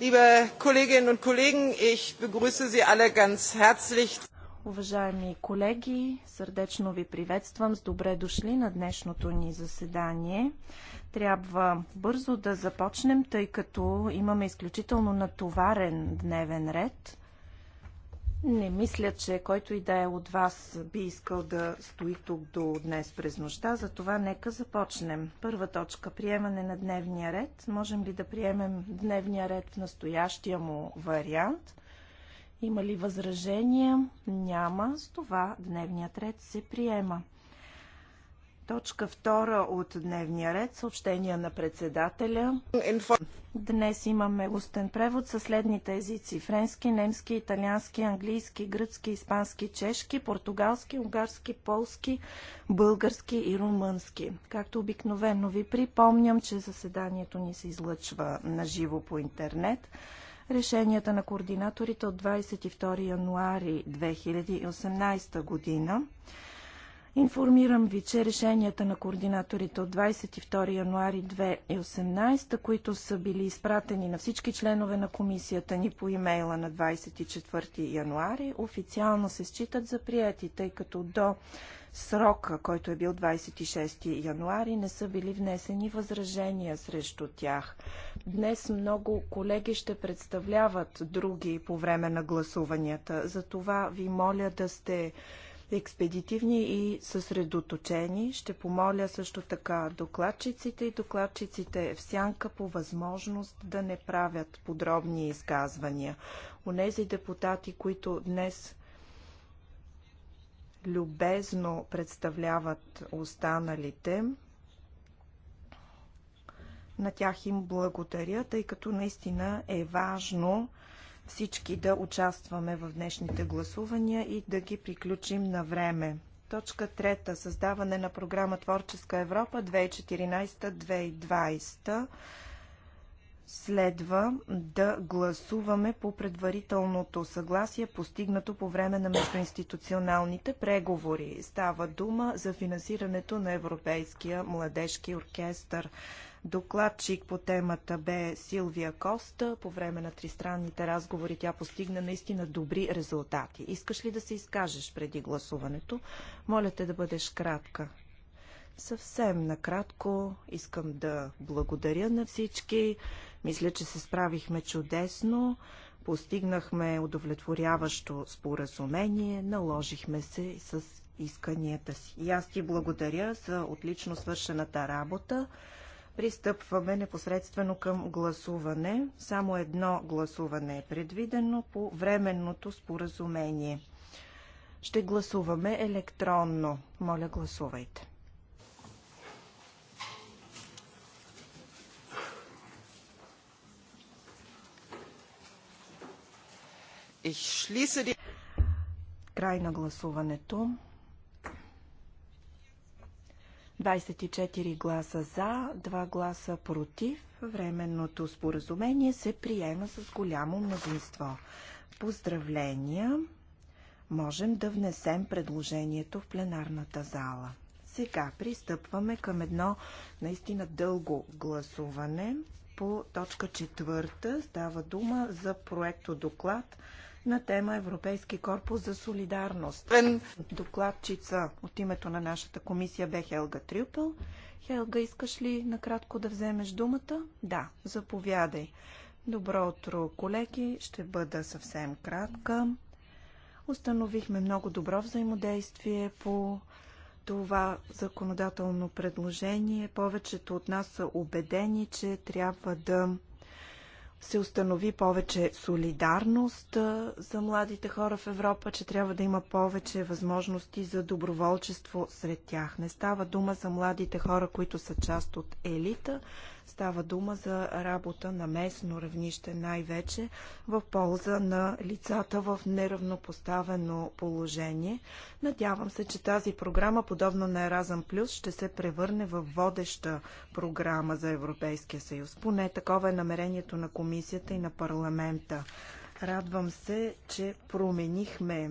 Liebe Kolleginnen und Kollegen, ich begrüße Sie alle ganz herzlich. Уважаеми колеги, сърдечно ви приветствам. С добре дошли на днешното ни заседание. Трябва бързо да започнем, тъй като имаме изключително натоварен дневен ред. Не мисля, че който и да е от вас би искал да стои тук до днес през нощта, затова нека започнем. Първа точка – приемане на дневния ред. Можем ли да приемем дневния ред в настоящия му вариант? Има ли възражения? Няма. С това дневният ред се приема. Точка втора от дневния ред съобщения на председателя. Днес имаме устен превод със следните езици. Френски, немски, италиански, английски, гръцки, испански, чешки, португалски, унгарски, полски, български и румънски. Както обикновено ви припомням, че заседанието ни се излъчва на живо по интернет. Решенията на координаторите от 22 януари 2018 година Информирам ви, че решенията на координаторите от 22 януари 2018, които са били изпратени на всички членове на комисията ни по имейла на 24 януари, официално се считат за прияти, тъй като до срока, който е бил 26 януари, не са били внесени възражения срещу тях. Днес много колеги ще представляват други по време на гласуванията. Затова ви моля да сте експедитивни и съсредоточени. Ще помоля също така докладчиците и докладчиците в сянка по възможност да не правят подробни изказвания. Онези депутати, които днес любезно представляват останалите, на тях им благодаря, тъй като наистина е важно всички да участваме в днешните гласувания и да ги приключим на време. Точка трета. Създаване на програма Творческа Европа 2014-2020 следва да гласуваме по предварителното съгласие, постигнато по време на междуинституционалните преговори. Става дума за финансирането на Европейския младежки оркестър. Докладчик по темата бе Силвия Коста. По време на тристранните разговори тя постигна наистина добри резултати. Искаш ли да се изкажеш преди гласуването? Моля те да бъдеш кратка. Съвсем накратко искам да благодаря на всички. Мисля, че се справихме чудесно. Постигнахме удовлетворяващо споразумение, наложихме се с исканията си. И аз ти благодаря за отлично свършената работа. Пристъпваме непосредствено към гласуване. Само едно гласуване е предвидено по временното споразумение. Ще гласуваме електронно. Моля, гласувайте. Край на гласуването. 24 гласа за, 2 гласа против. Временното споразумение се приема с голямо мнозинство. Поздравления! Можем да внесем предложението в пленарната зала. Сега пристъпваме към едно наистина дълго гласуване по точка четвърта. Става дума за проекто доклад на тема Европейски корпус за солидарност. Докладчица от името на нашата комисия бе Хелга Трюпел. Хелга, искаш ли накратко да вземеш думата? Да, заповядай. Добро утро, колеги. Ще бъда съвсем кратка. Установихме много добро взаимодействие по това законодателно предложение. Повечето от нас са убедени, че трябва да се установи повече солидарност за младите хора в Европа, че трябва да има повече възможности за доброволчество сред тях. Не става дума за младите хора, които са част от елита, Става дума за работа на местно равнище най-вече в полза на лицата в неравнопоставено положение. Надявам се, че тази програма, подобно на Еразъм Плюс, ще се превърне в водеща програма за Европейския съюз. Поне такова е намерението на комисията и на парламента. Радвам се, че променихме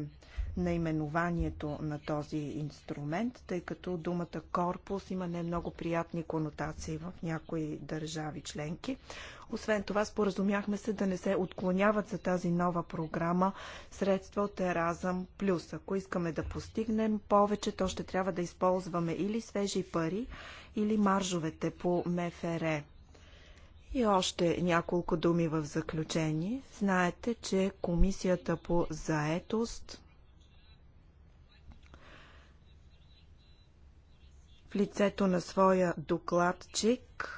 наименованието на този инструмент, тъй като думата корпус има не много приятни конотации в някои държави членки. Освен това, споразумяхме се да не се отклоняват за тази нова програма средства от Еразъм Плюс. Ако искаме да постигнем повече, то ще трябва да използваме или свежи пари, или маржовете по МФР. И още няколко думи в заключение. Знаете, че Комисията по заетост лицето на своя докладчик,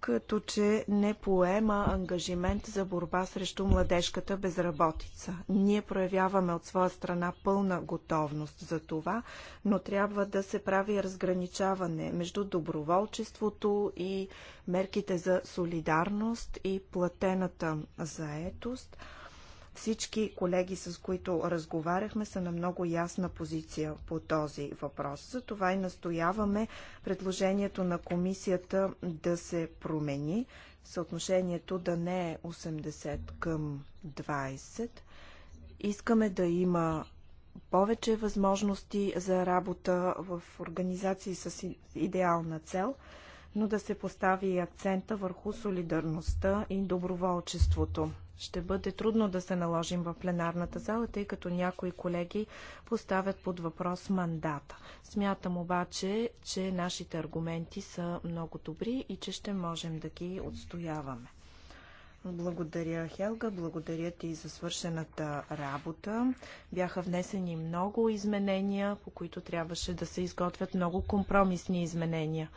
като че не поема ангажимент за борба срещу младежката безработица. Ние проявяваме от своя страна пълна готовност за това, но трябва да се прави разграничаване между доброволчеството и мерките за солидарност и платената заетост – всички колеги, с които разговаряхме, са на много ясна позиция по този въпрос. Затова и настояваме предложението на комисията да се промени, съотношението да не е 80 към 20. Искаме да има повече възможности за работа в организации с идеална цел, но да се постави акцента върху солидарността и доброволчеството. Ще бъде трудно да се наложим в пленарната зала, тъй като някои колеги поставят под въпрос мандата. Смятам обаче, че нашите аргументи са много добри и че ще можем да ги отстояваме. Благодаря, Хелга. Благодаря ти за свършената работа. Бяха внесени много изменения, по които трябваше да се изготвят много компромисни изменения.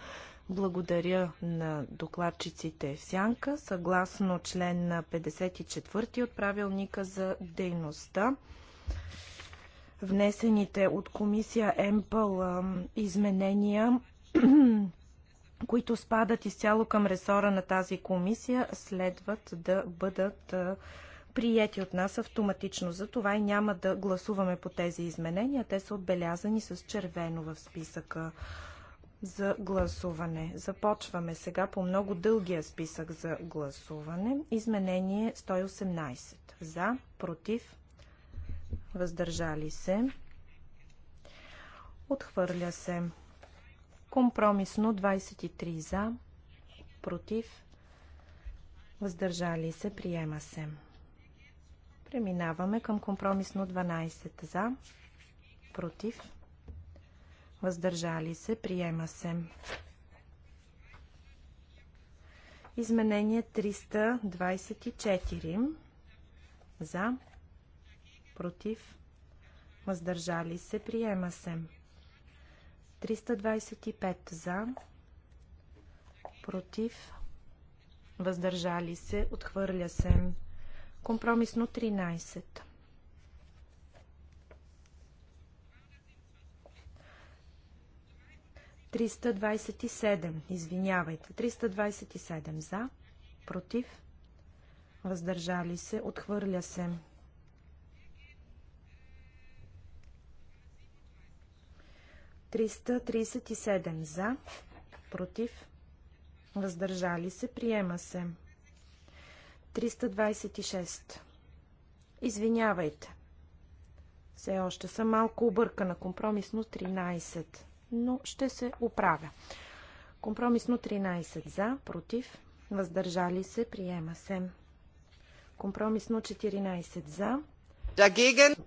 Благодаря на докладчиците в Сянка, съгласно член на 54 от правилника за дейността. Внесените от комисия МПЛ изменения, които спадат изцяло към ресора на тази комисия, следват да бъдат приети от нас автоматично. За това и няма да гласуваме по тези изменения. Те са отбелязани с червено в списъка за гласуване. Започваме сега по много дългия списък за гласуване. Изменение 118. За, против, въздържали се. Отхвърля се. Компромисно 23 за, против, въздържали се, приема се. Преминаваме към компромисно 12 за, против, въздържали се, приема се. Изменение 324 за, против, въздържали се, приема се. 325 за, против, въздържали се, отхвърля се. Компромисно 13. 327. Извинявайте. 327 за, против, въздържали се, отхвърля се. 337 за, против, въздържали се, приема се. 326. Извинявайте. Все още съм малко объркана. Компромисно 13 но ще се оправя. Компромисно 13 за, против, въздържали се, приема се. Компромисно 14 за,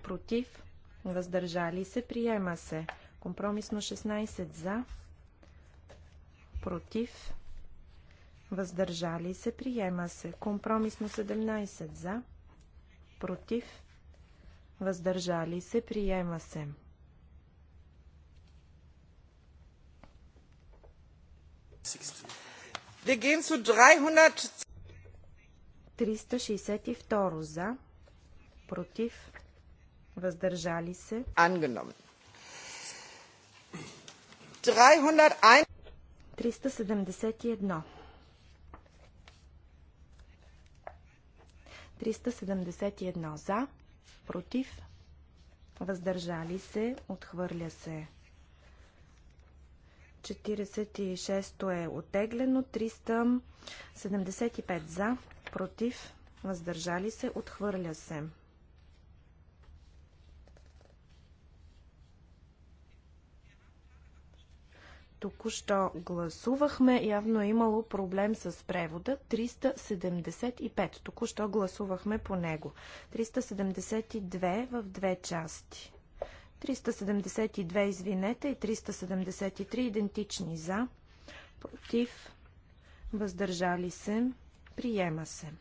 против, въздържали се, приема се. Компромисно 16 за, против, въздържали се, приема се. Компромисно 17 за, против, въздържали се, приема се. 362 за, против, въздържали се. Angenommen. 301... 371. 371 за, против, въздържали се, отхвърля се. 46 то е оттеглено. 375 за, против, въздържали се, отхвърля се. Току-що гласувахме, явно е имало проблем с превода. 375. Току-що гласувахме по него. 372 в две части. 372, извинете, и 373 идентични за, против, въздържали се, приема се.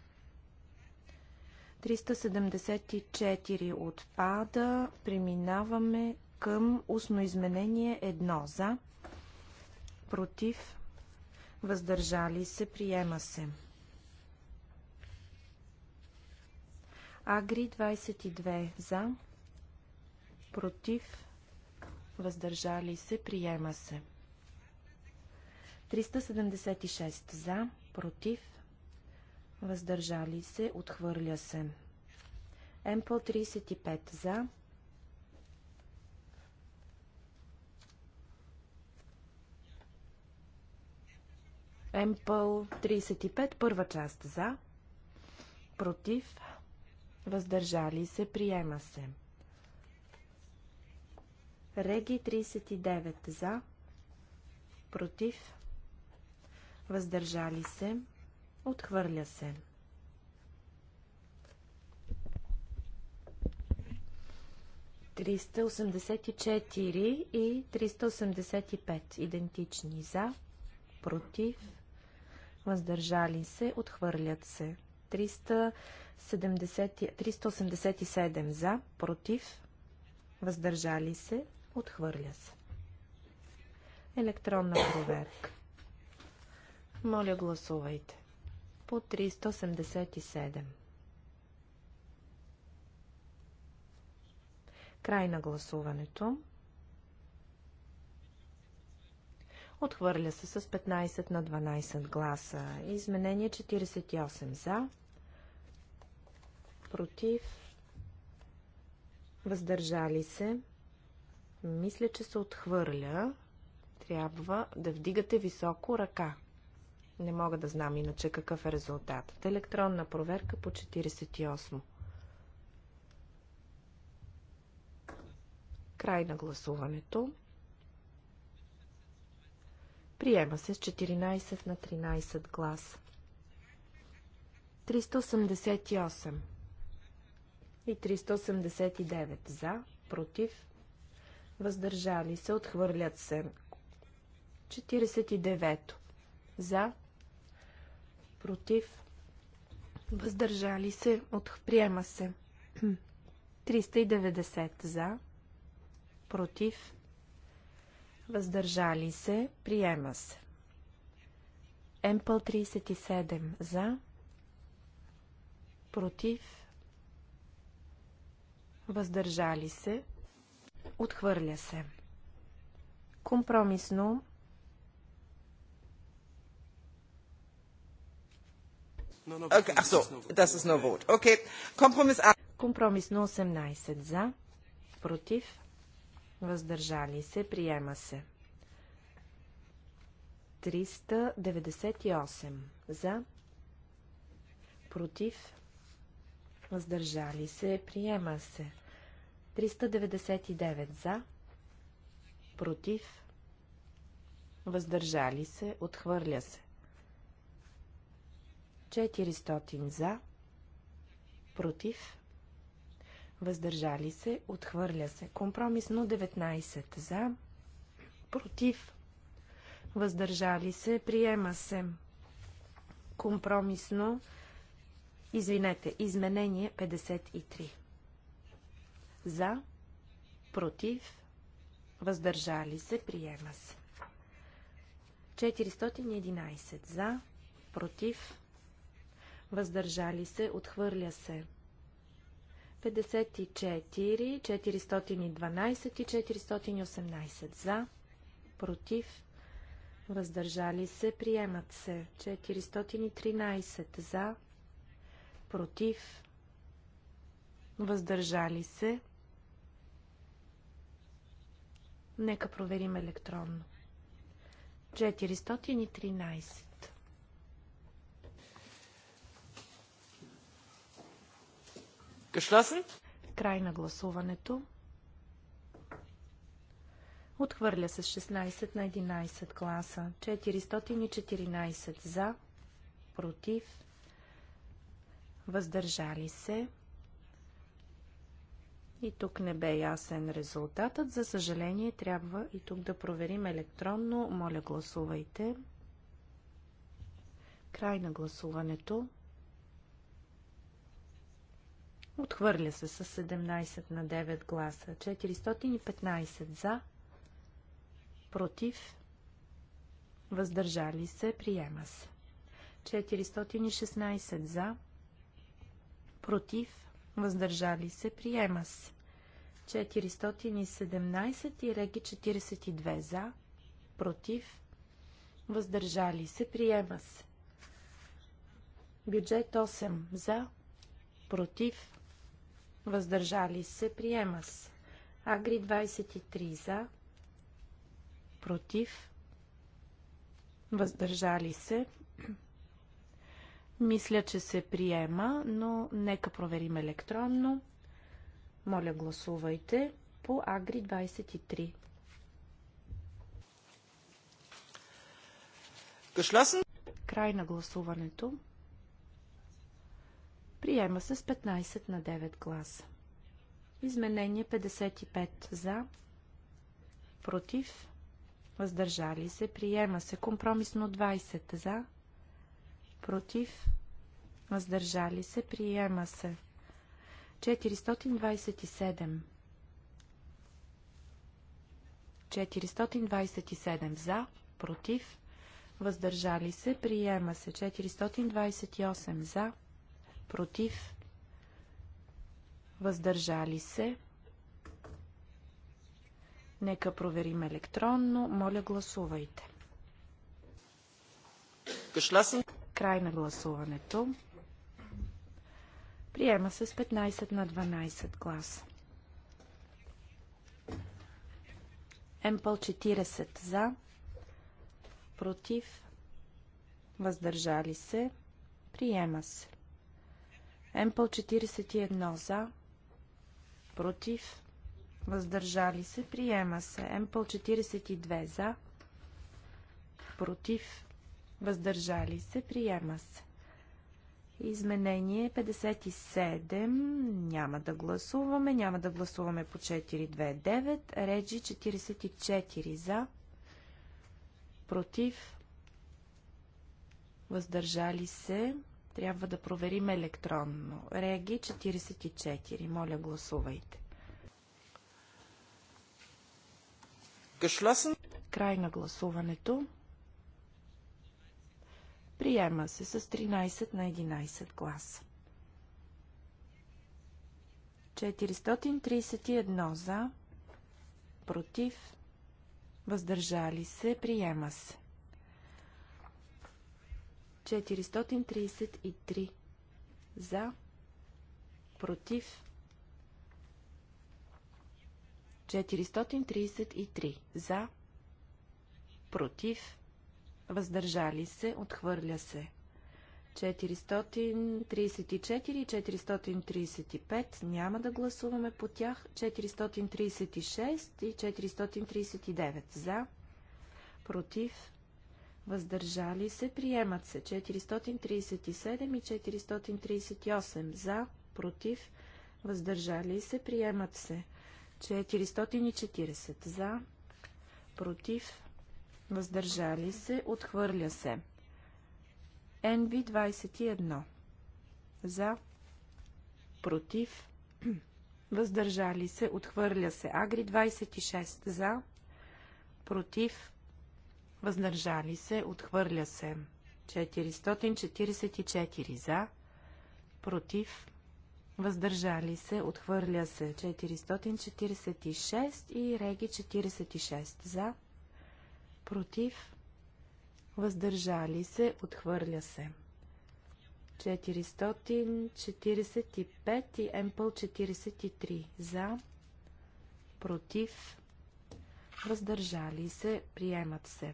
374 отпада, преминаваме към устно изменение 1 за, против, въздържали се, приема се. Агри 22 за, против, въздържали се, приема се. 376 за, против, въздържали се, отхвърля се. МПЛ 35 за, МПЛ 35, първа част за, против, въздържали се, приема се. Реги 39 за, против, въздържали се, отхвърля се. Триста и 385 идентични за, против, въздържали се, отхвърлят се. 370, 387 за, против, въздържали се, Отхвърля се. Електронна проверка. Моля, гласувайте. По 387. Край на гласуването. Отхвърля се с 15 на 12 гласа. Изменение 48 за. Против. Въздържали се. Мисля, че се отхвърля. Трябва да вдигате високо ръка. Не мога да знам иначе какъв е резултатът. Електронна проверка по 48. Край на гласуването. Приема се с 14 на 13 глас. 388 и 389 за, против, въздържали се, отхвърлят се. 49. За, против, въздържали се, отприема се. 390 за, против, въздържали се, приема се. Емпъл 37 за, против, въздържали се, Отхвърля се. Компромисно. Компромисно 18 за, против, въздържали се, приема се. 398 за, против, въздържали се, приема се. 399 за, против, въздържали се, отхвърля се. 400 за, против, въздържали се, отхвърля се. Компромисно 19 за, против, въздържали се, приема се. Компромисно, извинете, изменение 53. За, против, въздържали се, приема се. 411 за, против, въздържали се, отхвърля се. 54, 412 и 418 за, против, въздържали се, приемат се. 413 за, против, въздържали се, Нека проверим електронно. 413. Geschlossen? Край на гласуването. Отхвърля се 16 на 11 гласа. 414 за, против, въздържали се и тук не бе ясен резултатът. За съжаление, трябва и тук да проверим електронно. Моля, гласувайте. Край на гласуването. Отхвърля се с 17 на 9 гласа. 415 за, против, въздържали се, приема се. 416 за, против, въздържали се, приема се. 417 и Реги 42 за, против, въздържали се, приема се. Бюджет 8 за, против, въздържали се, приема се. Агри 23 за, против, въздържали се. Мисля, че се приема, но нека проверим електронно. Моля, гласувайте по Агри 23. Край на гласуването. Приема се с 15 на 9 гласа. Изменение 55 за, против, въздържали се. Приема се компромисно 20 за, против, въздържали се. Приема се 427. 427 за, против, въздържали се, приема се. 428 за, против, въздържали се. Нека проверим електронно. Моля, гласувайте. Край на гласуването. Приема се с 15 на 12 гласа. Емпъл 40 за, против, въздържали се, приема се. Емпъл 41 за, против, въздържали се, приема се. Емпъл 42 за, против, въздържали се, приема се. Изменение 57. Няма да гласуваме. Няма да гласуваме по 429. Реджи 44 за. Против. Въздържали се. Трябва да проверим електронно. Реги 44. Моля, гласувайте. Край на гласуването. Приема се с 13 на 11 гласа. 431 за, против, въздържали се, приема се. 433 за, против, 433 за, против, въздържали се, отхвърля се. 434 и 435 няма да гласуваме по тях. 436 и 439 за, против, въздържали се, приемат се. 437 и 438 за, против, въздържали се, приемат се. 440 за, против, въздържали се, отхвърля се. NV 21 за, против, въздържали се, отхвърля се. Агри 26 за, против, въздържали се, отхвърля се. 444 за, против, въздържали се, отхвърля се. 446 и Реги 46 за, против, въздържали се, отхвърля се. 445 и МПЛ 43 за, против, въздържали се, приемат се.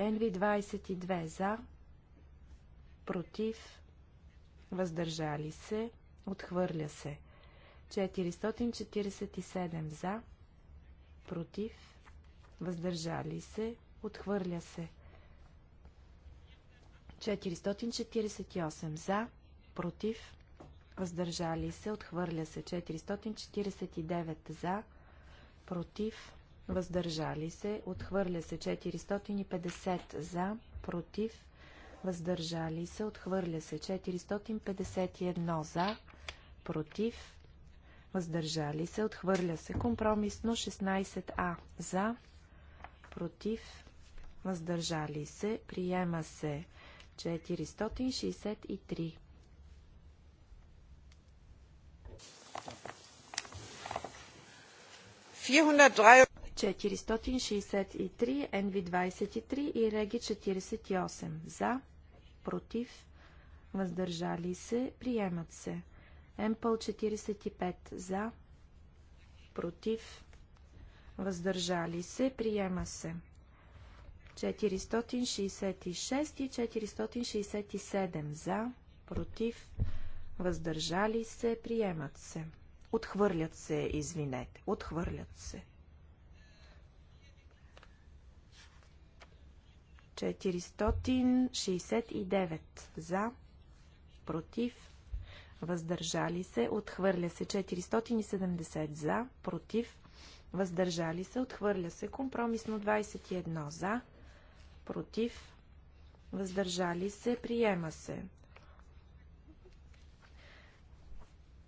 НВ 22 за, против, въздържали се, отхвърля се. 447 за, против, въздържали се, отхвърля се. 448 за, против, въздържали се, отхвърля се. 449 за, против, въздържали се, отхвърля се. 450 за, против, въздържали се, отхвърля се. 451 за, против, въздържали се, отхвърля се. Компромисно 16а за, против, въздържали се, приема се 463. 463, NV23 и Реги 48. За, против, въздържали се, приемат се. МПЛ 45 за, против, въздържали се, приема се. 466 и 467 за, против, въздържали се, приемат се. Отхвърлят се, извинете, отхвърлят се. 469 за, против, въздържали се, отхвърля се 470 за, против, въздържали се, отхвърля се. Компромисно 21 за, против, въздържали се, приема се.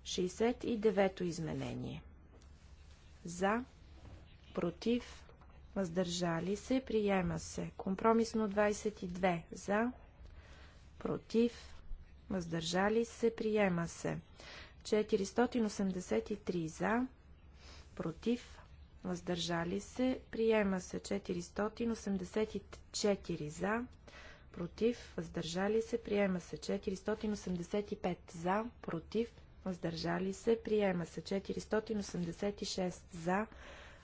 69-то изменение. За, против, въздържали се, приема се. Компромисно 22 за, против, въздържали се, приема се. 483 за, против, въздържали се, приема се 484 за, против, въздържали се, приема се 485 за, против, въздържали се, приема се 486 за,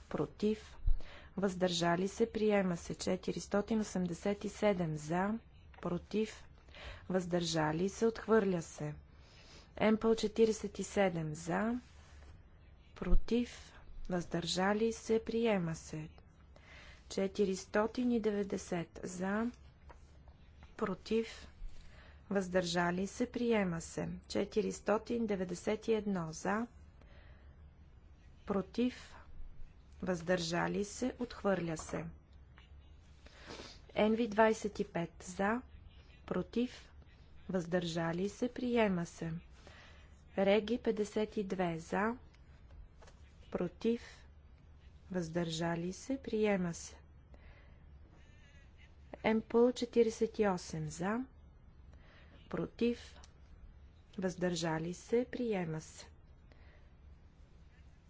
против, въздържали се, приема се 487 за, против, въздържали се, отхвърля се. МПЛ 47 за, против, въздържали се, приема се. 490 за, против, въздържали се, приема се. 491 за, против, въздържали се, отхвърля се. NV25 за, против, въздържали се, приема се. Реги 52 за, против, въздържали се, приема се. МПЛ 48 за, против, въздържали се, приема се.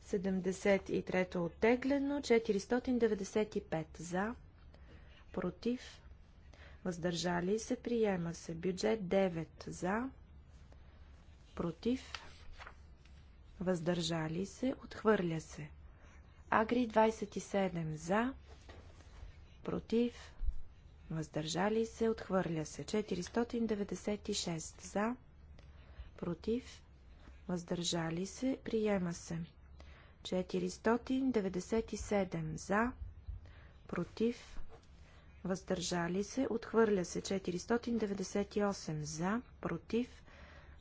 73-то оттеглено, 495 за, против, въздържали се, приема се. Бюджет 9 за, против, въздържали се, отхвърля се. Агри 27 за, против, въздържали се, отхвърля се. 496 за, против, въздържали се, приема се. 497 за, против, въздържали се, отхвърля се. 498 за, против,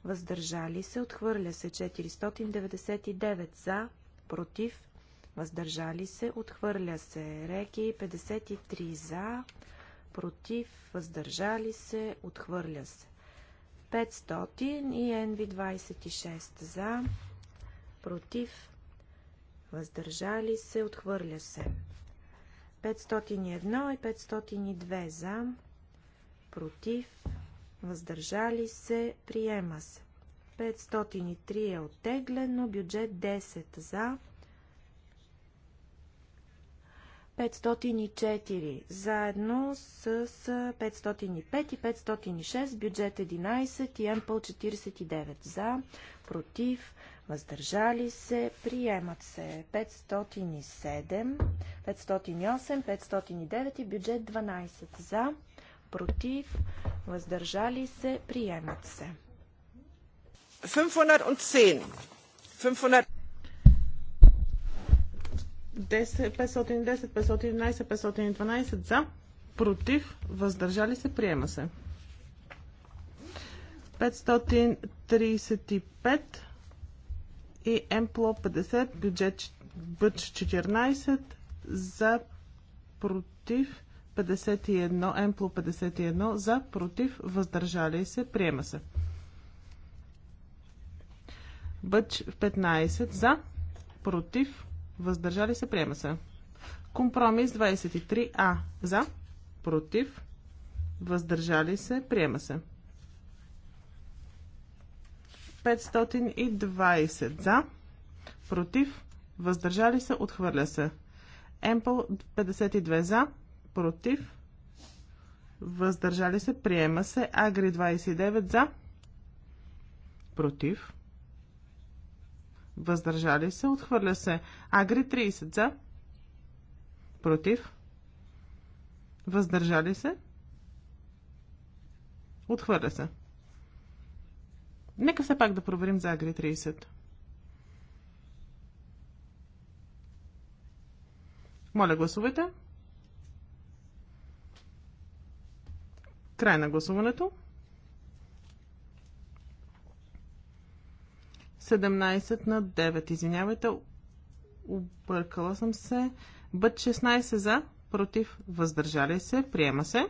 въздържали се, отхвърля се 499 за, против, въздържали се, отхвърля се реки 53 за, против, въздържали се, отхвърля се 500 и НВ 26 за, против, въздържали се, отхвърля се 501 и 502 за, против, въздържали се, приема се. 503 е оттеглено, бюджет 10 за, 504 заедно с 505 и 506, бюджет 11 и МПЛ 49 за, против, въздържали се, приемат се 507, 508, 509 и бюджет 12 за, против, въздържали се, приемат се. 510. 510, 511, 512 за, против, въздържали се, приема се. 535 и МПЛО 50, бюджет бъч 14 за, против, 51, Емпло 51 за, против, въздържали се, приема се. Бъч 15 за, против, въздържали се, приема се. Компромис 23А за, против, въздържали се, приема се. 520 за, против, въздържали се, отхвърля се. Емпл 52 за, против, въздържали се, приема се. Агри 29 за, против, въздържали се, отхвърля се. Агри 30 за, против, въздържали се, отхвърля се. Нека все пак да проверим за Агри 30. Моля, гласувайте. Край на гласуването. 17 на 9. Извинявайте, объркала съм се. Бът 16 за, против, въздържали се, приема се.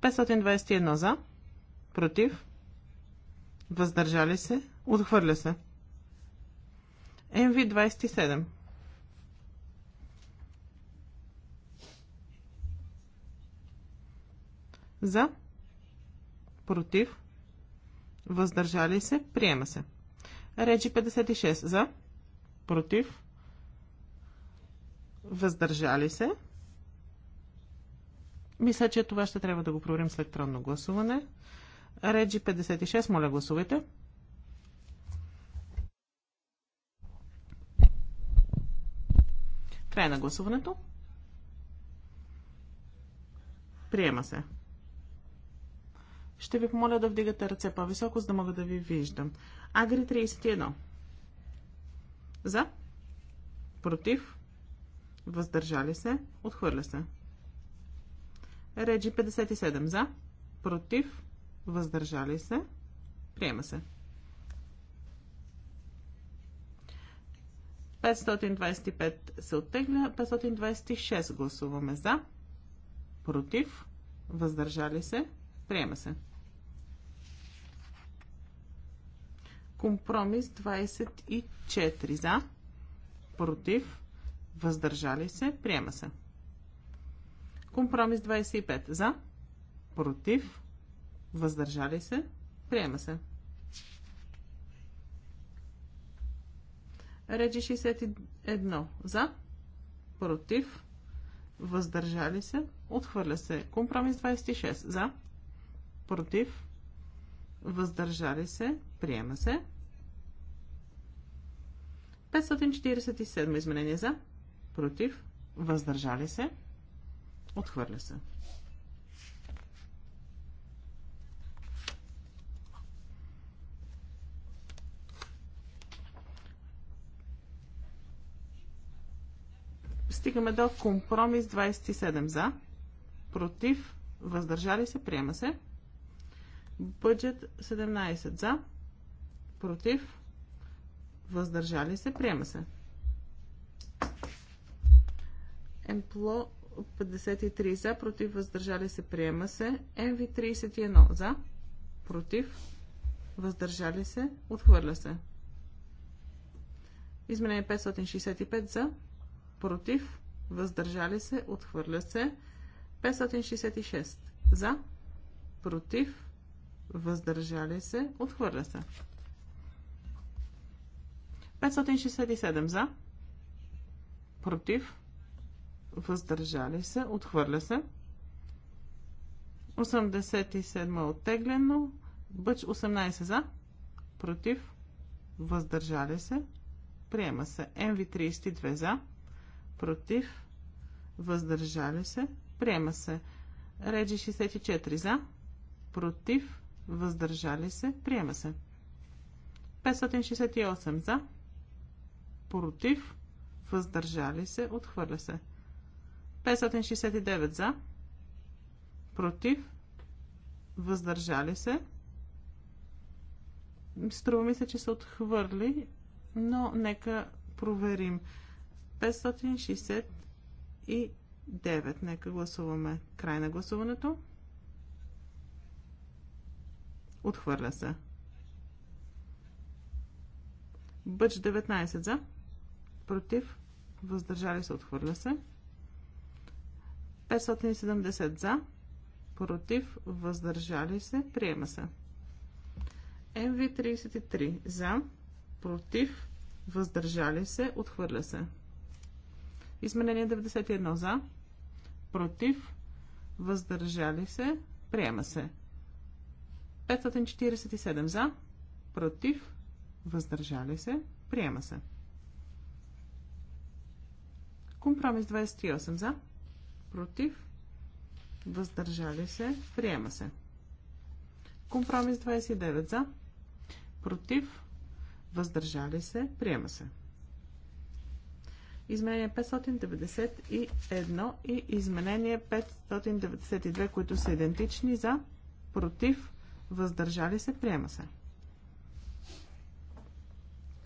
521 за, против, въздържали се, отхвърля се. МВ 27 За. Против. Въздържали се. Приема се. Речи 56. За. Против. Въздържали се. Мисля, че това ще трябва да го проверим с електронно гласуване. Реджи 56, моля гласувайте. Край на гласуването. Приема се. Ще ви помоля да вдигате ръце по-високо, за да мога да ви виждам. Агри 31. За. Против. Въздържали се. Отхвърля се. Реджи 57. За. Против. Въздържали се. Приема се. 525 се оттегля, 526 гласуваме за, против, въздържали се, приема се. Компромис 24 за, против, въздържали се, приема се. Компромис 25 за, против, въздържали се, приема се. Речи 61 за, против, въздържали се, отхвърля се. Компромис 26 за, против, въздържали се, приема се. 547 изменения за, против, въздържали се, отхвърля се. Стигаме до компромис 27 за, против, въздържали се, приема се. Бъджет 17 за, против, въздържали се, приема се. Емпло 53 за, против, въздържали се, приема се. МВ 31 за, против, въздържали се, отхвърля се. Изменение 565 за, против, въздържали се, отхвърля се. 566 за, против, въздържали се, отхвърля се. 567 за. Против. Въздържали се. Отхвърля се. 87 е оттеглено. Бъч 18 за. Против. Въздържали се. Приема се. МВ32 за. Против. Въздържали се. Приема се. Реджи 64 за. Против. Въздържали се. Приема се. 568 за против, въздържали се, отхвърля се. 569 за, против, въздържали се. Струва ми се, че се отхвърли, но нека проверим. 569. Нека гласуваме. Край на гласуването. Отхвърля се. Бъч 19 за против, въздържали се, отхвърля се. 570 за, против, въздържали се, приема се. МВ-33 за, против, въздържали се, отхвърля се. Изменение 91 за, против, въздържали се, приема се. 547 за, против, въздържали се, приема се. Компромис 28 за, против, въздържали се, приема се. Компромис 29 за, против, въздържали се, приема се. Изменение 591 и изменение 592, които са идентични за, против, въздържали се, приема се.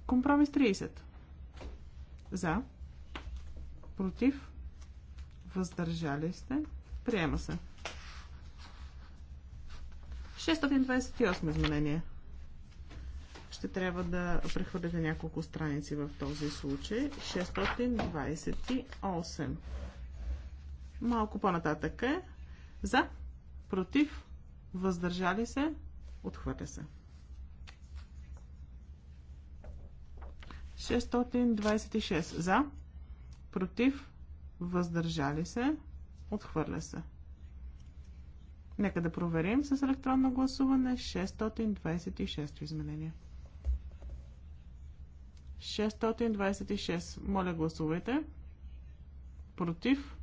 Компромис 30. За, против, въздържали сте, приема се. 628 изменение. Ще трябва да прехвърлите няколко страници в този случай. 628. Малко по-нататък е. За, против, въздържали се, отхвърля се. 626 за, против, въздържали се, отхвърля се. Нека да проверим с електронно гласуване 626 изменения. 626. Моля гласувайте. Против.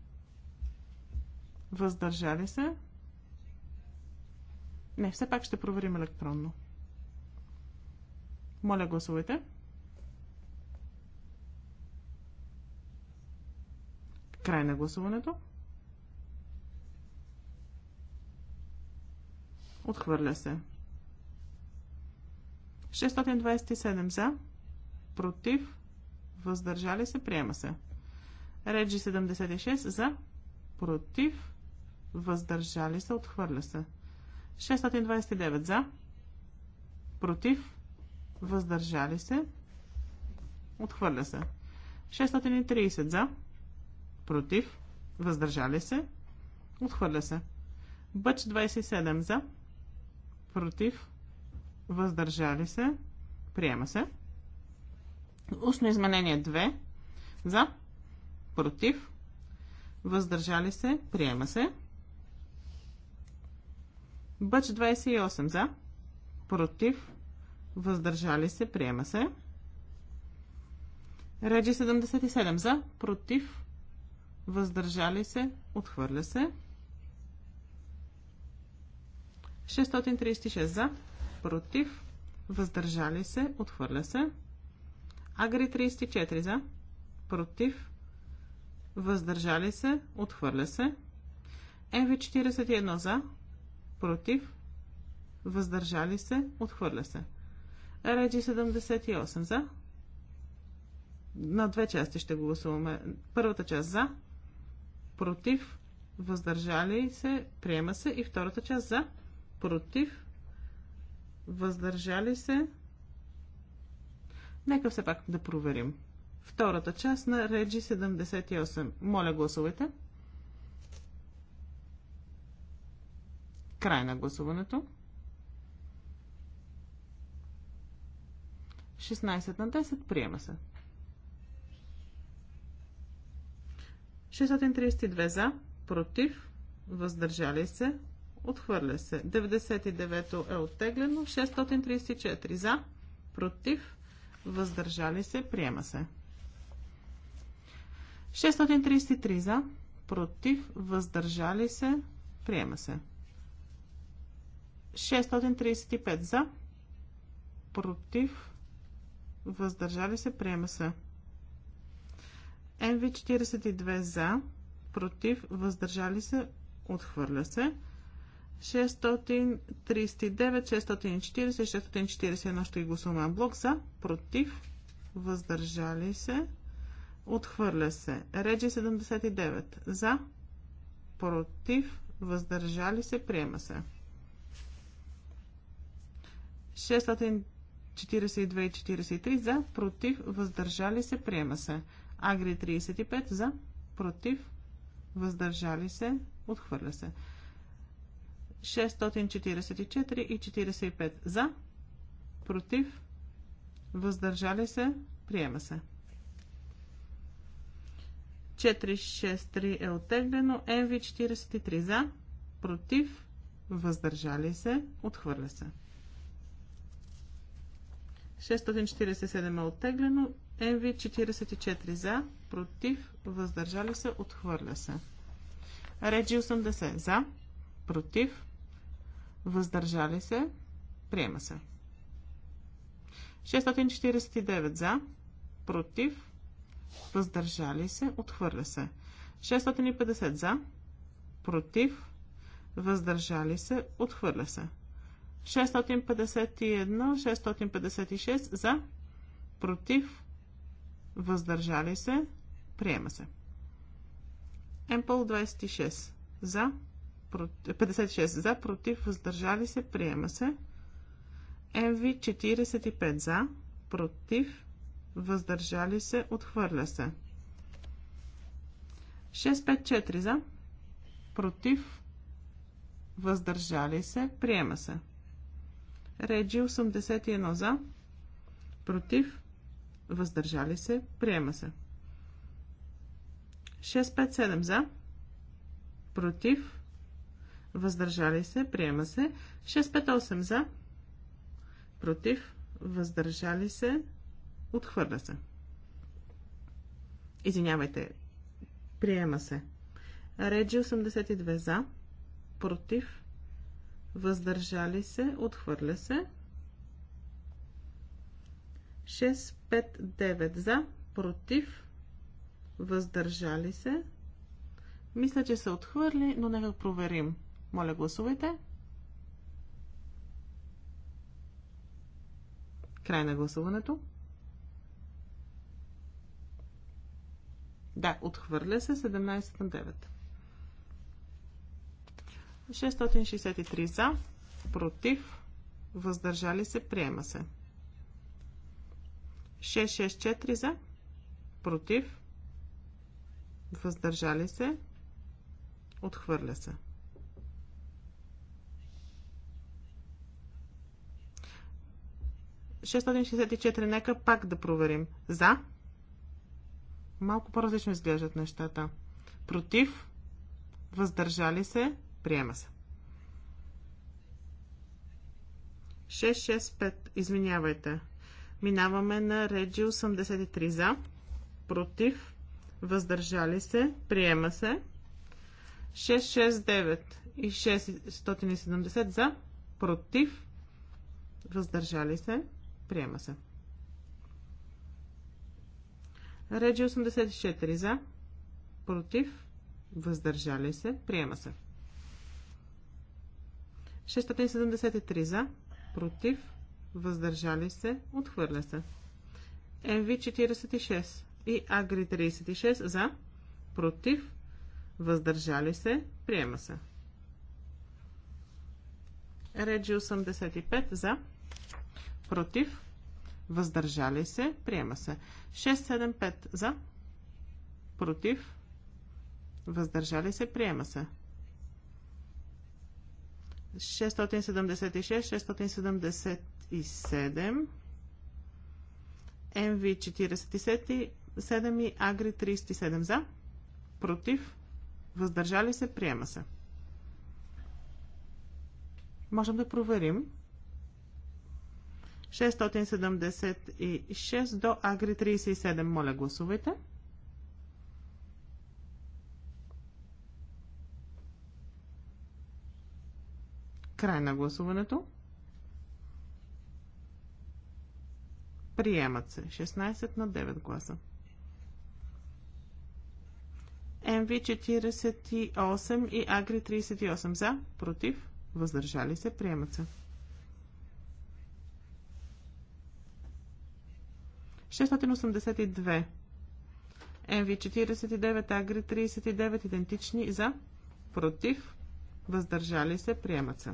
Въздържали се. Не, все пак ще проверим електронно. Моля гласувайте. 626. Край на гласуването. Отхвърля се. 627 за, против, въздържали се, приема се. Реджи 76 за, против, въздържали се, отхвърля се. 629 за, против, въздържали се, отхвърля се. 630 за, против, въздържали се, отхвърля се. Бъч 27 за, против, въздържали се, приема се. Устно изменение 2 за, против, въздържали се, приема се. Бъч 28 за, против, въздържали се, приема се. Реджи 77 за, против, въздържали се, отхвърля се. 636 за, против, въздържали се, отхвърля се. Агри 34 за, против, въздържали се, отхвърля се. МВ 41 за, против, въздържали се, отхвърля се. РГ 78 за. На две части ще гласуваме. Първата част за, против, въздържали се, приема се. И втората част за, против, въздържали се. Нека все пак да проверим. Втората част на Реджи 78. Моля, гласувайте. Край на гласуването. 16 на 10 приема се. 632 за, против, въздържали се, отхвърля се. 99 е оттеглено, 634 за, против, въздържали се, приема се. 633 за, против, въздържали се, приема се. 635 за, против, въздържали се, приема се. NV42 за, против, въздържали се, отхвърля се. 639, 640, 641 ще ги гласуваме блок за, против, въздържали се, отхвърля се. Реджи 79 за, против, въздържали се, приема се. 642 и 43 за, против, въздържали се, приема се. Агри 35 за, против, въздържали се, отхвърля се. 644 и 45 за, против, въздържали се, приема се. 463 е оттеглено, МВ43 за, против, въздържали се, отхвърля се. 647 е оттеглено, NV44 за, против, въздържали се, отхвърля се. Реджи 80 за, против, въздържали се, приема се. 649 за, против, въздържали се, отхвърля се. 650 за, против, въздържали се, отхвърля се. 651, 656 за, против, въздържали се, приема се. МПЛ 26 за, 56 е, за, против, въздържали се, приема се. МВ 45 за, против, въздържали се, отхвърля се. 654 за, против, въздържали се, приема се. Реджи 81 за, против, въздържали се, приема се. 657 за, против, въздържали се, приема се. 658 за, против, въздържали се, отхвърля се. Извинявайте, приема се. Реджи 82 за, против, въздържали се, отхвърля се. 6, 5, 9 за, против, въздържали се. Мисля, че се отхвърли, но нека проверим. Моля, гласувайте. Край на гласуването. Да, отхвърля се 17 на 9. 663 за, против, въздържали се, приема се. 664 за, против, въздържали се, отхвърля се. Шестстотин нека пак да проверим. За. Малко по-различно изглеждат нещата. Против. Въздържали се. Приема се. 665. Извинявайте. 665. Минаваме на Реджи 83 за, против, въздържали се, приема се. 669 и 670 за, против, въздържали се, приема се. Реджи 84 за, против, въздържали се, приема се. 673 за, против, въздържали се, отхвърля се. МВ-46 и Агри-36 за, против, въздържали се, приема се. Реджи 85 за, против, въздържали се, приема се. 675 за, против, въздържали се, приема се. 676, 47, МВ 47 и Агри 37 за, против, въздържали се, приема се. Можем да проверим. 676 до Агри 37. Моля, гласувайте. Край на гласуването. Приемат се. 16 на 9 гласа. МВ-48 и Агри-38 за, против, въздържали се, приемат се. 682 МВ-49, Агри-39 идентични за, против, въздържали се, приемат се.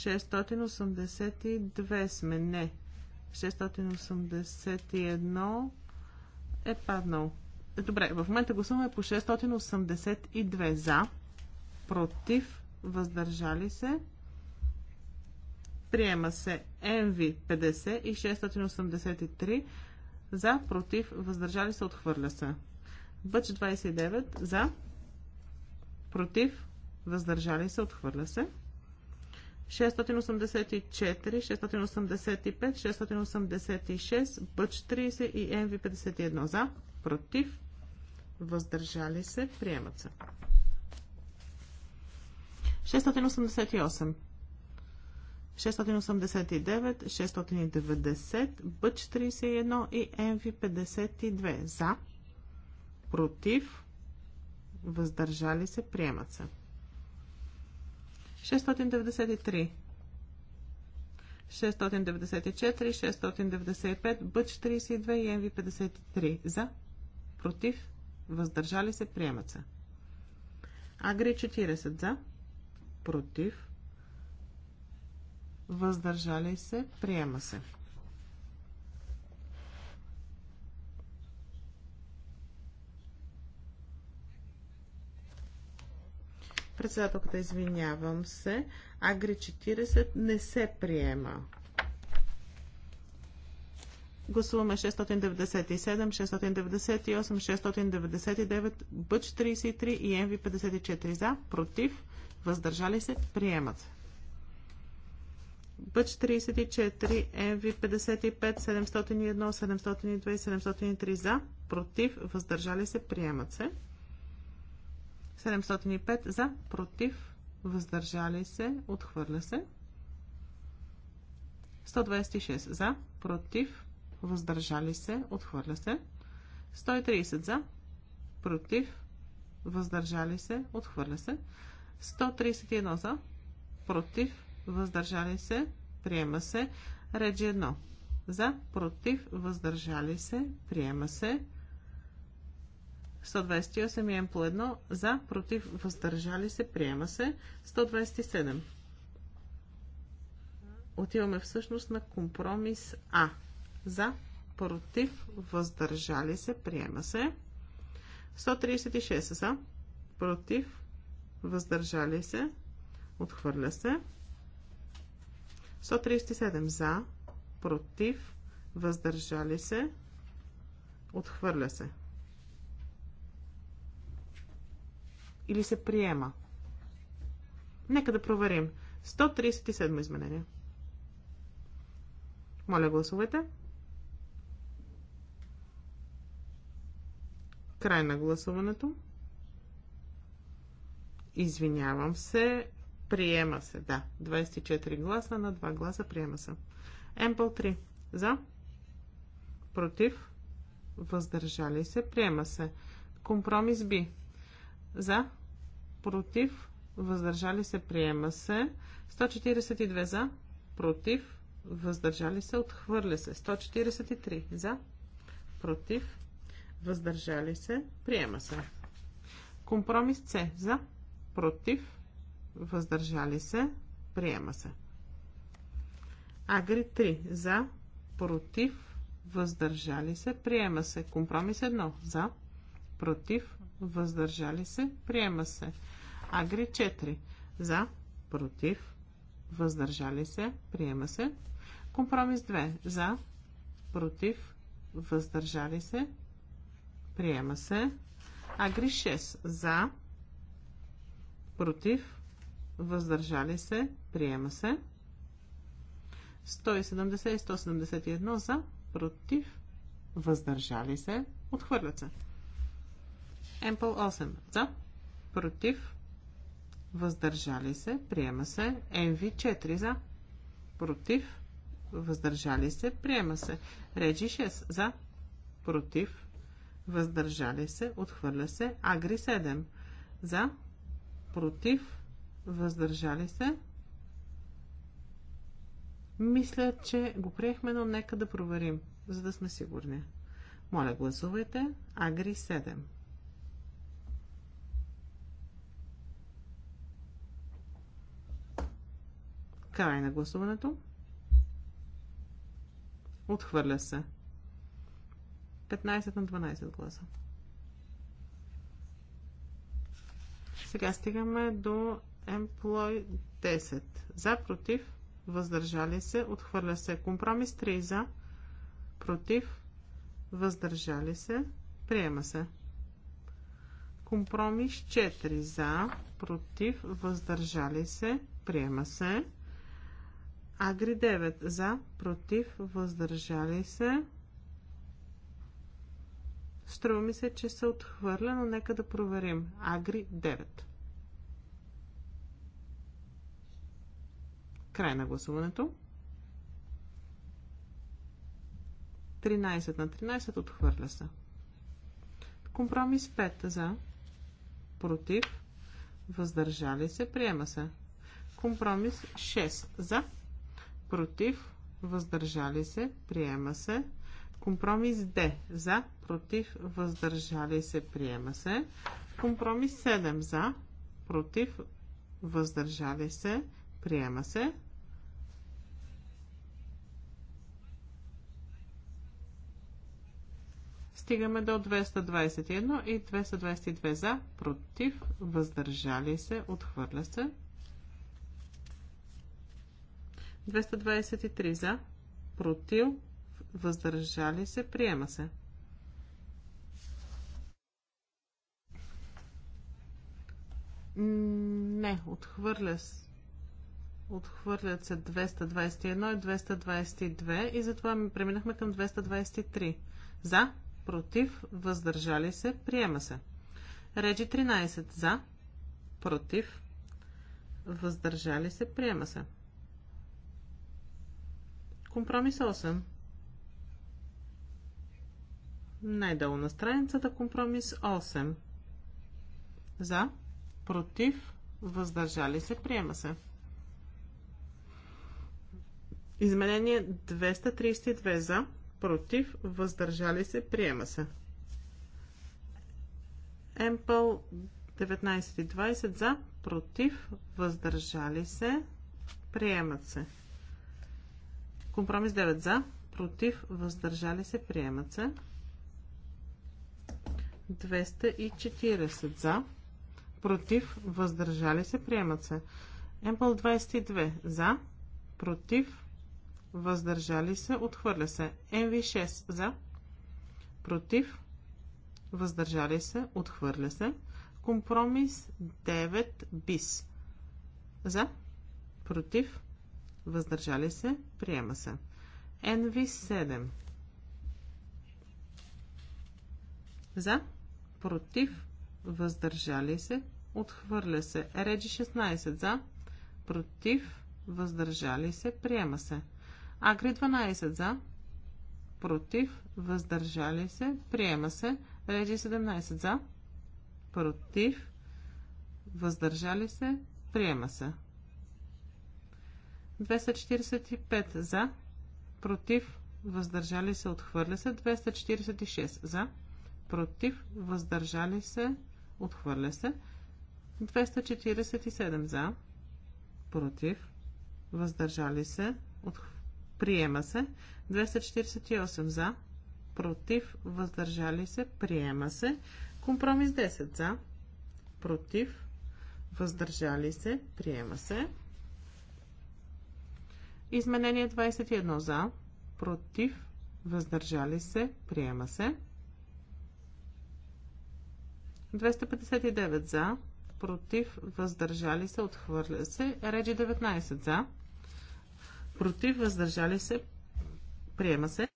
682 сме. Не. 681 е паднал. Добре, в момента гласуваме по 682 за, против, въздържали се. Приема се МВ 50 и 683 за, против, въздържали се, отхвърля се. Бъч 29 за, против, въздържали се, отхвърля се. 684, 685, 686, Бъч 30 и МВ51 за, против, въздържали се, приемат се. 688, 689, 690, Бъч 31 и МВ52 за, против, въздържали се, приемат се. 689, 693. 694, 695, Бъч 32 и МВ 53. За, против, въздържали се, приемат се. Агри 40 за, против, въздържали се, приема се. Председателката, извинявам се. Агри 40 не се приема. Гласуваме 697, 698, 699, Бъч 33 и МВ 54 за, против, въздържали се, приемат. Бъч 34, МВ 55, 701, 702 703 за, против, въздържали се, приемат се. 705 за, против, въздържали се, отхвърля се. 126 за, против, въздържали се, отхвърля се. 130 за, против, въздържали се, отхвърля се. 131 за, против, въздържали се, приема се. Реджи 1 за, против, въздържали се, приема се. 128 и по 1 за, против, въздържали се, приема се. 127. Отиваме всъщност на компромис А. За, против, въздържали се, приема се. 136 за, против, въздържали се, отхвърля се. 137 за, против, въздържали се, отхвърля се. или се приема. Нека да проверим. 137 изменение. Моля, гласувайте. Край на гласуването. Извинявам се. Приема се, да. 24 гласа на 2 гласа приема се. Емпл 3. За. Против. Въздържали се. Приема се. Компромис Б. За против, въздържали се, приема се. 142 за, против, въздържали се, отхвърля се. 143 за, против, въздържали се, приема се. Компромис С за, против, въздържали се, приема се. Агри 3 за, против, въздържали се, приема се. Компромис 1 за, против, въздържали се, приема се. Агри 4 за, против, въздържали се, приема се. Компромис 2 за, против, въздържали се, приема се. Агри 6 за, против, въздържали се, приема се. 170 и 171 за, против, въздържали се, отхвърлят се. Емпл 8 за, против, въздържали се, приема се. МВ 4 за, против, въздържали се, приема се. Реджи 6 за, против, въздържали се, отхвърля се. Агри 7 за, против, въздържали се. Мисля, че го приехме, но нека да проверим, за да сме сигурни. Моля, гласувайте. Агри 7. Край на гласуването. Отхвърля се. 15 на 12 гласа. Сега стигаме до Employ 10. За, против, въздържали се, отхвърля се. Компромис 3 за, против, въздържали се, приема се. Компромис 4 за, против, въздържали се, приема се. Агри 9 за, против, въздържали се. Струва ми се, че се отхвърля, но нека да проверим. Агри 9. Край на гласуването. 13 на 13 отхвърля се. Компромис 5 за, против, въздържали се, приема се. Компромис 6 за, против, въздържали се, приема се. Компромис Д. За, против, въздържали се, приема се. Компромис 7. За, против, въздържали се, приема се. Стигаме до 221 и 222 за, против, въздържали се, отхвърля се. 223 за, против, въздържали се, приема се. Не, отхвърля се. Отхвърлят се 221 и 222 и затова ми преминахме към 223. За, против, въздържали се, приема се. Реджи 13. За, против, въздържали се, приема се. Компромис 8. Най-долу на страницата компромис 8. За, против, въздържали се, приема се. Изменение 232 за, против, въздържали се, приема се. Емпъл 19 и 20 за, против, въздържали се, приемат се. Компромис 9 за, против, въздържали се, приемат се. 240 за, против, въздържали се, приемат се. МПЛ 22 за, против, въздържали се, отхвърля се. МВ6 за, против, въздържали се, отхвърля се. Компромис 9 бис за, против, въздържали се, приема се. NV7 за, против, въздържали се, отхвърля се. Реджи 16 за, против, въздържали се, приема се. Агри 12 за, против, въздържали се, приема се. Реджи 17 за, против, въздържали се, приема се. 245 за, против, въздържали се, отхвърля се. 246 за, против, въздържали се, отхвърля се. 247 за, против, въздържали се, приема се. 248 за, против, въздържали се, приема се. Компромис 10 за, против, въздържали се, приема се. Изменение 21 за, против, въздържали се, приема се. 259 за, против, въздържали се, отхвърля се. Реджи 19 за, против, въздържали се, приема се.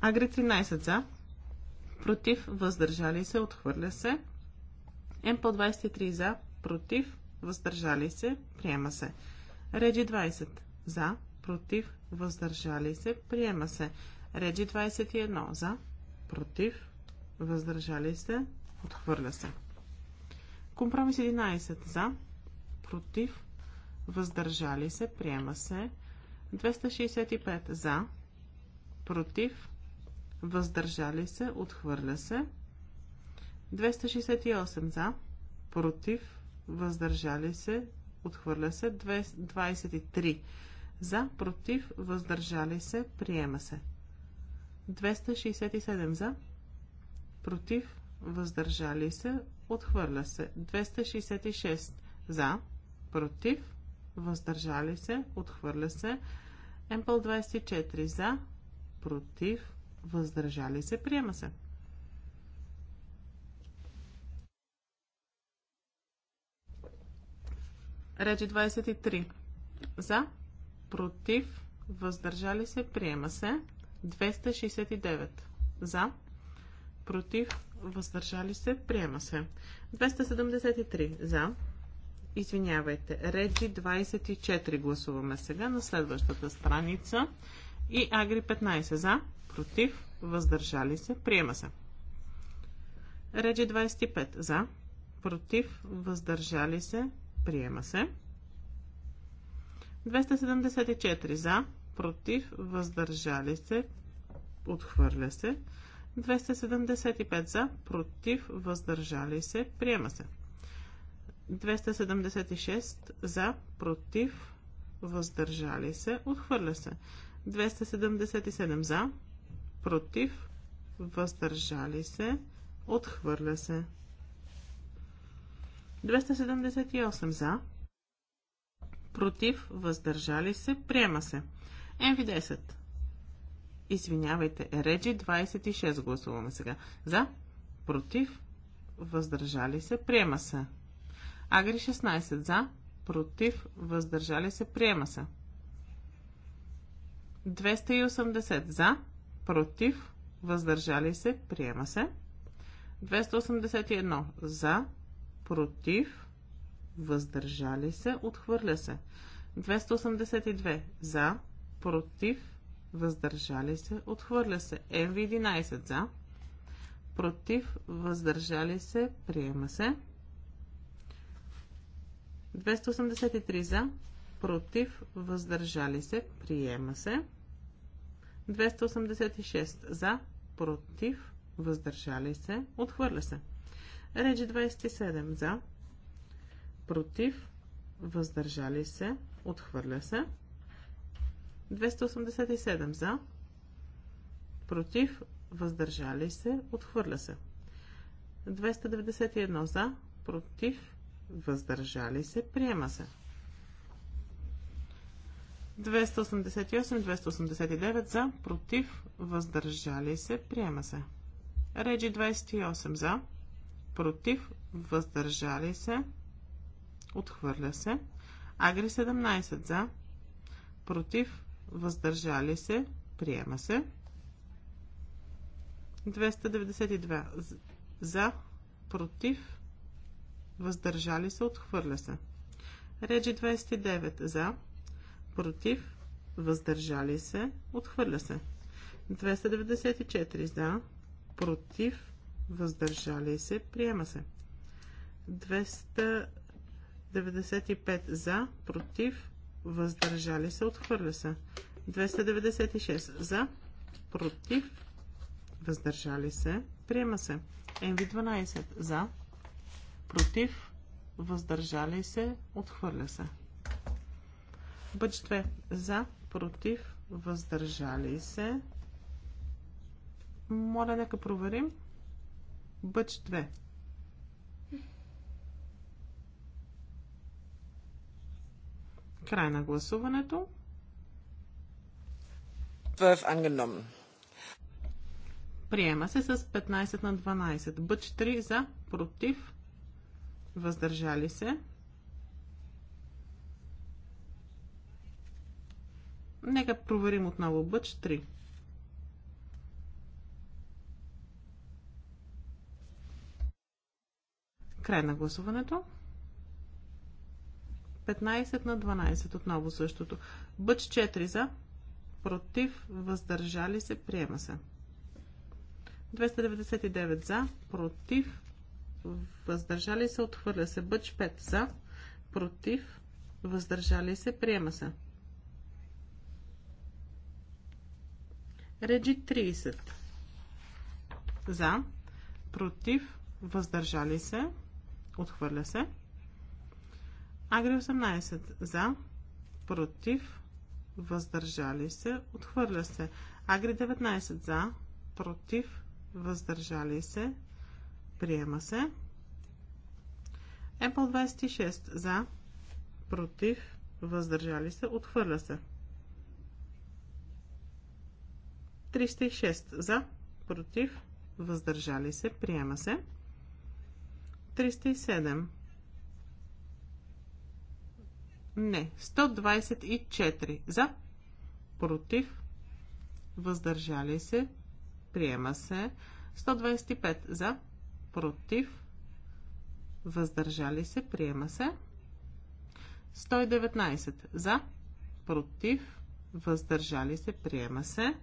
Агри 13 за, против, въздържали се, отхвърля се. МПО 23 за, против, въздържали се, приема се. Реджи 20 за, против, въздържали се, приема се. Реджи 21 за, против, въздържали се, отхвърля се. Компромис 11 за, против, въздържали се, приема се. 265 за, против, въздържали се, отхвърля се. 268 за, против, въздържали се, отхвърля се. 23 за, против, въздържали се, приема се. 267 за, против, въздържали се, отхвърля се. 266 за, против, въздържали се, отхвърля се. МПЛ 24 за, против, въздържали се, приема се. Речи 23 за, против, въздържали се, приема се. 269 за, против, въздържали се, приема се. 273 за, извинявайте, Реджи 24 гласуваме сега на следващата страница и Агри 15 за, против, въздържали се, приема се. Реджи 25 за, против, въздържали се, приема се. 274 за, против, въздържали се, отхвърля се. 275 за, против, въздържали се, приема се. 276 за, против, въздържали се, отхвърля се. 277 за, против, въздържали се, отхвърля се. 278 за, против, въздържали се, приема се. МВ10. Извинявайте, Реджи 26 гласуваме сега. За, против, въздържали се, приема се. Агри 16 за, против, въздържали се, приема се. 280 за, против, въздържали се, приема се. 281 за, против, въздържали се, отхвърля се. 282 за, против, въздържали се, отхвърля се. МВ11 за, против, въздържали се, приема се. 283 за, против, въздържали се, приема се. 286 за, против, въздържали се, отхвърля се. Реджи 27 за, против, въздържали се, отхвърля се. 287 за, против, въздържали се, отхвърля се. 291 за, против, въздържали се, приема се. 288, 289 за, против, въздържали се, приема се. Реджи 28 за, против, въздържали се, Отхвърля се. Агри 17 за. Против. Въздържали се. Приема се. 292 за. Против. Въздържали се. Отхвърля се. Реджи 29 за. Против. Въздържали се. Отхвърля се. 294 за. Против. Въздържали се. Приема се. 95 за, против, въздържали се, отхвърля се. 296 за, против, въздържали се, приема се. МВ12 за, против, въздържали се, отхвърля се. Бъч 2 за, против, въздържали се. Моля, нека проверим. Бъч 2. Край на гласуването. 12 Приема се с 15 на 12. Бъч 3 за, против, въздържали се. Нека проверим отново бъч 3. Край на гласуването. 15 на 12. Отново същото. Бъч 4 за. Против. Въздържали се. Приема се. 299 за. Против. Въздържали се. Отхвърля се. Бъч 5 за. Против. Въздържали се. Приема се. Реджи 30. За. Против. Въздържали се. Отхвърля се. Агри 18 за, против, въздържали се, отхвърля се. Агри 19 за, против, въздържали се, приема се. Apple 26 за, против, въздържали се, отхвърля се. 306 за, против, въздържали се, приема се. 307 не. 124 за, против, въздържали се, приема се. 125 за, против, въздържали се, приема се. 119 за, против, въздържали се, приема се.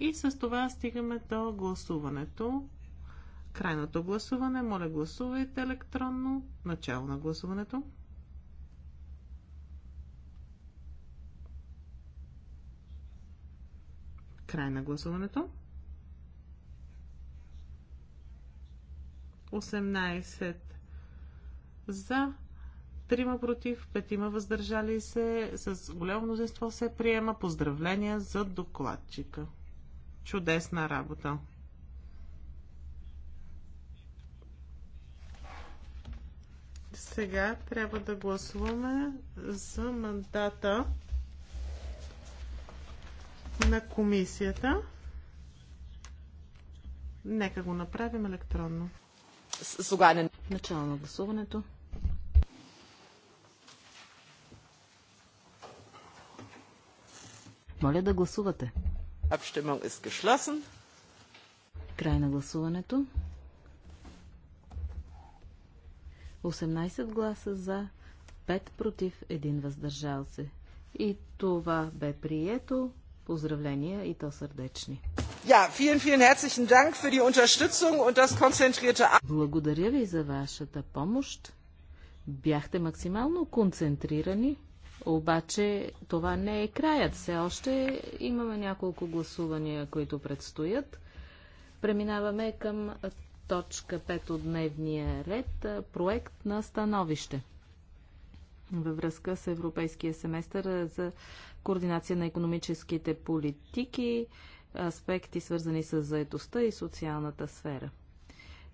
И с това стигаме до гласуването. Крайното гласуване, моля гласувайте електронно, начало на гласуването. Край на гласуването. 18 за, 3 против, 5 въздържали се. С голямо мнозинство се приема. Поздравления за докладчика. Чудесна работа! Сега трябва да гласуваме за мандата на комисията. Нека го направим електронно. Сугане. Начало на гласуването. Моля да гласувате. Abstimmung е geschlossen. Край на гласуването. 18 гласа за, 5 против, 1 въздържал се. И това бе прието. Поздравления и то сърдечни. Ja, vielen, vielen herzlichen Dank für die Unterstützung und das konzentrierte... Благодаря ви за вашата помощ. Бяхте максимално концентрирани, обаче това не е краят. Все още имаме няколко гласувания, които предстоят. Преминаваме към точка 5 от дневния ред – проект на становище във връзка с Европейския семестър за координация на економическите политики, аспекти свързани с заедостта и социалната сфера.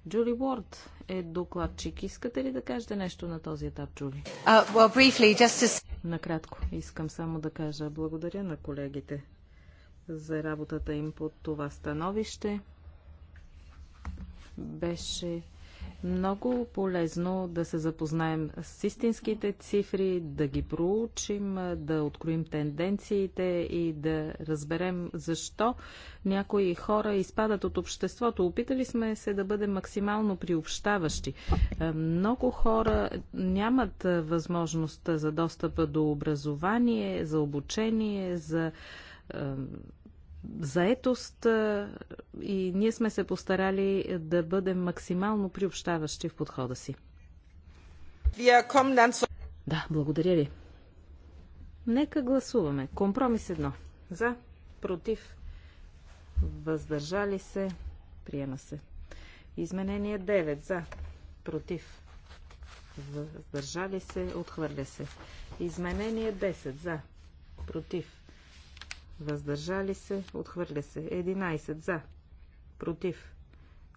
Джули Уорд е докладчик. Искате ли да кажете нещо на този етап, Джули? Uh, well, briefly, just to... Накратко, искам само да кажа благодаря на колегите за работата им под това становище. Беше много полезно да се запознаем с истинските цифри, да ги проучим, да откроим тенденциите и да разберем защо някои хора изпадат от обществото. Опитали сме се да бъдем максимално приобщаващи. Е, много хора нямат възможност за достъпа до образование, за обучение, за е, заетост и ние сме се постарали да бъдем максимално приобщаващи в подхода си. Да, благодаря ви. Нека гласуваме. Компромис едно. За, против, въздържали се, приема се. Изменение 9. За, против, въздържали се, отхвърля се. Изменение 10. За, против, въздържали се, отхвърля се. 11 за, против,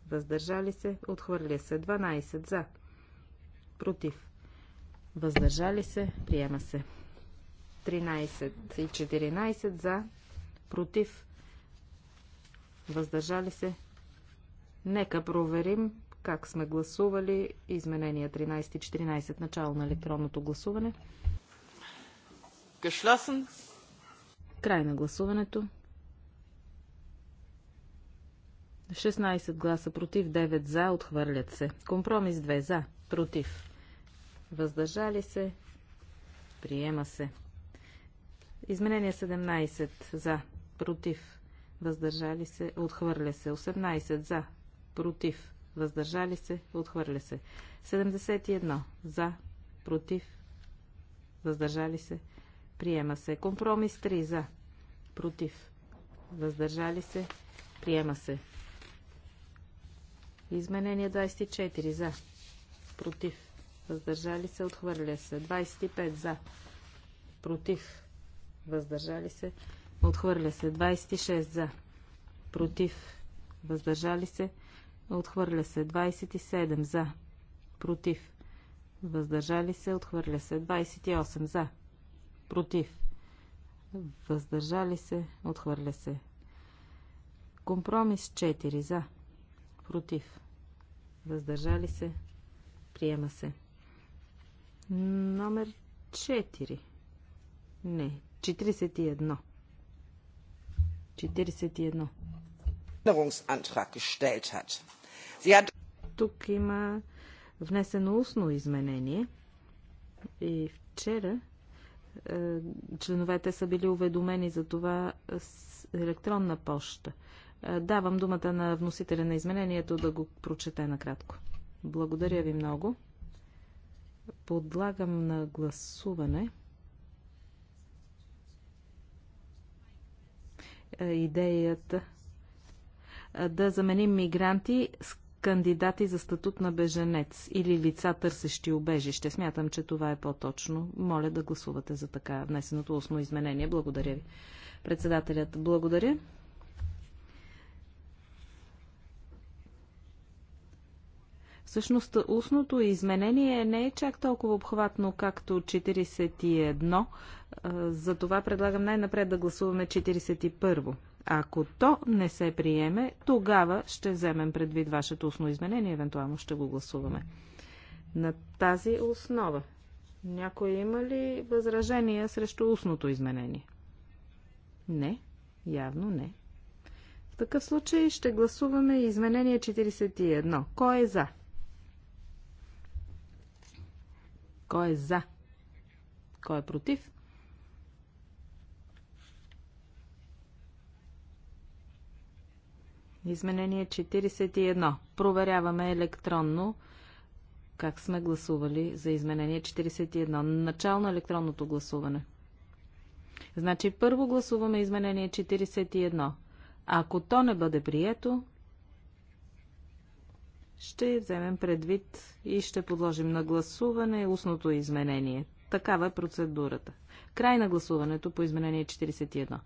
въздържали се, отхвърля се. 12 за, против, въздържали се, приема се. 13 и 14 за, против, въздържали се. Нека проверим как сме гласували изменения 13 и 14 начало на електронното гласуване. Geschlossen. Край на гласуването. 16 гласа против, 9 за, отхвърлят се. Компромис 2 за, против. Въздържали се, приема се. Изменение 17 за, против. Въздържали се, отхвърля се. 18 за, против. Въздържали се, отхвърля се. 71 за, против. Въздържали се, Приема се. Компромис 3 за. Против. Въздържали се. Приема се. Изменение 24 за. Против. Въздържали се. Отхвърля се. 25 за. Против. Въздържали се. Отхвърля се. 26 за. Против. Въздържали се. Отхвърля се. 27 за. Против. Въздържали се. Отхвърля се. 28 за против, въздържали се, отхвърля се. Компромис 4 за, против, въздържали се, приема се. Номер 4. Не, 41. 41. Änderungsantrag gestellt hat тук има внесено устно изменение. И вчера е, членовете са били уведомени за това с електронна почта. Е, давам думата на вносителя на изменението да го прочете накратко. Благодаря ви много. Подлагам на гласуване е, идеята да заменим мигранти с кандидати за статут на беженец или лица търсещи убежище. Смятам, че това е по-точно. Моля да гласувате за така внесеното устно изменение. Благодаря ви. Председателят, благодаря. Всъщност устното изменение не е чак толкова обхватно, както 41. За това предлагам най-напред да гласуваме 41. Ако то не се приеме, тогава ще вземем предвид вашето устно изменение, евентуално ще го гласуваме. На тази основа някой има ли възражения срещу устното изменение? Не, явно не. В такъв случай ще гласуваме изменение 41. Кой е за? Кой е за? Кой е против? Изменение 41. Проверяваме електронно как сме гласували за изменение 41. Начално електронното гласуване. Значи първо гласуваме изменение 41. Ако то не бъде прието, ще вземем предвид и ще подложим на гласуване устното изменение. Такава е процедурата. Край на гласуването по изменение 41.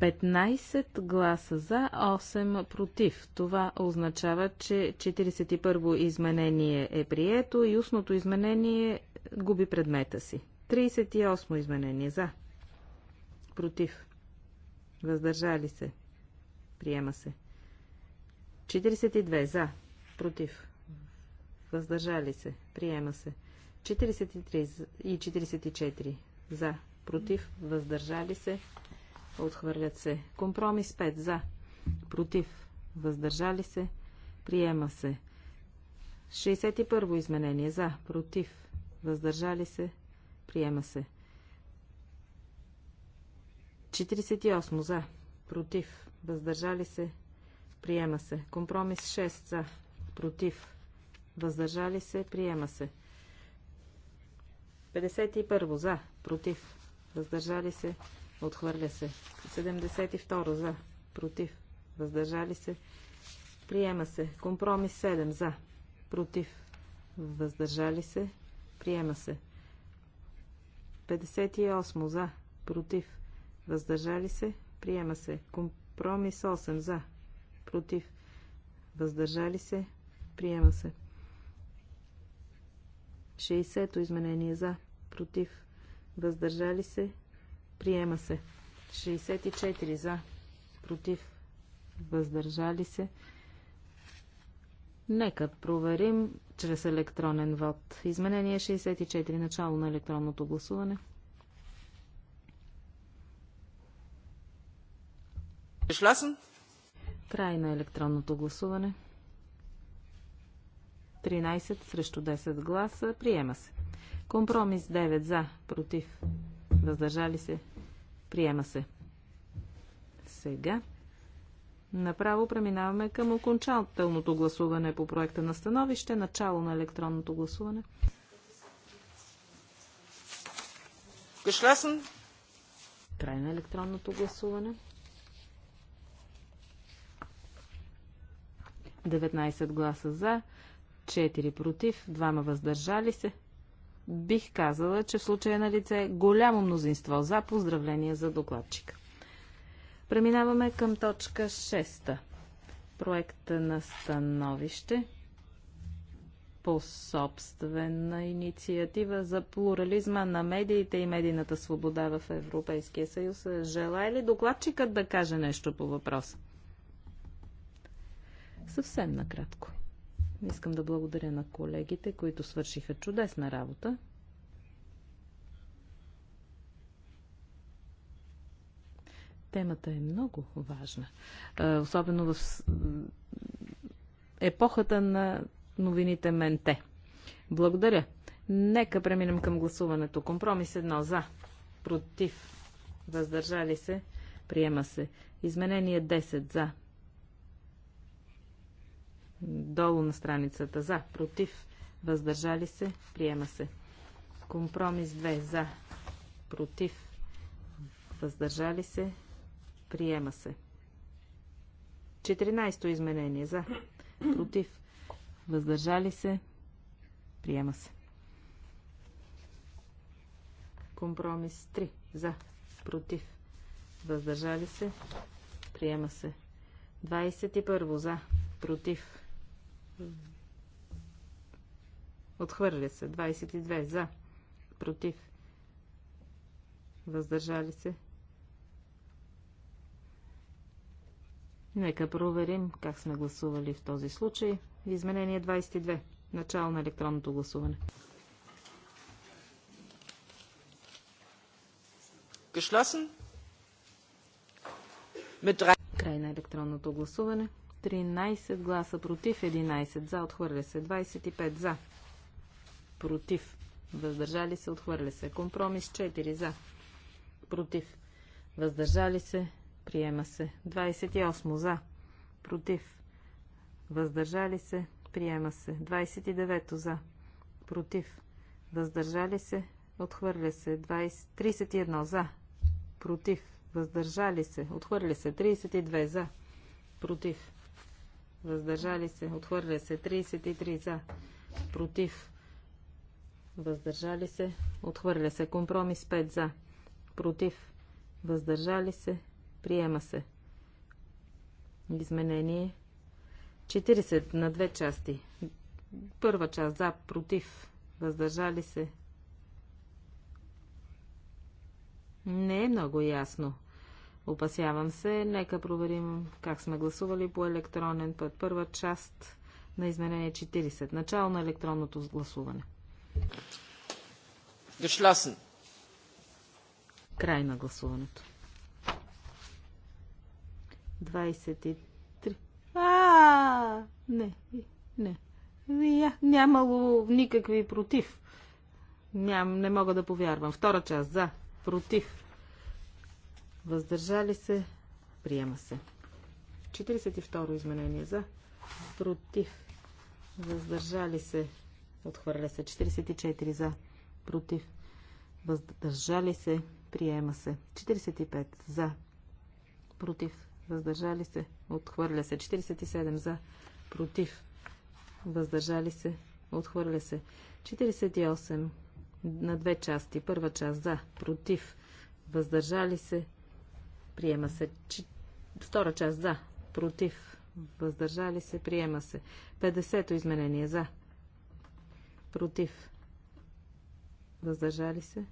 15 гласа за, 8 против. Това означава, че 41-во изменение е прието и устното изменение губи предмета си. 38-о изменение за, против, въздържали се, приема се. 42 за, против, въздържали се, приема се. 43 и 44 за, против, въздържали се, Отхвърлят се. Компромис 5 за. Против. Въздържали се. Приема се. 61 изменение за. Против. Въздържали се. Приема се. 48 за. Против. Въздържали се. Приема се. Компромис 6 за. Против. Въздържали се. Приема се. 51 за. Против. Въздържали се. Отхвърля се. 72 за. Против. Въздържали се. Приема се. Компромис 7 за. Против. Въздържали се. Приема се. 58 за. Против. Въздържали се. Приема се. Компромис 8 за. Против. Въздържали се. Приема се. 60 изменение за. Против. Въздържали се. Приема се. 64 за. Против. Въздържали се. Нека проверим чрез електронен вод. Изменение 64. Начало на електронното гласуване. Geschlossen. Край на електронното гласуване. 13 срещу 10 гласа. Приема се. Компромис 9 за, против, въздържали се, приема се. Сега направо преминаваме към окончателното гласуване по проекта на становище, начало на електронното гласуване. Гешлесен. Край на електронното гласуване. 19 гласа за, 4 против, 2 въздържали се бих казала, че в случая е на лице голямо мнозинство за поздравление за докладчика. Преминаваме към точка 6. Проекта на становище по собствена инициатива за плурализма на медиите и медийната свобода в Европейския съюз. Желая ли докладчикът да каже нещо по въпроса? Съвсем накратко. Искам да благодаря на колегите, които свършиха чудесна работа. Темата е много важна. Особено в епохата на новините Менте. Благодаря. Нека преминем към гласуването. Компромис едно за, против, въздържали се, приема се. Изменение 10 за, долу на страницата. За, против, въздържали се, приема се. Компромис 2. За, против, въздържали се, приема се. 14 изменение. За, против, въздържали се, приема се. Компромис 3. За, против, въздържали се, приема се. 21 за, против, Отхвърля се. 22 за. Против. Въздържали се. Нека проверим как сме гласували в този случай. Изменение 22. Начало на електронното гласуване. Край на електронното гласуване. 13 гласа против, 11 за, отхвърля се. 25 за, против, въздържали се, отхвърля се. Компромис 4 за, против, въздържали се, приема се. 28 за, против, въздържали се, приема се. 29 за, против, въздържали се, отхвърля се. 20... 31 за, против, въздържали се, отхвърля се. 32 за, против, въздържали се, отхвърля се 33 за, против, въздържали се, отхвърля се компромис 5 за, против, въздържали се, приема се. Изменение 40 на две части. Първа част за, против, въздържали се. Не е много ясно. Опасявам се. Нека проверим как сме гласували по електронен път. Първа част на изменение 40. Начало на електронното гласуване. Geschlossen. Край на гласуването. 23. А, не, не. Я, нямало никакви против. Ням, не мога да повярвам. Втора част за, против, Въздържали се. Приема се. 42 изменение за. Против. Въздържали се. Отхвърля се. 44 за. Против. Въздържали се. Приема се. 45 за. Против. Въздържали се. Отхвърля се. 47 за. Против. Въздържали се. Отхвърля се. 48 на две части. Първа част за. Против. Въздържали се. Приема се. Втора част за. Против. Въздържали се. Приема се. 50-то изменение за. Против. Въздържали се.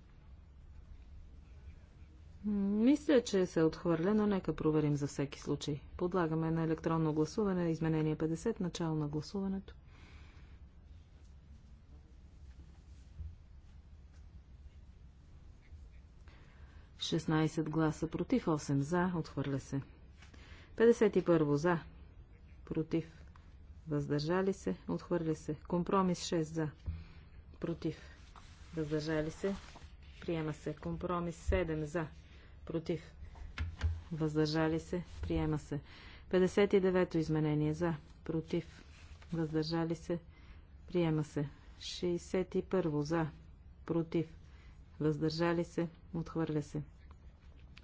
Мисля, че се е отхвърля, но нека проверим за всеки случай. Подлагаме на електронно гласуване изменение 50, начало на гласуването. 16 гласа против, 8 за, отхвърля се. 51 за, против, въздържали се, отхвърля се. Компромис 6 за, против, въздържали се, приема се. Компромис 7 за, против, въздържали се, приема се. 59 изменение за, против, въздържали се, приема се. 61 за, против, въздържали се, отхвърля се.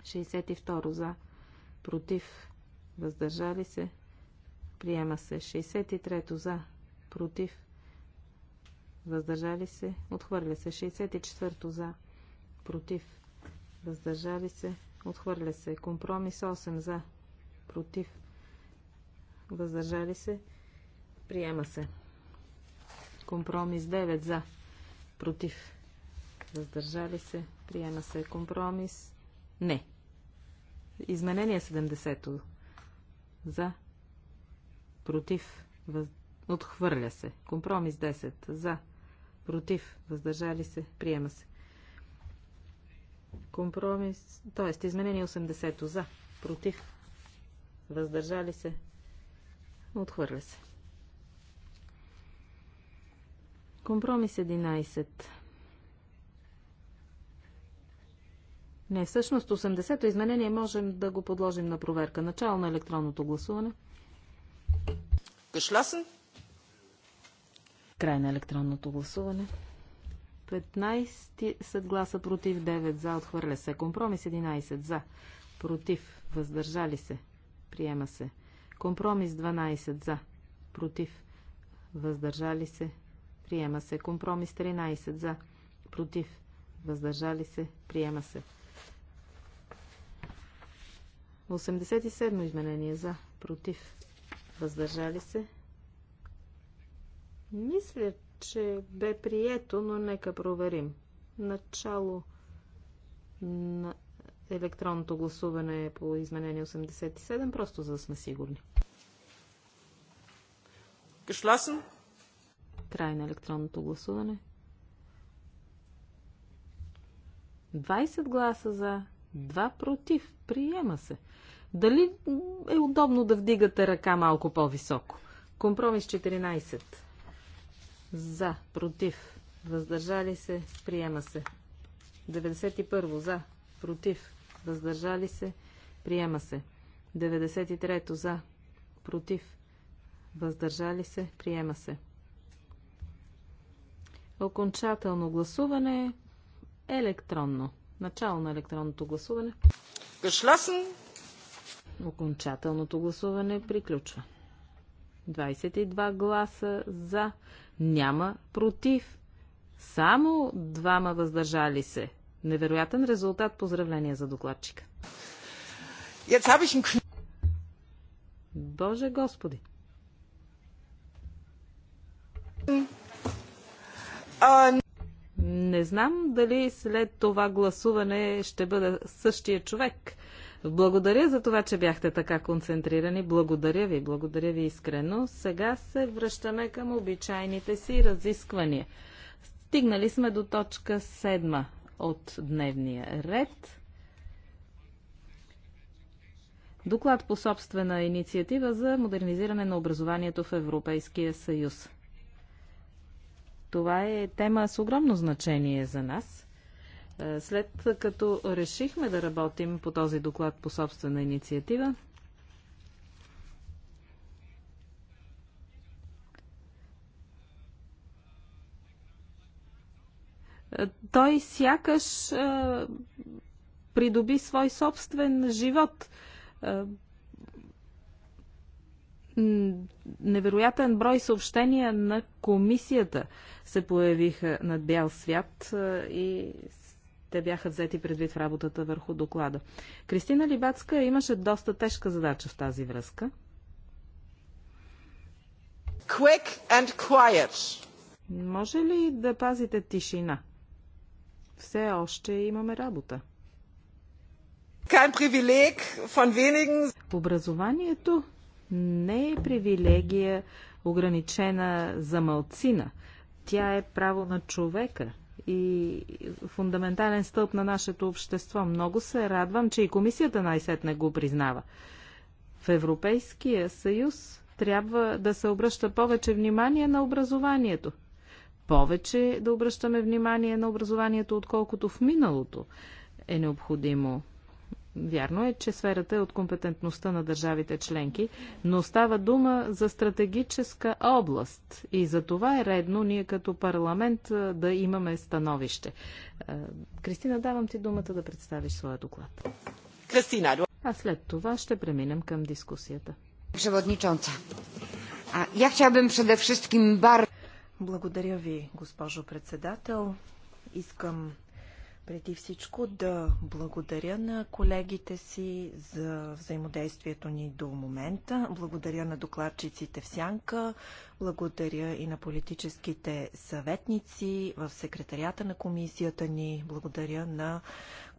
62 за, против, въздържали се, приема се. 63 за, против, въздържали се, отхвърля се. 64 за, против, въздържали се, отхвърля се. Компромис 8 за, против, въздържали се, приема се. Компромис 9 за, против, въздържали се, приема се. Компромис не. Изменение 70-то. За. Против. Въз... Отхвърля се. Компромис 10. За. Против. Въздържали се. Приема се. Компромис. Тоест, изменение 80-то. За. Против. Въздържали се. Отхвърля се. Компромис 11. Не, всъщност 80-то изменение можем да го подложим на проверка. Начало на електронното гласуване. Geschlossen. Край на електронното гласуване. 15 след гласа против 9 за отхвърля се. Компромис 11 за против въздържали се. Приема се. Компромис 12 за против въздържали се. Приема се. Компромис 13 за против въздържали се. Приема се. 87 изменение за, против, въздържали се. Мисля, че бе прието, но нека проверим. Начало на електронното гласуване е по изменение 87, просто за да сме сигурни. Geschlossen. Край на електронното гласуване. 20 гласа за, Два против. Приема се. Дали е удобно да вдигате ръка малко по-високо? Компромис 14. За, против, въздържали се, приема се. 91. За, против, въздържали се, приема се. 93. За, против, въздържали се, приема се. Окончателно гласуване електронно. Начало на електронното гласуване. Geschlossen. Окончателното гласуване приключва. 22 гласа за, няма против, само двама въздържали се. Невероятен резултат. Поздравления за докладчика. Боже Господи! Uh, не знам дали след това гласуване ще бъда същия човек. Благодаря за това, че бяхте така концентрирани. Благодаря ви, благодаря ви искрено. Сега се връщаме към обичайните си разисквания. Стигнали сме до точка 7 от дневния ред. Доклад по собствена инициатива за модернизиране на образованието в Европейския съюз. Това е тема с огромно значение за нас. Е, след като решихме да работим по този доклад по собствена инициатива, е, той сякаш е, придоби свой собствен живот невероятен брой съобщения на комисията се появиха над бял свят и те бяха взети предвид в работата върху доклада. Кристина Либацка имаше доста тежка задача в тази връзка. Quick and quiet. Може ли да пазите тишина? Все още имаме работа. Kein von wenigen. Образованието не е привилегия ограничена за малцина. Тя е право на човека и фундаментален стълб на нашето общество. Много се радвам, че и комисията най-сетне го признава. В Европейския съюз трябва да се обръща повече внимание на образованието. Повече да обръщаме внимание на образованието, отколкото в миналото е необходимо. Вярно е, че сферата е от компетентността на държавите членки, но става дума за стратегическа област и за това е редно ние като парламент да имаме становище. Кристина, давам ти думата да представиш своя доклад. Кристина, а след това ще преминем към дискусията. Преводничонца, A ja chciałabym przede wszystkim Благодаря ви, госпожо председател. Искам преди всичко да благодаря на колегите си за взаимодействието ни до момента. Благодаря на докладчиците в Сянка, благодаря и на политическите съветници в секретарията на комисията ни, благодаря на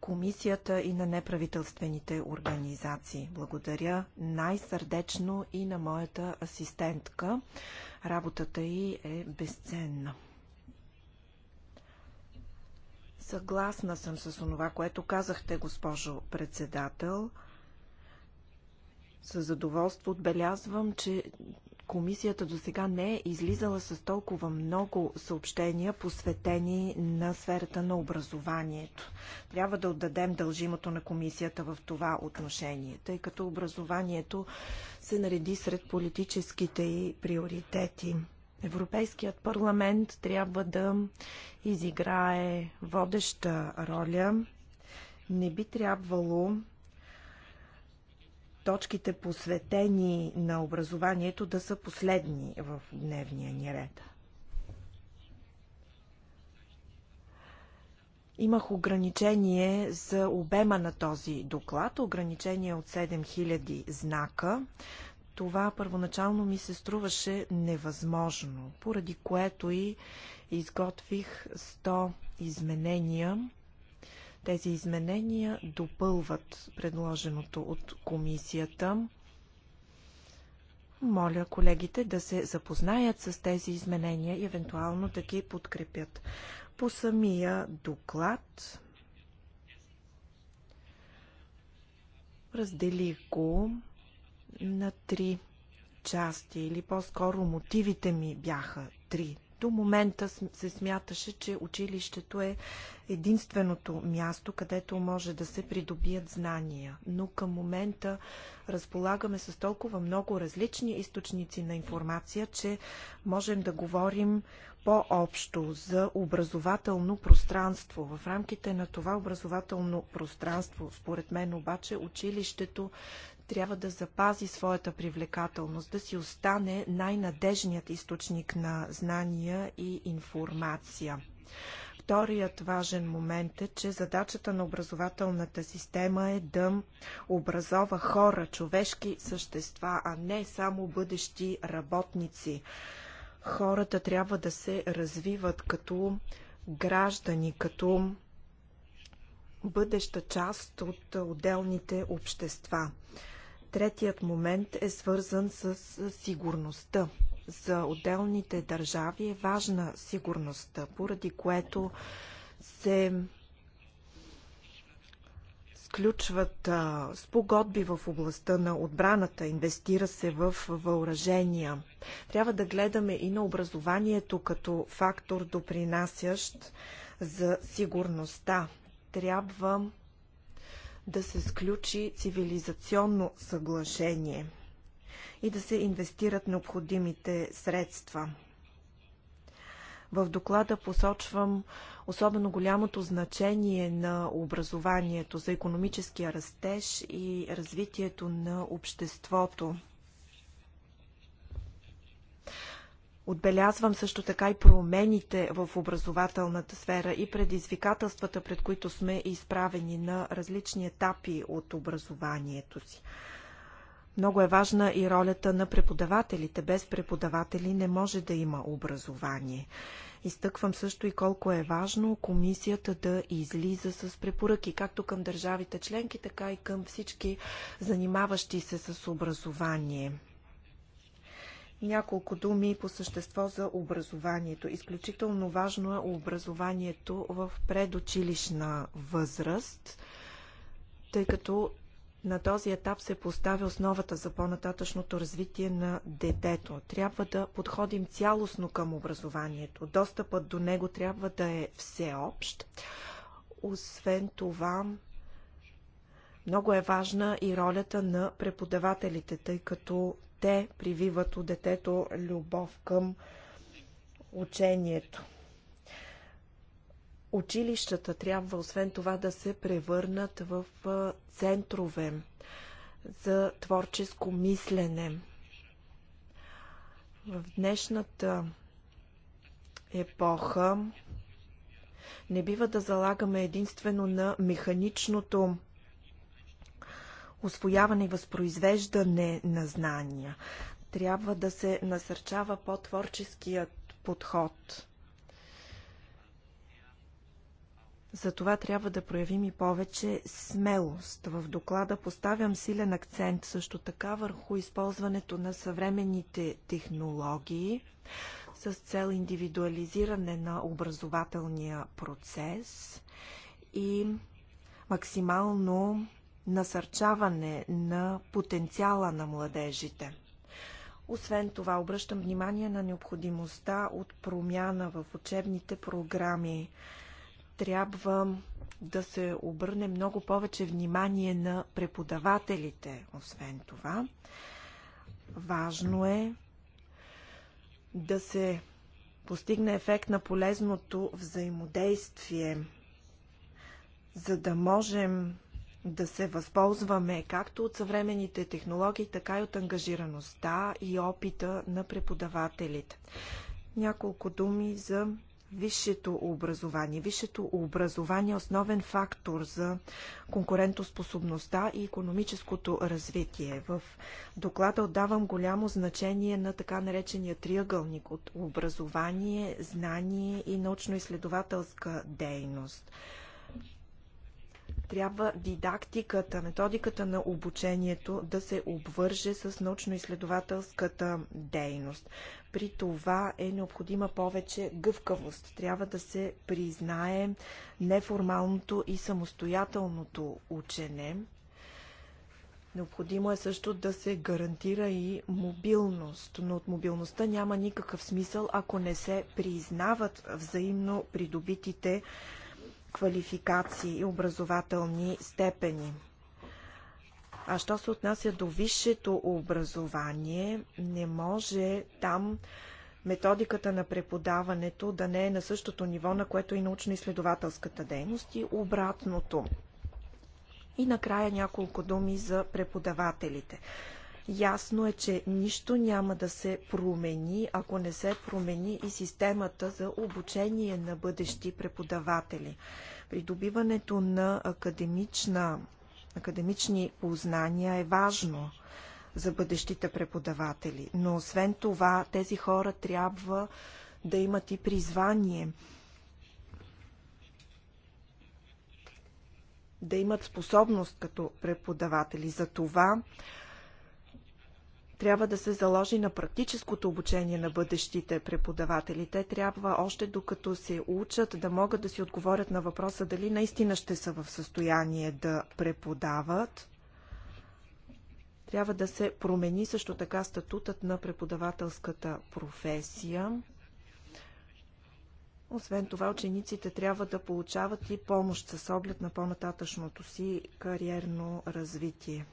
комисията и на неправителствените организации. Благодаря най-сърдечно и на моята асистентка. Работата й е безценна. Съгласна съм с онова, което казахте, госпожо председател. С задоволство отбелязвам, че комисията до сега не е излизала с толкова много съобщения, посветени на сферата на образованието. Трябва да отдадем дължимото на комисията в това отношение, тъй като образованието се нареди сред политическите и приоритети. Европейският парламент трябва да изиграе водеща роля. Не би трябвало точките посветени на образованието да са последни в дневния ни ред. Имах ограничение за обема на този доклад, ограничение от 7000 знака. Това първоначално ми се струваше невъзможно, поради което и изготвих 100 изменения. Тези изменения допълват предложеното от комисията. Моля колегите да се запознаят с тези изменения и евентуално да ги подкрепят. По самия доклад разделих го на три части, или по-скоро мотивите ми бяха три. До момента се смяташе, че училището е единственото място, където може да се придобият знания. Но към момента разполагаме с толкова много различни източници на информация, че можем да говорим по-общо за образователно пространство. В рамките на това образователно пространство, според мен обаче, училището трябва да запази своята привлекателност, да си остане най-надежният източник на знания и информация. Вторият важен момент е, че задачата на образователната система е да образова хора, човешки същества, а не само бъдещи работници. Хората трябва да се развиват като граждани, като бъдеща част от отделните общества. Третият момент е свързан с сигурността. За отделните държави е важна сигурността, поради което се сключват спогодби в областта на отбраната, инвестира се в въоръжения. Трябва да гледаме и на образованието като фактор, допринасящ за сигурността. Трябва да се сключи цивилизационно съглашение и да се инвестират необходимите средства. В доклада посочвам особено голямото значение на образованието за економическия растеж и развитието на обществото. Отбелязвам също така и промените в образователната сфера и предизвикателствата, пред които сме изправени на различни етапи от образованието си. Много е важна и ролята на преподавателите. Без преподаватели не може да има образование. Изтъквам също и колко е важно комисията да излиза с препоръки, както към държавите членки, така и към всички занимаващи се с образование. Няколко думи по същество за образованието. Изключително важно е образованието в предучилищна възраст, тъй като на този етап се поставя основата за по-нататъчното развитие на детето. Трябва да подходим цялостно към образованието. Достъпът до него трябва да е всеобщ. Освен това, много е важна и ролята на преподавателите, тъй като те прививат у детето любов към учението. Училищата трябва, освен това, да се превърнат в центрове за творческо мислене. В днешната епоха не бива да залагаме единствено на механичното освояване и възпроизвеждане на знания. Трябва да се насърчава по-творческият подход. Затова трябва да проявим и повече смелост. В доклада поставям силен акцент също така върху използването на съвременните технологии с цел индивидуализиране на образователния процес и максимално насърчаване на потенциала на младежите. Освен това, обръщам внимание на необходимостта от промяна в учебните програми. Трябва да се обърне много повече внимание на преподавателите, освен това. Важно е да се постигне ефект на полезното взаимодействие, за да можем да се възползваме както от съвременните технологии, така и от ангажираността и опита на преподавателите. Няколко думи за висшето образование. Висшето образование е основен фактор за конкурентоспособността и економическото развитие. В доклада отдавам голямо значение на така наречения триъгълник от образование, знание и научно-изследователска дейност трябва дидактиката, методиката на обучението да се обвърже с научно-изследователската дейност. При това е необходима повече гъвкавост. Трябва да се признае неформалното и самостоятелното учене. Необходимо е също да се гарантира и мобилност, но от мобилността няма никакъв смисъл, ако не се признават взаимно придобитите квалификации и образователни степени. А що се отнася до висшето образование, не може там методиката на преподаването да не е на същото ниво, на което и научно-изследователската дейност и обратното. И накрая няколко думи за преподавателите. Ясно е, че нищо няма да се промени, ако не се промени и системата за обучение на бъдещи преподаватели. Придобиването на академична, академични познания е важно за бъдещите преподаватели, но освен това тези хора трябва да имат и призвание. да имат способност като преподаватели. За това трябва да се заложи на практическото обучение на бъдещите преподаватели. Те трябва още докато се учат да могат да си отговорят на въпроса дали наистина ще са в състояние да преподават. Трябва да се промени също така статутът на преподавателската професия. Освен това, учениците трябва да получават и помощ с оглед на по-нататъчното си кариерно развитие.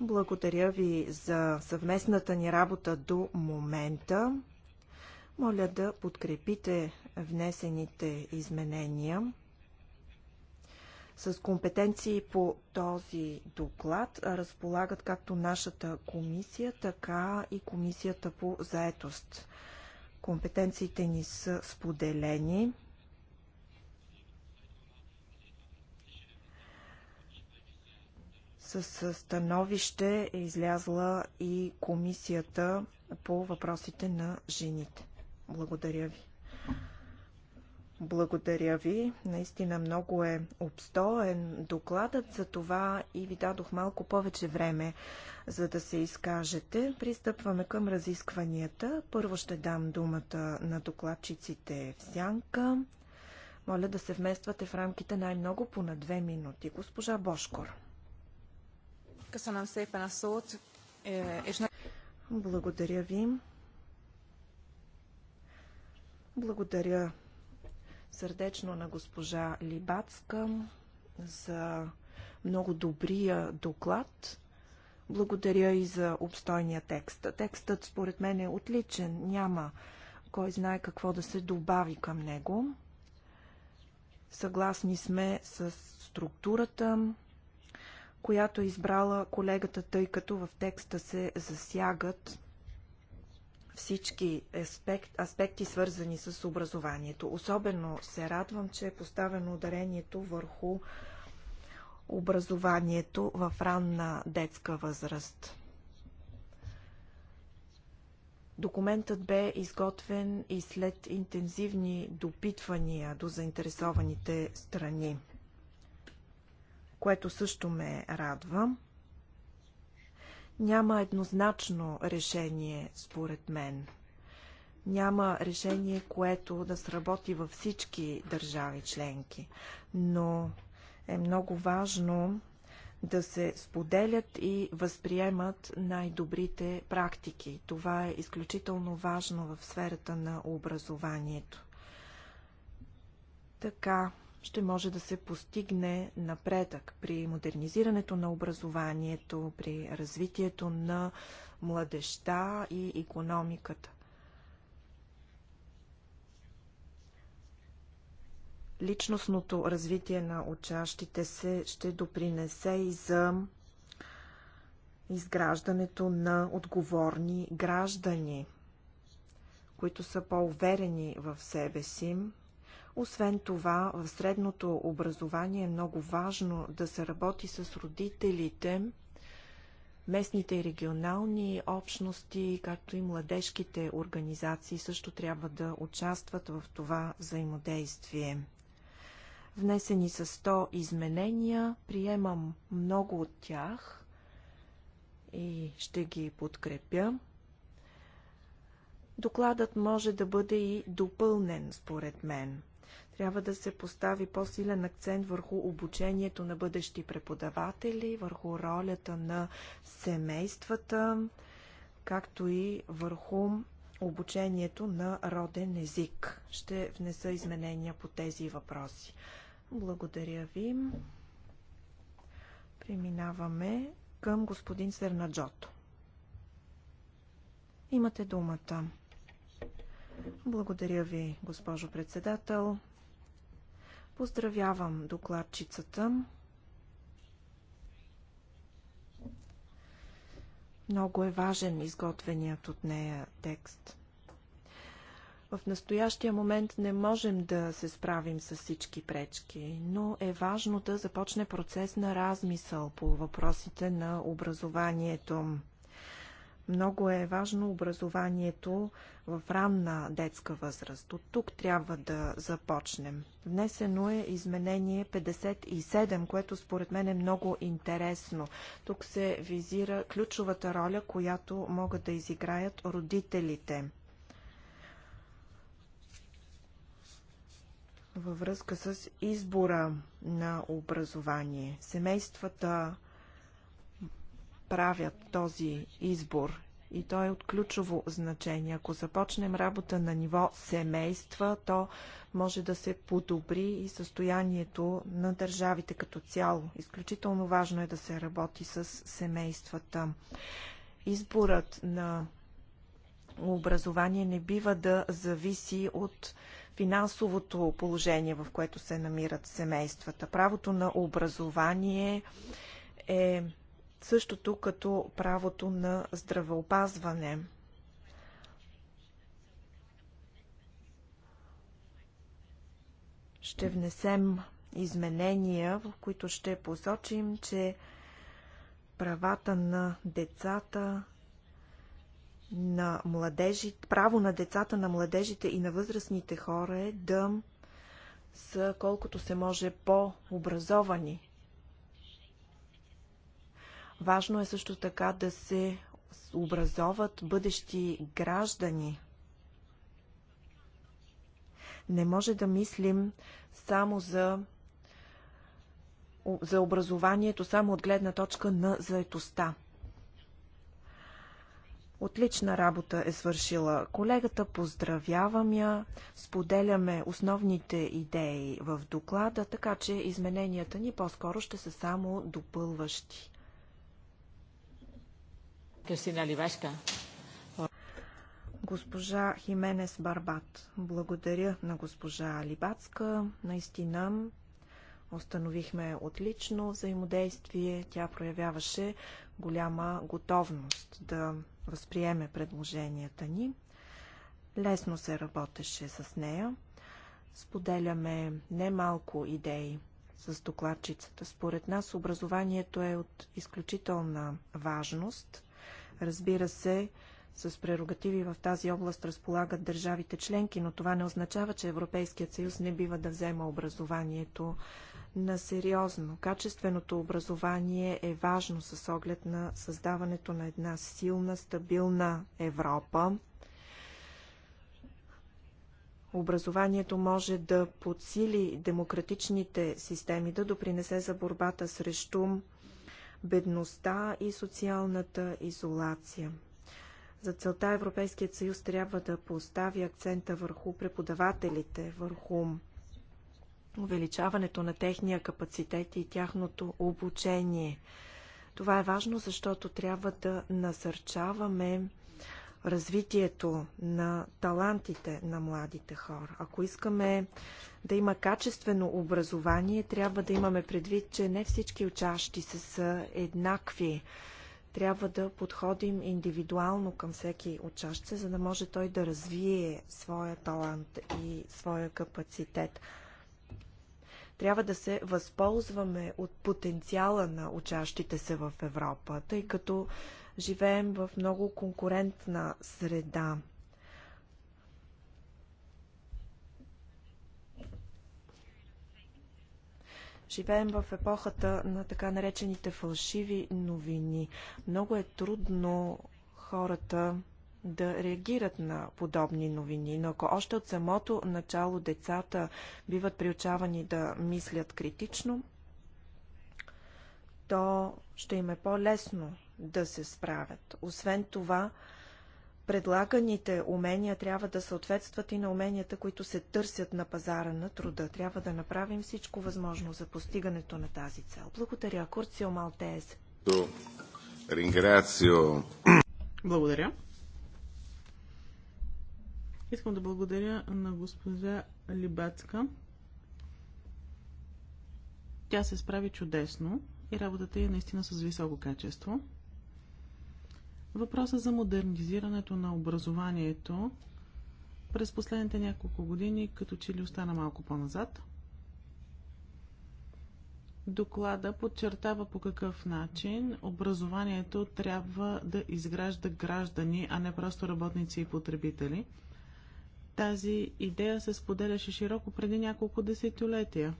Благодаря ви за съвместната ни работа до момента. Моля да подкрепите внесените изменения. С компетенции по този доклад разполагат както нашата комисия, така и комисията по заетост. Компетенциите ни са споделени. С становище е излязла и комисията по въпросите на жените. Благодаря ви. Благодаря ви. Наистина много е обстоен докладът, за това и ви дадох малко повече време, за да се изкажете. Пристъпваме към разискванията. Първо ще дам думата на докладчиците в сянка. Моля да се вмествате в рамките най-много по на две минути. Госпожа Бошкор. Благодаря ви. Благодаря сърдечно на госпожа Либацка за много добрия доклад. Благодаря и за обстойния текст. Текстът според мен е отличен. Няма кой знае какво да се добави към него. Съгласни сме с структурата, която е избрала колегата, тъй като в текста се засягат всички аспект, аспекти, свързани с образованието. Особено се радвам, че е поставено ударението върху образованието в ранна детска възраст. Документът бе изготвен и след интензивни допитвания до заинтересованите страни което също ме радва. Няма еднозначно решение, според мен. Няма решение, което да сработи във всички държави членки. Но е много важно да се споделят и възприемат най-добрите практики. Това е изключително важно в сферата на образованието. Така, ще може да се постигне напредък при модернизирането на образованието, при развитието на младеща и економиката. Личностното развитие на учащите се ще допринесе и за изграждането на отговорни граждани, които са по-уверени в себе си, освен това, в средното образование е много важно да се работи с родителите, местните и регионални общности, както и младежките организации също трябва да участват в това взаимодействие. Внесени са 100 изменения, приемам много от тях и ще ги подкрепя. Докладът може да бъде и допълнен, според мен. Трябва да се постави по-силен акцент върху обучението на бъдещи преподаватели, върху ролята на семействата, както и върху обучението на роден език. Ще внеса изменения по тези въпроси. Благодаря ви. Преминаваме към господин Сернаджото. Имате думата. Благодаря ви, госпожо председател. Поздравявам докладчицата. Много е важен изготвеният от нея текст. В настоящия момент не можем да се справим с всички пречки, но е важно да започне процес на размисъл по въпросите на образованието. Много е важно образованието в ранна детска възраст. От тук трябва да започнем. Внесено е изменение 57, което според мен е много интересно. Тук се визира ключовата роля, която могат да изиграят родителите. във връзка с избора на образование. Семействата правят този избор. И то е от ключово значение. Ако започнем работа на ниво семейства, то може да се подобри и състоянието на държавите като цяло. Изключително важно е да се работи с семействата. Изборът на образование не бива да зависи от финансовото положение, в което се намират семействата. Правото на образование е същото като правото на здравеопазване. Ще внесем изменения, в които ще посочим, че правата на децата, на младежите, право на децата, на младежите и на възрастните хора е да са колкото се може по-образовани, Важно е също така да се образоват бъдещи граждани. Не може да мислим само за за образованието само от гледна точка на заетостта. Отлична работа е свършила колегата, поздравявам я, споделяме основните идеи в доклада, така че измененията ни по-скоро ще са само допълващи. Кристина Ливашка. Госпожа Хименес Барбат. Благодаря на госпожа Либацка. Наистина установихме отлично взаимодействие. Тя проявяваше голяма готовност да възприеме предложенията ни. Лесно се работеше с нея. Споделяме немалко идеи с докладчицата. Според нас образованието е от изключителна важност. Разбира се, с прерогативи в тази област разполагат държавите членки, но това не означава, че Европейският съюз не бива да взема образованието на сериозно. Качественото образование е важно с оглед на създаването на една силна, стабилна Европа. Образованието може да подсили демократичните системи, да допринесе за борбата срещу бедността и социалната изолация. За целта Европейският съюз трябва да постави акцента върху преподавателите, върху увеличаването на техния капацитет и тяхното обучение. Това е важно, защото трябва да насърчаваме развитието на талантите на младите хора. Ако искаме да има качествено образование, трябва да имаме предвид, че не всички учащи се са еднакви. Трябва да подходим индивидуално към всеки учащ се, за да може той да развие своя талант и своя капацитет трябва да се възползваме от потенциала на учащите се в Европа, тъй като Живеем в много конкурентна среда. Живеем в епохата на така наречените фалшиви новини. Много е трудно хората да реагират на подобни новини, но ако още от самото начало децата биват приучавани да мислят критично, то ще им е по-лесно да се справят. Освен това, предлаганите умения трябва да съответстват и на уменията, които се търсят на пазара на труда. Трябва да направим всичко възможно за постигането на тази цел. Благодаря, Курцио Малтез. Благодаря. Искам да благодаря на госпожа Либацка. Тя се справи чудесно и работата е наистина с високо качество. Въпросът за модернизирането на образованието през последните няколко години като че ли остана малко по-назад. Доклада подчертава по какъв начин образованието трябва да изгражда граждани, а не просто работници и потребители. Тази идея се споделяше широко преди няколко десетилетия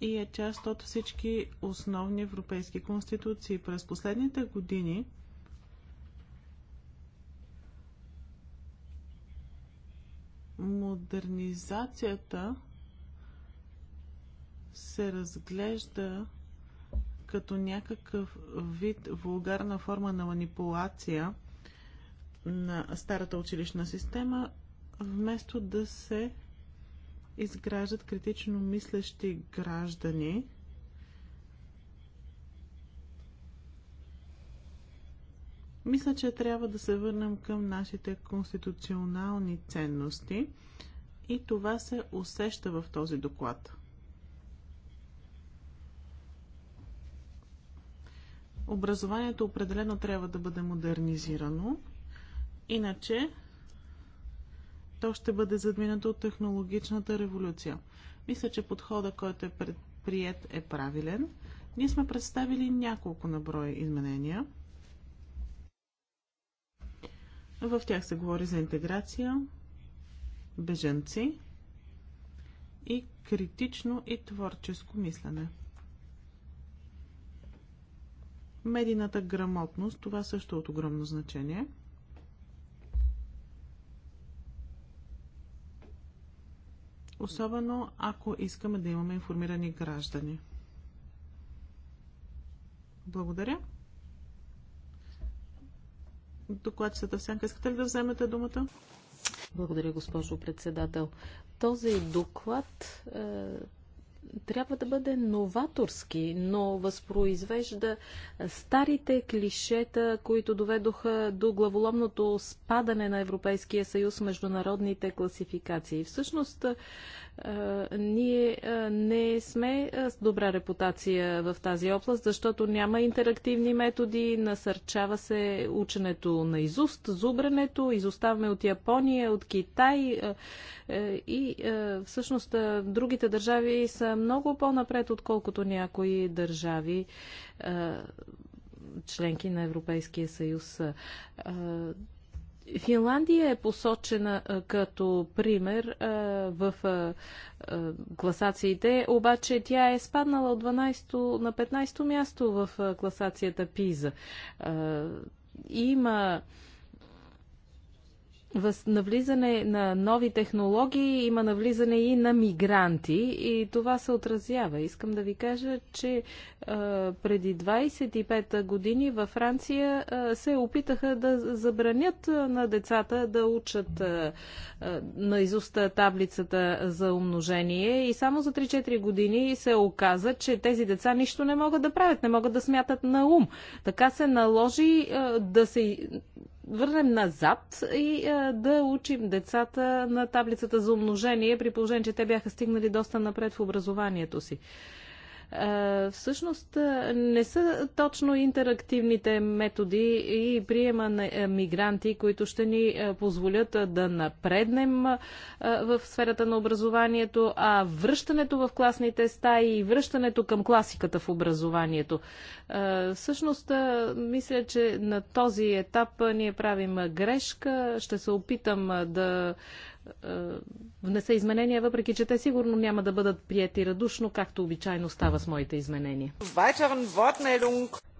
и е част от всички основни европейски конституции. През последните години модернизацията се разглежда като някакъв вид вулгарна форма на манипулация на старата училищна система, вместо да се изграждат критично мислещи граждани. Мисля, че трябва да се върнем към нашите конституционални ценности и това се усеща в този доклад. Образованието определено трябва да бъде модернизирано, иначе то ще бъде задминато от технологичната революция. Мисля, че подхода, който е предприят, е правилен. Ние сме представили няколко наброя изменения. В тях се говори за интеграция, беженци и критично и творческо мислене. Медийната грамотност, това също е от огромно значение – особено ако искаме да имаме информирани граждани. Благодаря. Докладчицата Сянка, искате ли да вземете думата? Благодаря, госпожо председател. Този доклад е, трябва да бъде новаторски, но възпроизвежда старите клишета, които доведоха до главоломното спадане на Европейския съюз в международните класификации. Всъщност, е, ние е, не сме е, с добра репутация в тази област, защото няма интерактивни методи, насърчава се ученето на изуст, зубрането, изоставаме от Япония, от Китай и всъщност другите държави са е много по-напред, отколкото някои държави членки на Европейския съюз. Финландия е посочена като пример в класациите, обаче тя е спаднала от 12 на 15 място в класацията ПИЗА. Има навлизане на нови технологии, има навлизане и на мигранти и това се отразява. Искам да ви кажа, че а, преди 25 години във Франция а, се опитаха да забранят а, на децата да учат а, а, наизуст таблицата за умножение и само за 3-4 години се оказа, че тези деца нищо не могат да правят, не могат да смятат на ум. Така се наложи а, да се върнем назад и а, да учим децата на таблицата за умножение, при положение, че те бяха стигнали доста напред в образованието си. Е, всъщност е, не са точно интерактивните методи и приема на е, мигранти, които ще ни позволят да напреднем в сферата на образованието, а връщането в класните стаи и връщането към класиката в образованието. Всъщност, мисля, че на този етап ние правим грешка. Ще се опитам да е, внеса изменения, въпреки че те сигурно няма да бъдат прияти радушно, както обичайно става с моите изменения.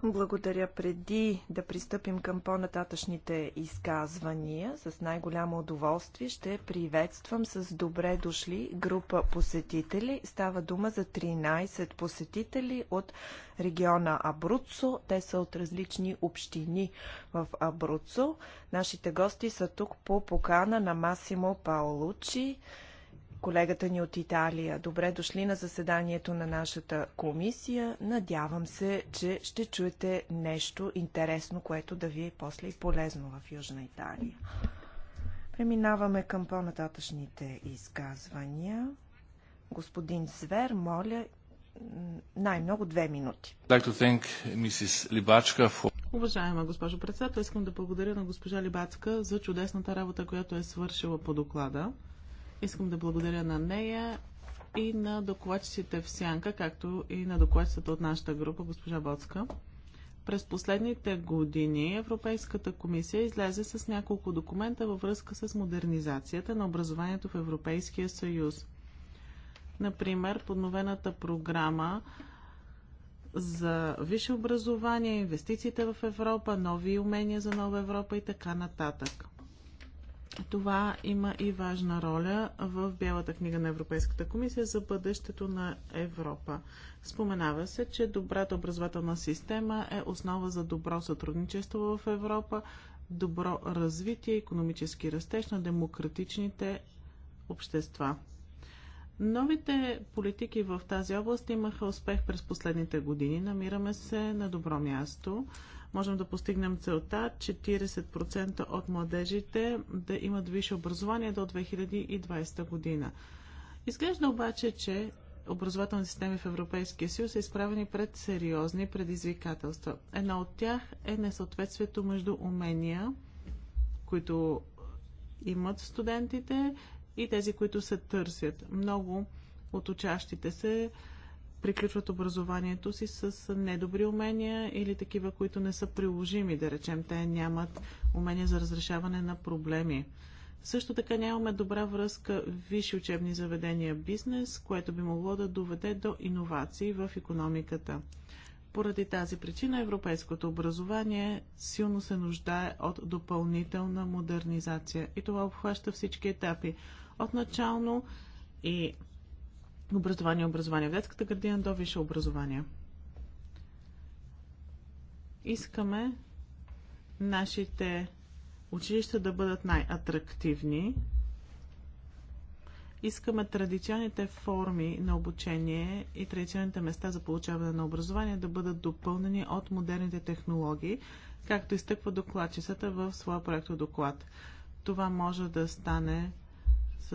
Благодаря. Преди да пристъпим към по-нататъчните изказвания, с най-голямо удоволствие ще приветствам с добре дошли група посетители. Става дума за 13 посетители от региона Абруцо. Те са от различни общини в Абруцо. Нашите гости са тук по покана на Масимо Паолучи, колегата ни от Италия. Добре дошли на заседанието на нашата комисия. Надявам се, че ще чуете нещо интересно, което да ви е после и полезно в Южна Италия. Преминаваме към по-нататъчните изказвания. Господин Звер, моля, най-много две минути. Уважаема госпожо председател, искам да благодаря на госпожа Либацка за чудесната работа, която е свършила по доклада. Искам да благодаря на нея и на докладчиците в Сянка, както и на докладчицата от нашата група, госпожа Боцка. През последните години Европейската комисия излезе с няколко документа във връзка с модернизацията на образованието в Европейския съюз. Например, подновената програма за висше образование, инвестициите в Европа, нови умения за нова Европа и така нататък. Това има и важна роля в Бялата книга на Европейската комисия за бъдещето на Европа. Споменава се, че добрата образователна система е основа за добро сътрудничество в Европа, добро развитие, економически растеж на демократичните общества. Новите политики в тази област имаха успех през последните години. Намираме се на добро място можем да постигнем целта 40% от младежите да имат висше образование до 2020 година. Изглежда обаче, че образователни системи в Европейския съюз са изправени пред сериозни предизвикателства. Една от тях е несъответствието между умения, които имат студентите и тези, които се търсят. Много от учащите се приключват образованието си с недобри умения или такива, които не са приложими, да речем, те нямат умения за разрешаване на проблеми. Също така нямаме добра връзка висши учебни заведения бизнес, което би могло да доведе до иновации в економиката. Поради тази причина европейското образование силно се нуждае от допълнителна модернизация и това обхваща всички етапи. От начално и образование, образование в детската градина до висше образование. Искаме нашите училища да бъдат най-атрактивни. Искаме традиционните форми на обучение и традиционните места за получаване на образование да бъдат допълнени от модерните технологии, както изтъква докладчицата в своя проект доклад. Това може да стане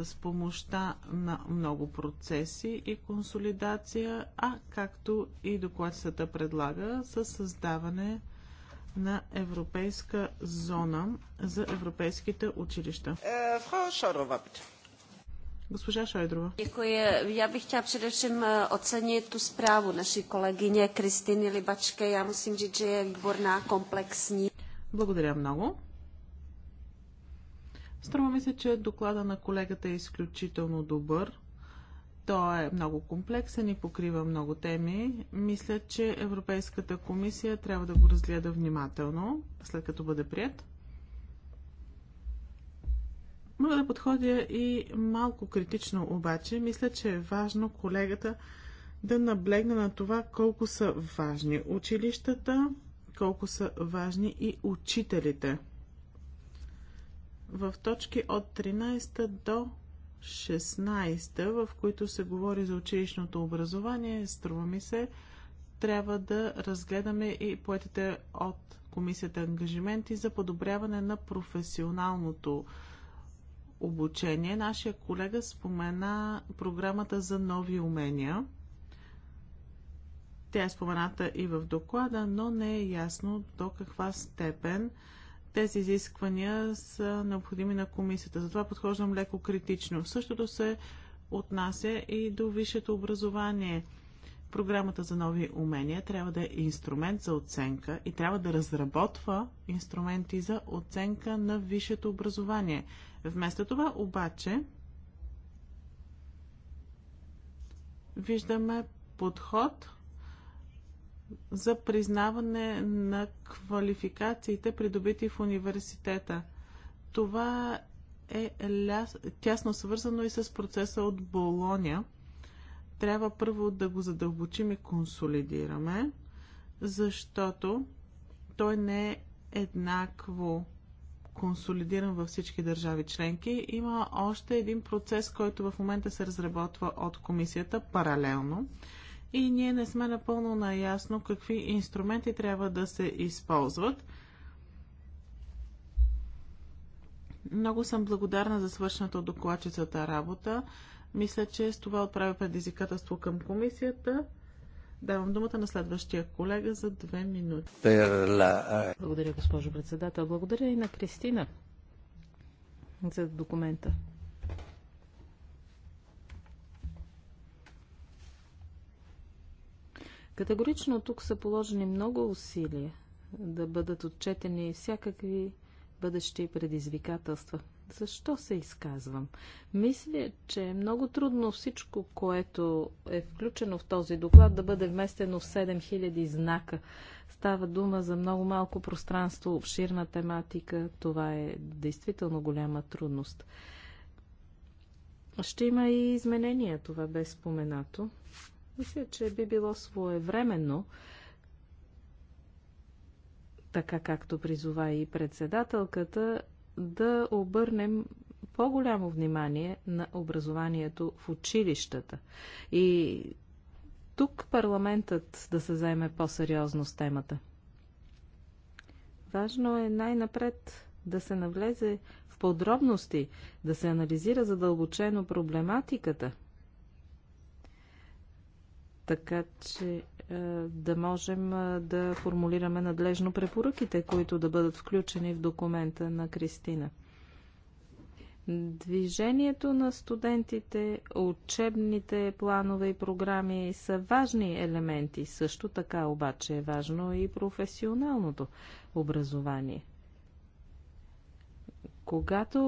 с помощта на много процеси и консолидация, а както и докладчицата предлага, със създаване на европейска зона за европейските училища. Е, Госпожа Шойдрова. Děkuji. Já bych chtěla především е, ocenit ту справу нашей kolegyně Kristiny Либачке. Я musím říct, že е výborná, komplexní. Благодаря много. Струва ми се, че доклада на колегата е изключително добър. Той е много комплексен и покрива много теми. Мисля, че Европейската комисия трябва да го разгледа внимателно, след като бъде прият. Мога да подходя и малко критично, обаче мисля, че е важно колегата да наблегне на това колко са важни училищата, колко са важни и учителите – в точки от 13 до 16, в които се говори за училищното образование, струва ми се, трябва да разгледаме и поетите от комисията ангажименти за подобряване на професионалното обучение. Нашия колега спомена програмата за нови умения. Тя е спомената и в доклада, но не е ясно до каква степен тези изисквания са необходими на комисията. Затова подхождам леко критично. Същото се отнася и до висшето образование. Програмата за нови умения трябва да е инструмент за оценка и трябва да разработва инструменти за оценка на висшето образование. Вместо това обаче виждаме подход, за признаване на квалификациите, придобити в университета. Това е тясно свързано и с процеса от Болоня. Трябва първо да го задълбочим и консолидираме, защото той не е еднакво консолидиран във всички държави членки. Има още един процес, който в момента се разработва от комисията паралелно и ние не сме напълно наясно какви инструменти трябва да се използват. Много съм благодарна за свършната от докладчицата работа. Мисля, че с това отправя предизвикателство към комисията. Давам думата на следващия колега за две минути. Благодаря, госпожо председател. Благодаря и на Кристина за документа. Категорично тук са положени много усилия да бъдат отчетени всякакви бъдещи предизвикателства. Защо се изказвам? Мисля, че е много трудно всичко, което е включено в този доклад, да бъде вместено в 7000 знака. Става дума за много малко пространство, обширна тематика. Това е действително голяма трудност. Ще има и изменения, това бе споменато. Мисля, че би било своевременно, така както призова и председателката, да обърнем по-голямо внимание на образованието в училищата. И тук парламентът да се заеме по-сериозно с темата. Важно е най-напред да се навлезе в подробности, да се анализира задълбочено проблематиката – така че е, да можем е, да формулираме надлежно препоръките, които да бъдат включени в документа на Кристина. Движението на студентите, учебните планове и програми са важни елементи. Също така обаче е важно и професионалното образование – когато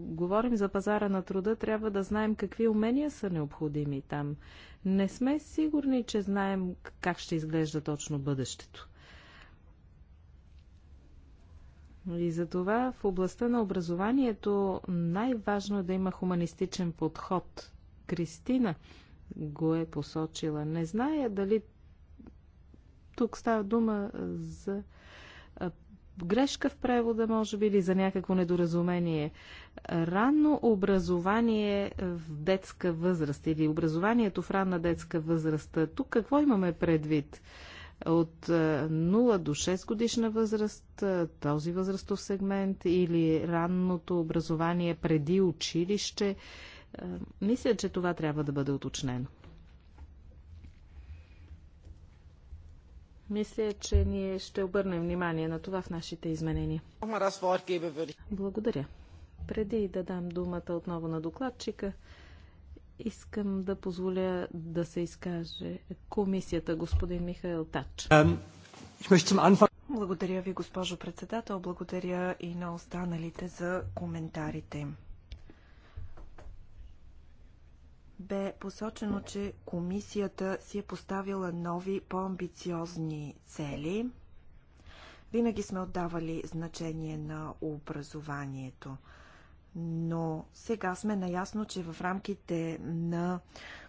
говорим за пазара на труда, трябва да знаем какви умения са необходими там. Не сме сигурни, че знаем как ще изглежда точно бъдещето. И затова в областта на образованието най-важно е да има хуманистичен подход. Кристина го е посочила. Не зная дали тук става дума за грешка в превода, може би, или за някакво недоразумение. Ранно образование в детска възраст или образованието в ранна детска възраст. Тук какво имаме предвид? От 0 е, до 6 годишна възраст, е, този възрастов сегмент или ранното образование преди училище. Е, мисля, че това трябва да бъде уточнено. Мисля, че ние ще обърнем внимание на това в нашите изменения. Благодаря. Преди да дам думата отново на докладчика, искам да позволя да се изкаже комисията господин Михаил Тач. Благодаря ви, госпожо председател. Благодаря и на останалите за коментарите им. бе посочено, че комисията си е поставила нови, по-амбициозни цели. Винаги сме отдавали значение на образованието, но сега сме наясно, че в рамките на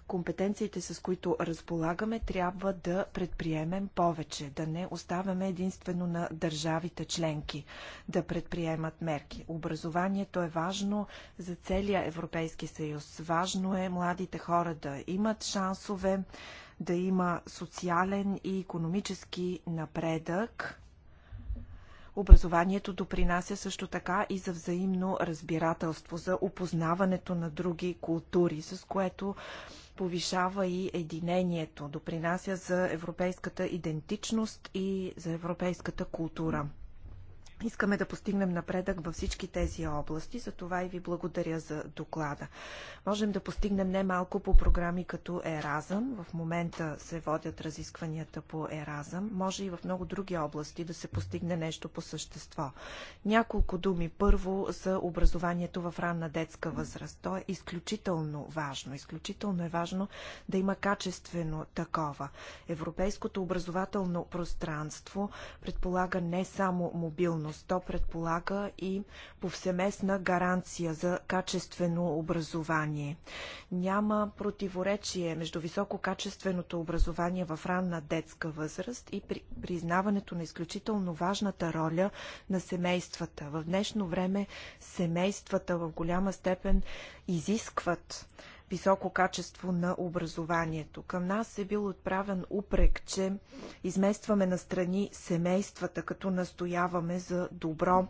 компетенциите, с които разполагаме, трябва да предприемем повече, да не оставяме единствено на държавите членки да предприемат мерки. Образованието е важно за целия Европейски съюз. Важно е младите хора да имат шансове, да има социален и економически напредък. Образованието допринася също така и за взаимно разбирателство, за опознаването на други култури, с което повишава и единението, допринася за европейската идентичност и за европейската култура. Искаме да постигнем напредък във всички тези области, за това и ви благодаря за доклада. Можем да постигнем немалко по програми като Еразъм. В момента се водят разискванията по Еразъм. Може и в много други области да се постигне нещо по същество. Няколко думи. Първо за образованието в ранна детска възраст. То е изключително важно. Изключително е важно да има качествено такова. Европейското образователно пространство предполага не само мобилно сигурност. То предполага и повсеместна гаранция за качествено образование. Няма противоречие между висококачественото образование в ранна детска възраст и при признаването на изключително важната роля на семействата. В днешно време семействата в голяма степен изискват високо качество на образованието. Към нас е бил отправен упрек, че изместваме на страни семействата, като настояваме за добро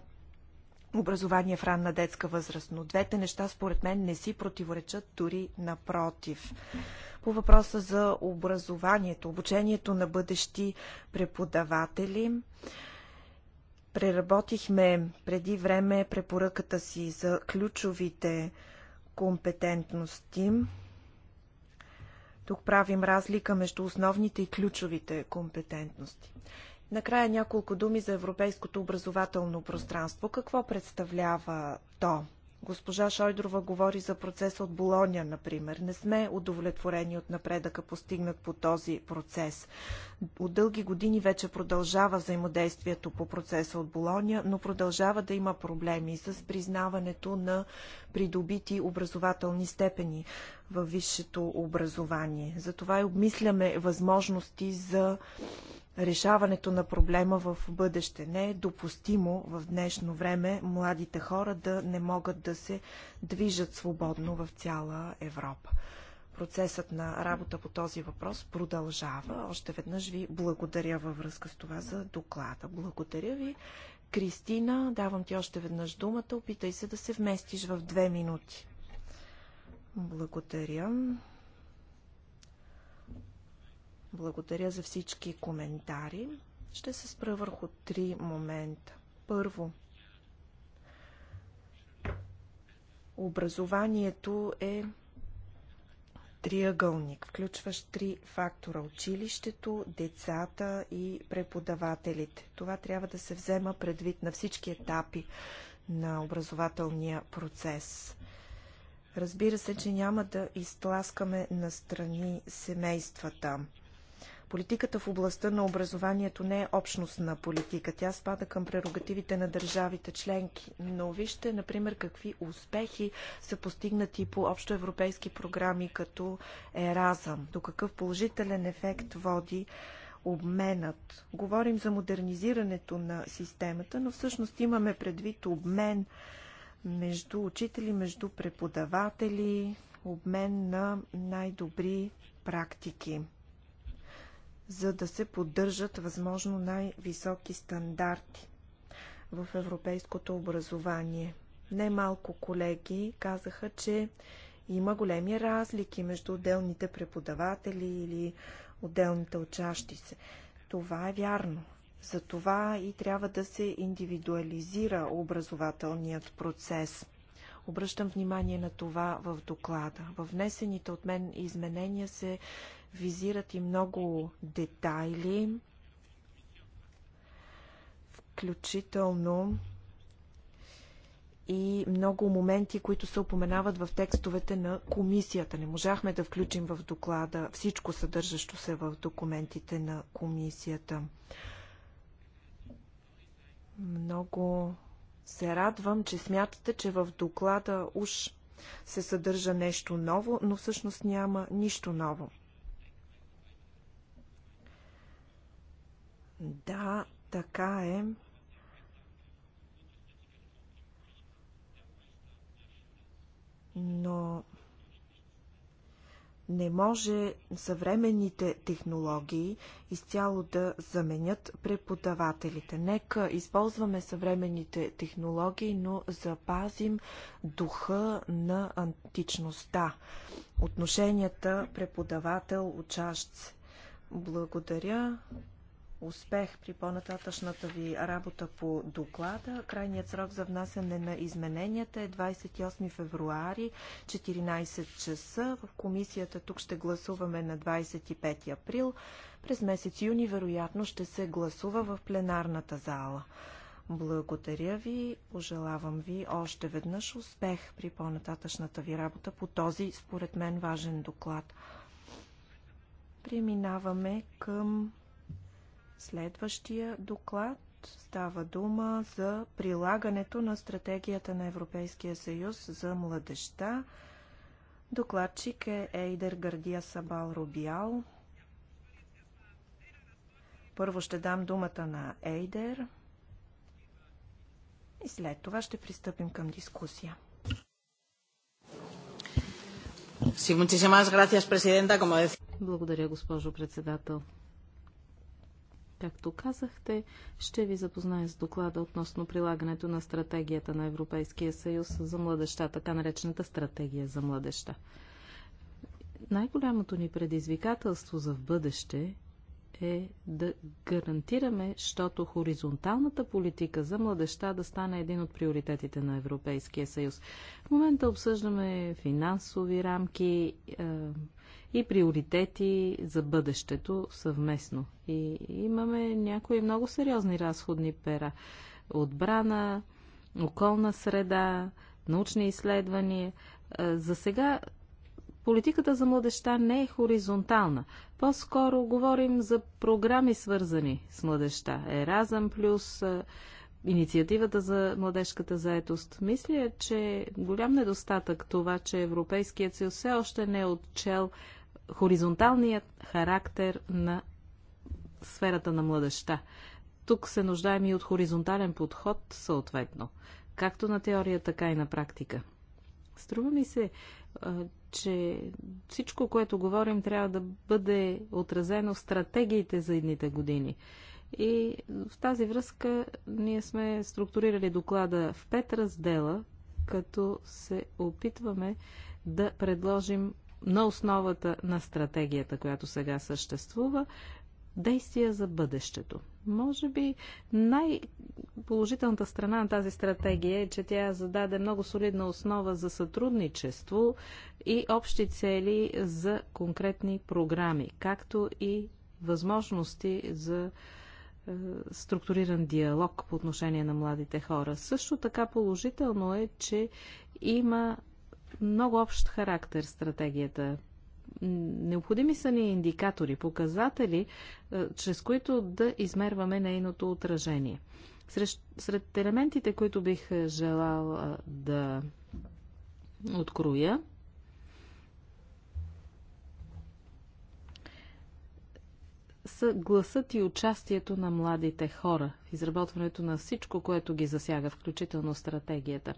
образование в ранна детска възраст. Но двете неща, според мен, не си противоречат, дори напротив. По въпроса за образованието, обучението на бъдещи преподаватели, преработихме преди време препоръката си за ключовите компетентности. Тук правим разлика между основните и ключовите компетентности. Накрая няколко думи за европейското образователно пространство. Какво представлява то? Госпожа Шойдрова говори за процеса от Болония, например. Не сме удовлетворени от напредъка, постигнат по този процес. От дълги години вече продължава взаимодействието по процеса от Болония, но продължава да има проблеми с признаването на придобити образователни степени във висшето образование. Затова и обмисляме възможности за решаването на проблема в бъдеще. Не е допустимо в днешно време младите хора да не могат да се движат свободно в цяла Европа. Процесът на работа по този въпрос продължава. Още веднъж ви благодаря във връзка с това за доклада. Благодаря ви. Кристина, давам ти още веднъж думата. Опитай се да се вместиш в две минути. Благодаря. Благодаря за всички коментари. Ще се спра върху три момента. Първо, образованието е триъгълник, включващ три фактора – училището, децата и преподавателите. Това трябва да се взема предвид на всички етапи на образователния процес. Разбира се, че няма да изтласкаме настрани семействата – Политиката в областта на образованието не е общностна политика. Тя спада към прерогативите на държавите членки. Но вижте, например, какви успехи са постигнати по общоевропейски програми като Еразъм. До какъв положителен ефект води обменът. Говорим за модернизирането на системата, но всъщност имаме предвид обмен между учители, между преподаватели, обмен на най-добри практики за да се поддържат възможно най-високи стандарти в европейското образование. Немалко колеги казаха, че има големи разлики между отделните преподаватели или отделните учащи се. Това е вярно. За това и трябва да се индивидуализира образователният процес. Обръщам внимание на това в доклада. Във внесените от мен изменения се визират и много детайли, включително и много моменти, които се упоменават в текстовете на комисията. Не можахме да включим в доклада всичко съдържащо се в документите на комисията. Много се радвам, че смятате, че в доклада уж се съдържа нещо ново, но всъщност няма нищо ново. Да, така е. Но не може съвременните технологии изцяло да заменят преподавателите. Нека използваме съвременните технологии, но запазим духа на античността. Отношенията преподавател-учащ. Благодаря. Успех при по-нататъчната ви работа по доклада. Крайният срок за внасяне на измененията е 28 февруари, 14 часа. В комисията тук ще гласуваме на 25 април. През месец юни вероятно ще се гласува в пленарната зала. Благодаря ви, пожелавам ви още веднъж успех при по-нататъчната ви работа по този, според мен, важен доклад. Преминаваме към Следващия доклад става дума за прилагането на стратегията на Европейския съюз за младеща. Докладчик е Ейдер Гардия Сабал Рубиал. Първо ще дам думата на Ейдер и след това ще пристъпим към дискусия. Благодаря, госпожо председател. Както казахте, ще ви запозная с доклада относно прилагането на стратегията на Европейския съюз за младеща, така наречената стратегия за младеща. Най-голямото ни предизвикателство за в бъдеще е да гарантираме, защото хоризонталната политика за младеща да стане един от приоритетите на Европейския съюз. В момента обсъждаме финансови рамки, е, и приоритети за бъдещето съвместно. И имаме някои много сериозни разходни пера. Отбрана, околна среда, научни изследвания. За сега политиката за младеща не е хоризонтална. По-скоро говорим за програми свързани с младеща. Еразъм плюс инициативата за младежката заетост. Мисля, че голям недостатък това, че Европейският съюз все още не е отчел хоризонталният характер на сферата на младеща. Тук се нуждаем и от хоризонтален подход, съответно, както на теория, така и на практика. Струва ми се, че всичко, което говорим, трябва да бъде отразено в стратегиите за едните години. И в тази връзка ние сме структурирали доклада в пет раздела, като се опитваме да предложим на основата на стратегията, която сега съществува, действия за бъдещето. Може би най-положителната страна на тази стратегия е, че тя зададе много солидна основа за сътрудничество и общи цели за конкретни програми, както и възможности за е, структуриран диалог по отношение на младите хора. Също така положително е, че има много общ характер стратегията. Необходими са ни индикатори, показатели, е, чрез които да измерваме нейното отражение. Сред, елементите, които бих е, желал е, да откроя, са гласът и участието на младите хора в изработването на всичко, което ги засяга, включително стратегията.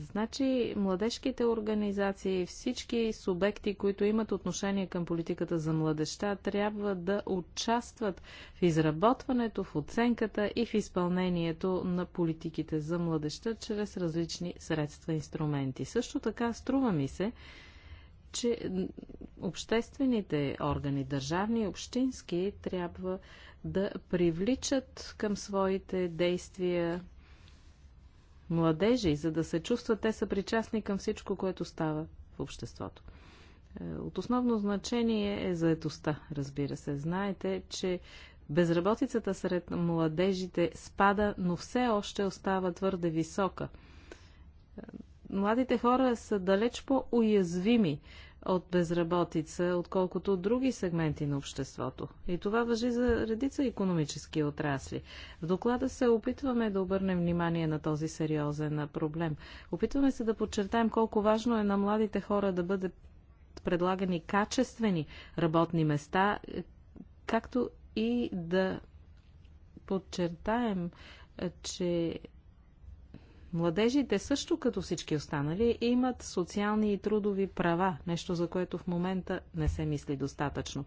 Значи младежките организации, всички субекти, които имат отношение към политиката за младеща, трябва да участват в изработването, в оценката и в изпълнението на политиките за младеща чрез различни средства и инструменти. Също така струва ми се, че обществените органи, държавни и общински, трябва да привличат към своите действия младежи, за да се чувстват те са причастни към всичко, което става в обществото. Е, от основно значение е заетостта, разбира се. Знаете, че безработицата сред младежите спада, но все още остава твърде висока. Е, младите хора са далеч по-уязвими от безработица, отколкото от други сегменти на обществото. И това въжи за редица економически отрасли. В доклада се опитваме да обърнем внимание на този сериозен проблем. Опитваме се да подчертаем колко важно е на младите хора да бъдат предлагани качествени работни места, както и да подчертаем, че Младежите също като всички останали имат социални и трудови права, нещо за което в момента не се мисли достатъчно.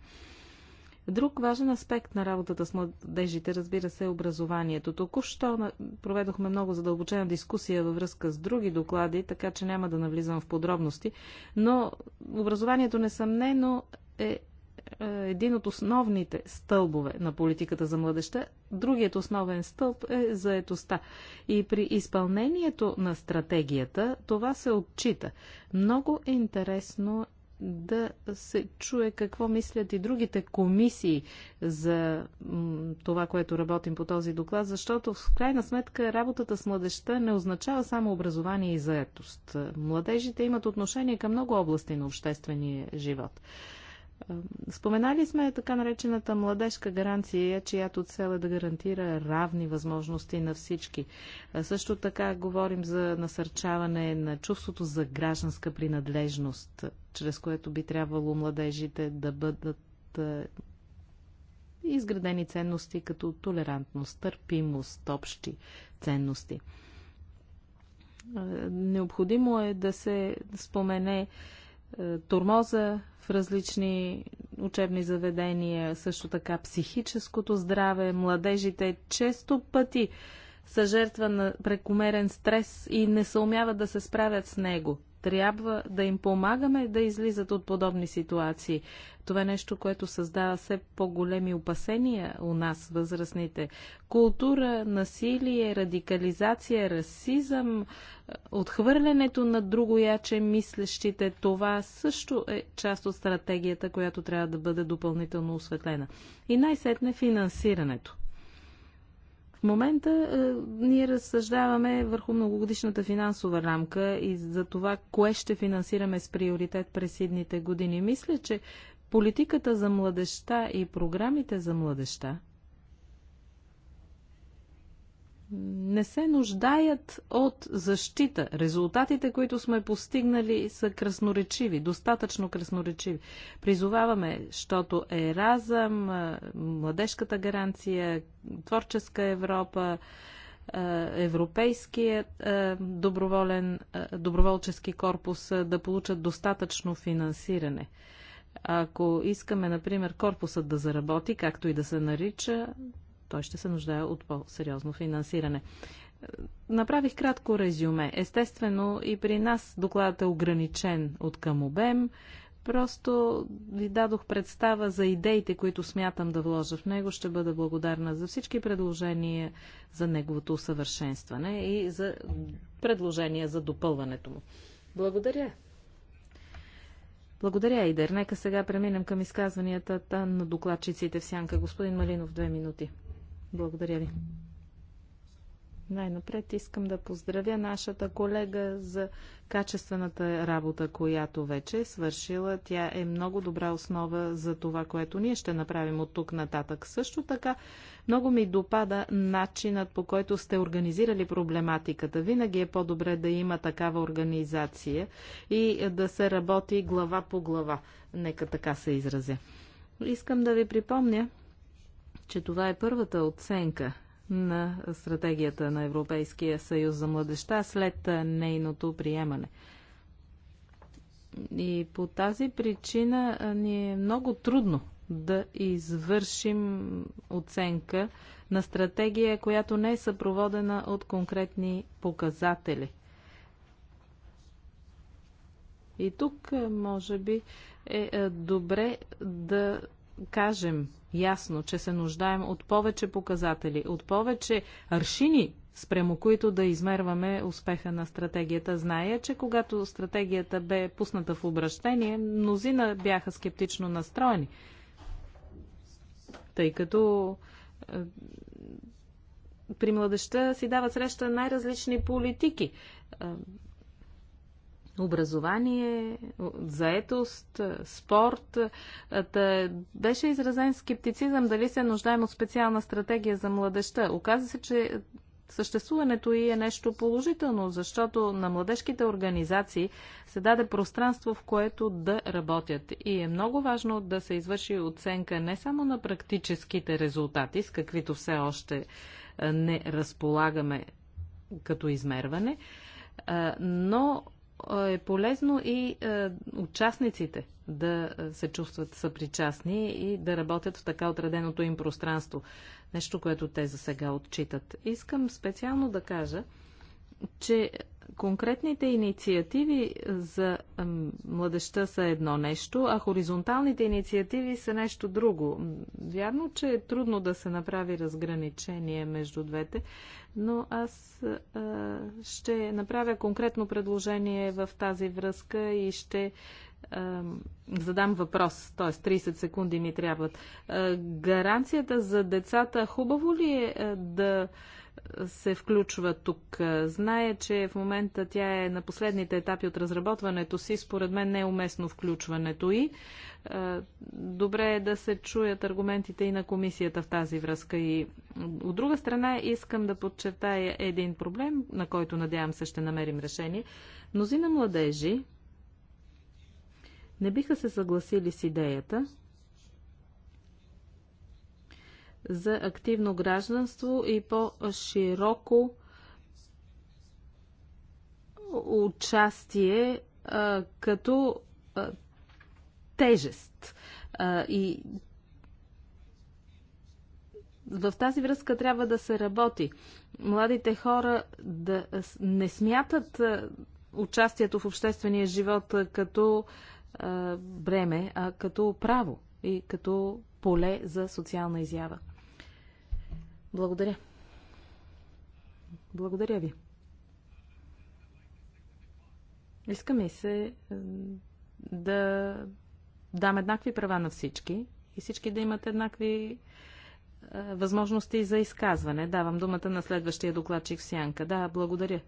Друг важен аспект на работата с младежите, разбира се, е образованието. Току-що проведохме много задълбочена дискусия във връзка с други доклади, така че няма да навлизам в подробности, но образованието несъмнено е е, един от основните стълбове на политиката за младеща. Другият основен стълб е заетостта. И при изпълнението на стратегията това се отчита. Много е интересно да се чуе какво мислят и другите комисии за това, което работим по този доклад, защото в крайна сметка работата с младеща не означава само образование и заетост. Младежите имат отношение към много области на обществения живот. Споменали сме така наречената младежка гаранция, чиято цел е да гарантира равни възможности на всички. Също така говорим за насърчаване на чувството за гражданска принадлежност, чрез което би трябвало младежите да бъдат изградени ценности като толерантност, търпимост, общи ценности. Необходимо е да се спомене е, турмоза в различни учебни заведения, също така психическото здраве. Младежите често пъти са жертва на прекомерен стрес и не съумяват да се справят с него. Трябва да им помагаме да излизат от подобни ситуации. Това е нещо, което създава все по-големи опасения у нас, възрастните. Култура, насилие, радикализация, расизъм, отхвърлянето на другояче мислещите, това също е част от стратегията, която трябва да бъде допълнително осветлена. И най-сетне финансирането. В момента е, ние разсъждаваме върху многогодишната финансова рамка и за това кое ще финансираме с приоритет през идните години. Мисля, че политиката за младеща и програмите за младеща – не се нуждаят от защита. Резултатите, които сме постигнали, са красноречиви, достатъчно красноречиви. Призоваваме, защото Еразъм, младежката гаранция, творческа Европа, Европейският доброволен, доброволчески корпус да получат достатъчно финансиране. Ако искаме, например, корпусът да заработи, както и да се нарича, той ще се нуждае от по-сериозно финансиране. Направих кратко резюме. Естествено и при нас докладът е ограничен от към обем. Просто ви дадох представа за идеите, които смятам да вложа в него. Ще бъда благодарна за всички предложения за неговото усъвършенстване и за предложения за допълването му. Благодаря. Благодаря, Идер. Нека сега преминем към изказванията на докладчиците в сянка. Господин Малинов, две минути. Благодаря ви. Най-напред искам да поздравя нашата колега за качествената работа, която вече е свършила. Тя е много добра основа за това, което ние ще направим от тук нататък. Също така, много ми допада начинът по който сте организирали проблематиката. Винаги е по-добре да има такава организация и да се работи глава по глава. Нека така се изразя. Искам да ви припомня, че това е първата оценка на стратегията на Европейския съюз за младеща след нейното приемане. И по тази причина ни е много трудно да извършим оценка на стратегия, която не е съпроводена от конкретни показатели. И тук, може би, е добре да кажем ясно, че се нуждаем от повече показатели, от повече аршини, спрямо които да измерваме успеха на стратегията. Зная, че когато стратегията бе пусната в обращение, мнозина бяха скептично настроени, тъй като е, при младеща си дават среща най-различни политики. Е, образование, заетост, спорт. беше изразен скептицизъм дали се нуждаем от специална стратегия за младеща. Оказа се, че съществуването и е нещо положително, защото на младежките организации се даде пространство, в което да работят. И е много важно да се извърши оценка не само на практическите резултати, с каквито все още не разполагаме като измерване, но е полезно и е, участниците да се чувстват съпричастни и да работят в така отреденото им пространство. Нещо, което те за сега отчитат. Искам специално да кажа, че Конкретните инициативи за младеща са едно нещо, а хоризонталните инициативи са нещо друго. Вярно, че е трудно да се направи разграничение между двете, но аз а, ще направя конкретно предложение в тази връзка и ще задам въпрос, т.е. 30 секунди ми трябват. гаранцията за децата хубаво ли е да се включва тук. Знае, че в момента тя е на последните етапи от разработването си. Според мен не е уместно включването и. Е, добре е да се чуят аргументите и на комисията в тази връзка. И от друга страна искам да подчертая един проблем, на който надявам се ще намерим решение. Мнозина младежи не биха се съгласили с идеята, за активно гражданство и по-широко участие а, като а, тежест. А, и в тази връзка трябва да се работи. Младите хора да не смятат участието в обществения живот като бреме, а като право и като поле за социална изява. Благодаря. Благодаря ви. Иска ми се да дам еднакви права на всички и всички да имат еднакви е, възможности за изказване. Давам думата на следващия докладчик Сянка. Да, благодаря.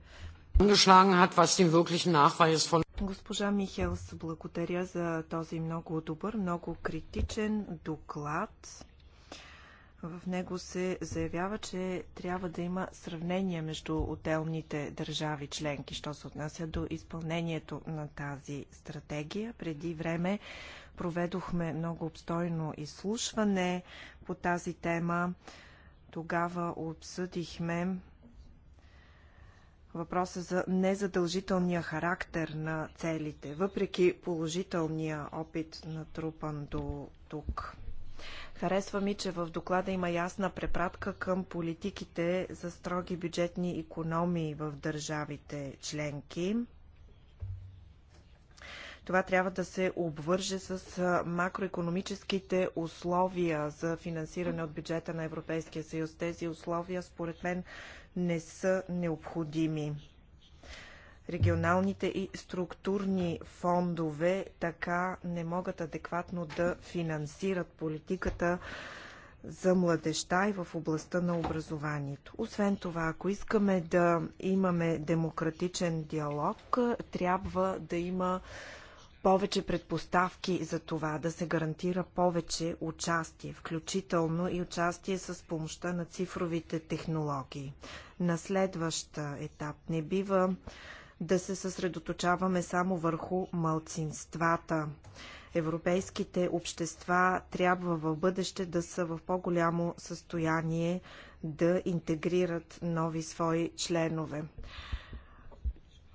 Госпожа Михелс, благодаря за този много добър, много критичен доклад. В него се заявява, че трябва да има сравнение между отделните държави членки, що се отнася до изпълнението на тази стратегия. Преди време проведохме много обстойно изслушване по тази тема. Тогава обсъдихме въпроса за незадължителния характер на целите, въпреки положителния опит натрупан до тук. Харесва ми, че в доклада има ясна препратка към политиките за строги бюджетни економии в държавите членки. Това трябва да се обвърже с макроекономическите условия за финансиране от бюджета на Европейския съюз. Тези условия, според мен, не са необходими регионалните и структурни фондове така не могат адекватно да финансират политиката за младеща и в областта на образованието. Освен това, ако искаме да имаме демократичен диалог, трябва да има повече предпоставки за това да се гарантира повече участие, включително и участие с помощта на цифровите технологии. На следващ етап не бива да се съсредоточаваме само върху малцинствата. Европейските общества трябва в бъдеще да са в по-голямо състояние да интегрират нови свои членове.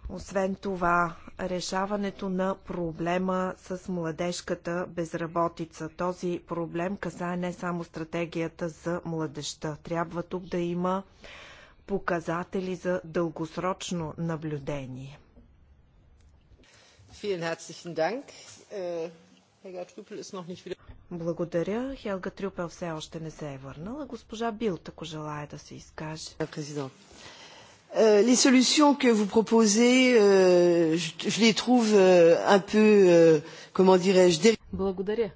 Освен това, решаването на проблема с младежката безработица. Този проблем касае не само стратегията за младеща. Трябва тук да има показатели за дългосрочно наблюдение. Äh, Благодаря. Хелга Трюпел все още не се е върнала. Госпожа Билт, ако желая да се изкаже. Äh, les solutions que vous proposez, äh, je les trouve un peu, euh, comment dirais-je, Благодаря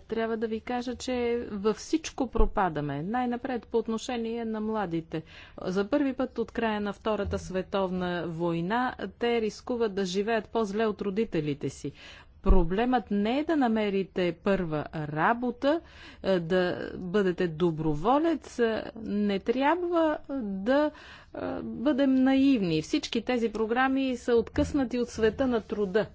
трябва да ви кажа, че във всичко пропадаме. Най-напред по отношение на младите. За първи път от края на Втората световна война те рискуват да живеят по-зле от родителите си. Проблемът не е да намерите първа работа, е, да бъдете доброволец. Е, не трябва да е, бъдем наивни. Всички тези програми са откъснати от света на труда.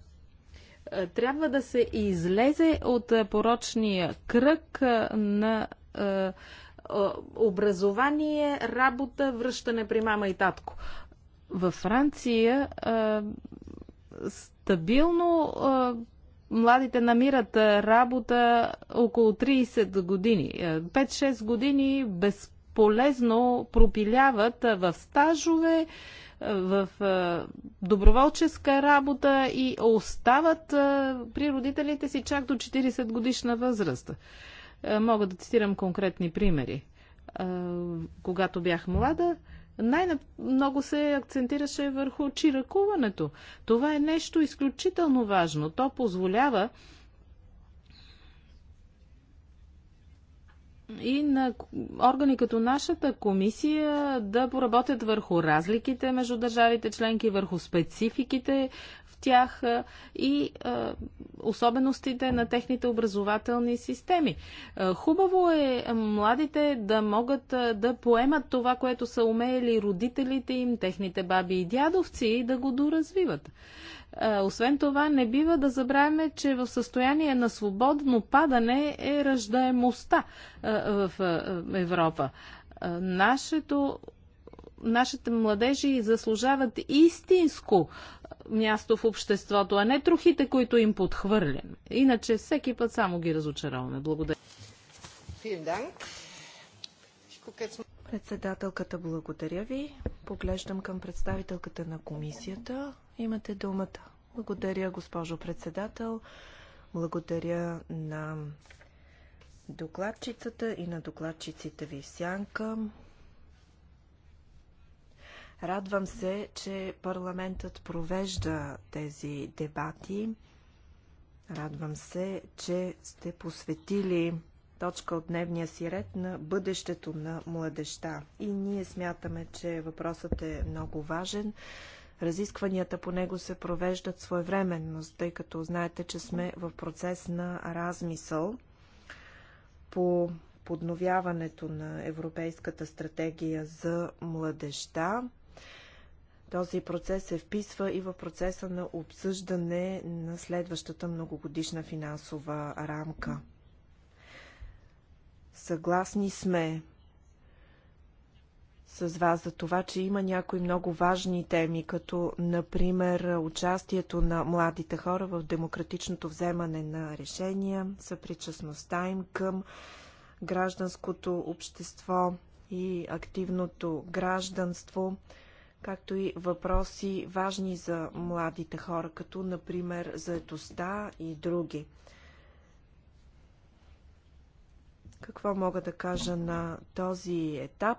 Е, трябва да се излезе от е, порочния кръг е, на образование, работа, връщане при мама и татко. Във Франция стабилно младите намират работа около 30 години. 5-6 години безполезно пропиляват в стажове, в доброволческа работа и остават при родителите си чак до 40 годишна възраст. Мога да цитирам конкретни примери. Когато бях млада, най-много се акцентираше върху чиракуването. Това е нещо изключително важно. То позволява и на органи като нашата комисия да поработят върху разликите между държавите членки, върху спецификите в тях и а, особеностите на техните образователни системи. Хубаво е младите да могат да поемат това, което са умеели родителите им, техните баби и дядовци и да го доразвиват. Е, освен това, не бива да забравяме, че в състояние на свободно падане е ръждаемостта е, в е, Европа. Нашето нашите младежи заслужават истинско място в обществото, а не трохите, които им подхвърлям. Иначе всеки път само ги разочароваме. Благодаря. Председателката, благодаря ви. Поглеждам към представителката на комисията. Имате думата. Благодаря, госпожо председател. Благодаря на докладчицата и на докладчиците ви сянка. Радвам се, че парламентът провежда тези дебати. Радвам се, че сте посветили точка от дневния си ред на бъдещето на младеща. И ние смятаме, че въпросът е много важен. Разискванията по него се провеждат своевременно, тъй като знаете, че сме в процес на размисъл по подновяването на Европейската стратегия за младеща. Този процес се вписва и в процеса на обсъждане на следващата многогодишна финансова рамка. Съгласни сме с вас за това, че има някои много важни теми, като например участието на младите хора в демократичното вземане на решения, съпричастността им към гражданското общество и активното гражданство, както и въпроси важни за младите хора, като например заетостта и други. Какво мога да кажа на този етап?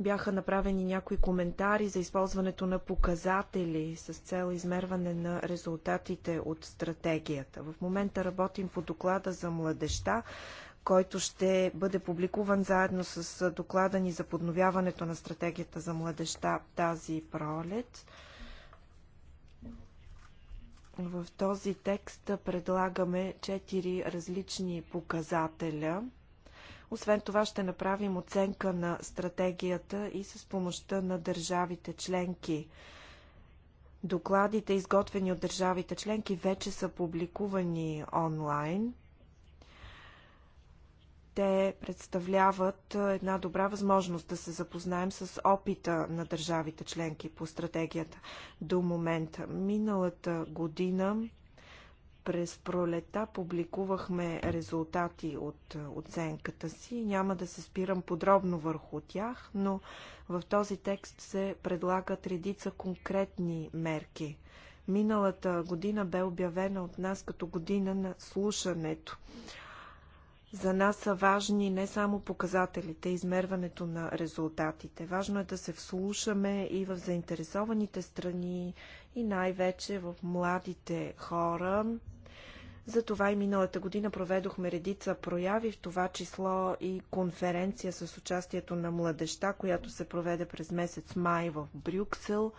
Бяха направени някои коментари за използването на показатели с цел измерване на резултатите от стратегията. В момента работим по доклада за младеща, който ще бъде публикуван заедно с доклада ни за подновяването на стратегията за младеща тази пролет. В този текст предлагаме четири различни показателя – освен това ще направим оценка на стратегията и с помощта на държавите членки. Докладите, изготвени от държавите членки, вече са публикувани онлайн. Те представляват една добра възможност да се запознаем с опита на държавите членки по стратегията до момента. Миналата година през пролета публикувахме резултати от е, оценката си. Няма да се спирам подробно върху тях, но в този текст се предлагат редица конкретни мерки. Миналата година бе обявена от нас като година на слушането. За нас са важни не само показателите, измерването на резултатите. Важно е да се вслушаме и в заинтересованите страни, и най-вече в младите хора, затова и миналата година проведохме редица прояви, в това число и конференция с участието на младеща, която се проведе през месец май в Брюксел.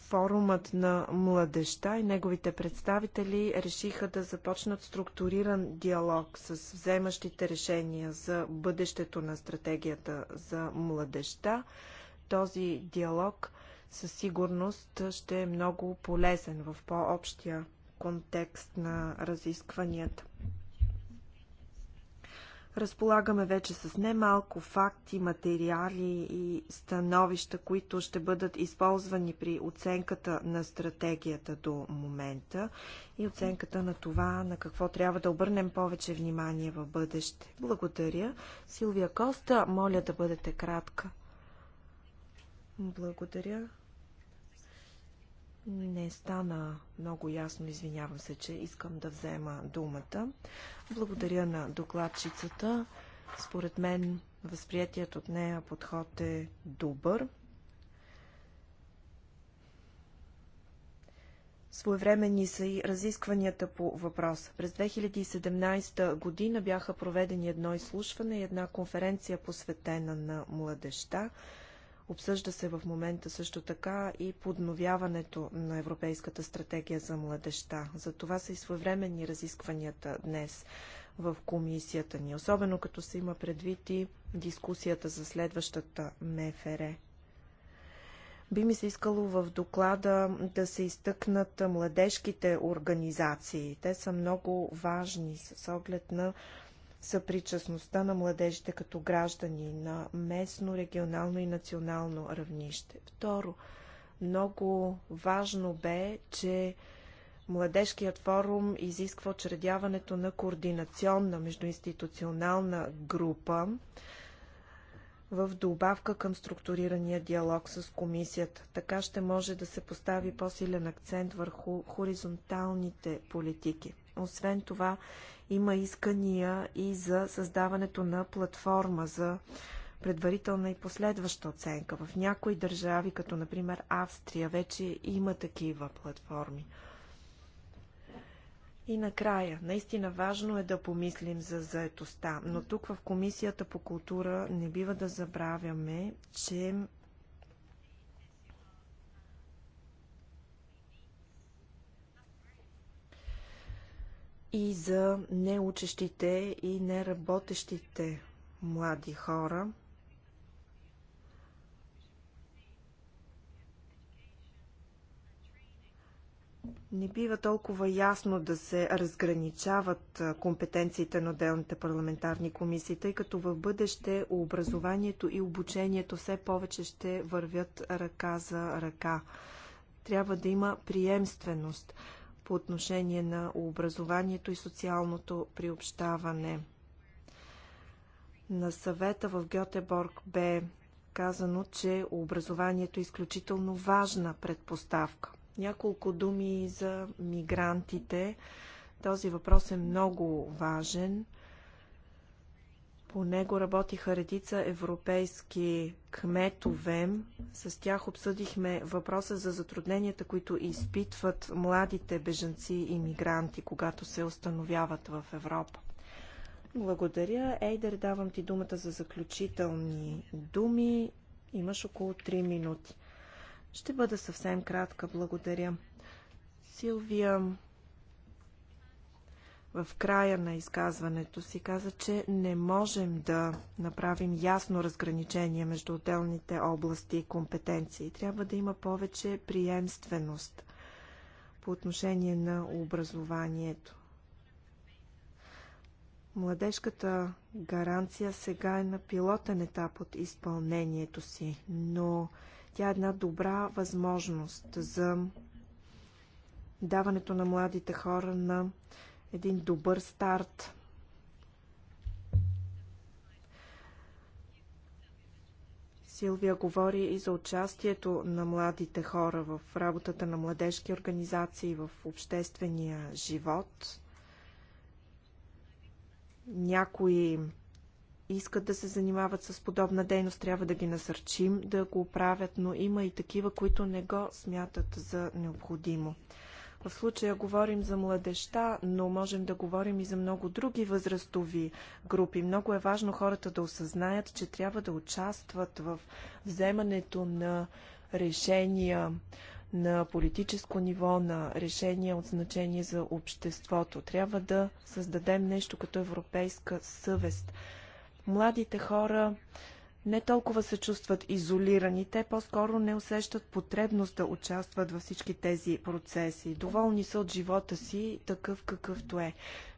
форумът на младеща и неговите представители решиха да започнат структуриран диалог с вземащите решения за бъдещето на стратегията за младеща. Този диалог със сигурност ще е много полезен в по-общия контекст на разискванията. Разполагаме вече с немалко факти, материали и становища, които ще бъдат използвани при оценката на стратегията до момента и оценката на това, на какво трябва да обърнем повече внимание в бъдеще. Благодаря. Силвия Коста, моля да бъдете кратка. Благодаря. Не стана много ясно, извинявам се, че искам да взема думата. Благодаря на докладчицата. Според мен възприятият от нея подход е добър. Своевременни са и разискванията по въпроса. През 2017 година бяха проведени едно изслушване и една конференция посветена на младеща. Обсъжда се в момента също така и подновяването на Европейската стратегия за младеща. За това са и своевременни разискванията днес в комисията ни, особено като се има предвид и дискусията за следващата МФР. Би ми се искало в доклада да се изтъкнат младежките организации. Те са много важни с оглед на съпричастността на младежите като граждани на местно, регионално и национално равнище. Второ, много важно бе, че Младежкият форум изисква очредяването на координационна междуинституционална група в добавка към структурирания диалог с комисията. Така ще може да се постави по-силен акцент върху хоризонталните политики. Освен това, има искания и за създаването на платформа за предварителна и последваща оценка. В някои държави, като например Австрия, вече има такива платформи. И накрая, наистина важно е да помислим за заетостта, но тук в Комисията по култура не бива да забравяме, че и за неучещите и неработещите млади хора. Не бива толкова ясно да се разграничават компетенциите на отделните парламентарни комисии, тъй като в бъдеще образованието и обучението все повече ще вървят ръка за ръка. Трябва да има приемственост по отношение на образованието и социалното приобщаване. На съвета в Гьотеборг бе казано, че образованието е изключително важна предпоставка. Няколко думи за мигрантите. Този въпрос е много важен – по него работиха редица европейски кметове. С тях обсъдихме въпроса за затрудненията, които изпитват младите бежанци и мигранти, когато се установяват в Европа. Благодаря. Ейдер, давам ти думата за заключителни думи. Имаш около 3 минути. Ще бъда съвсем кратка. Благодаря. Силвия, в края на изказването си каза, че не можем да направим ясно разграничение между отделните области и компетенции. Трябва да има повече приемственост по отношение на образованието. Младежката гаранция сега е на пилотен етап от изпълнението си, но тя е една добра възможност за даването на младите хора на един добър старт. Силвия говори и за участието на младите хора в работата на младежки организации в обществения живот. Някои искат да се занимават с подобна дейност, трябва да ги насърчим да го правят, но има и такива, които не го смятат за необходимо. В случая говорим за младеща, но можем да говорим и за много други възрастови групи. Много е важно хората да осъзнаят, че трябва да участват в вземането на решения на политическо ниво, на решения от значение за обществото. Трябва да създадем нещо като европейска съвест. Младите хора не толкова се чувстват изолирани, те по-скоро не усещат потребност да участват във всички тези процеси. Доволни са от живота си, такъв какъвто е.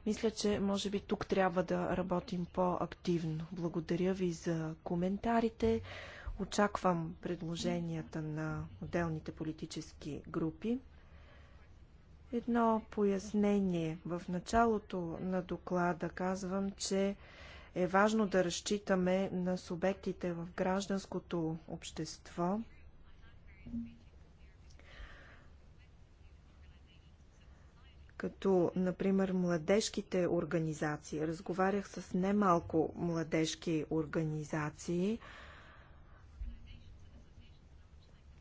Мисля, че може би тук трябва да работим по-активно. Благодаря ви за коментарите. Очаквам предложенията на отделните политически групи. Едно пояснение. В началото на доклада казвам, че е важно да разчитаме на субектите в гражданското общество. като, например, младежките организации. Разговарях с немалко младежки организации.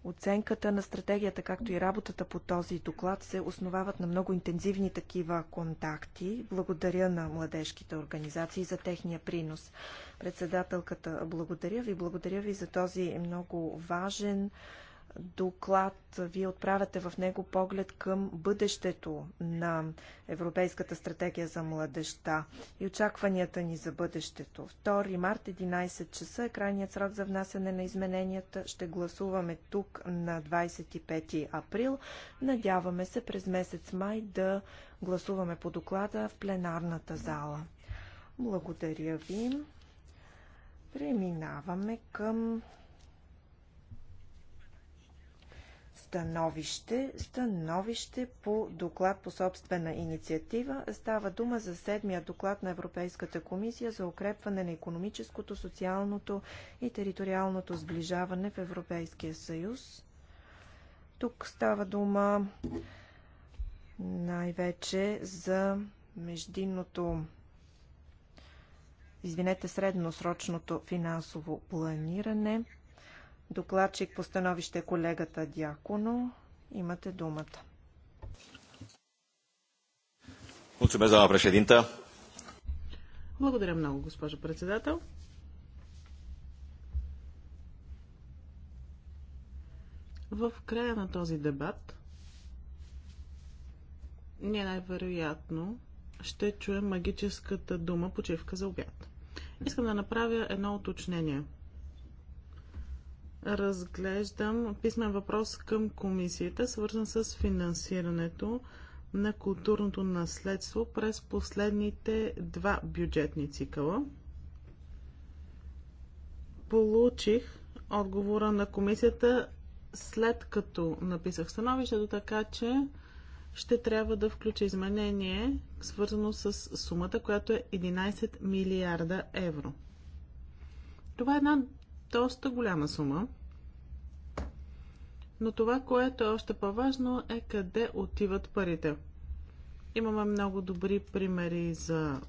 Оценката на стратегията, както и работата по този доклад, се основават на много интензивни такива контакти. Благодаря на младежките организации за техния принос. Председателката, благодаря ви. Благодаря ви за този много важен, доклад вие отправяте в него поглед към бъдещето на Европейската стратегия за младеща и очакванията ни за бъдещето. 2 март 11 часа е крайният срок за внасяне на измененията. Ще гласуваме тук на 25 април. Надяваме се през месец май да гласуваме по доклада в пленарната зала. Благодаря ви. Преминаваме към становище, становище по доклад по собствена инициатива. Става дума за седмия доклад на Европейската комисия за укрепване на економическото, социалното и териториалното сближаване в Европейския съюз. Тук става дума най-вече за междинното извинете, средносрочното финансово планиране – Докладчик по становище колегата Дяконо. Имате думата. Благодаря много, госпожо председател. В края на този дебат ние най-вероятно ще чуем магическата дума почивка за обяд. Искам да направя едно уточнение – разглеждам писмен въпрос към комисията, свързан с финансирането на културното наследство през последните два бюджетни цикъла. Получих отговора на комисията след като написах становището, така че ще трябва да включа изменение, свързано с сумата, която е 11 милиарда евро. Това е една доста голяма сума. Но това, което е още по-важно, е къде отиват парите. Имаме много добри примери за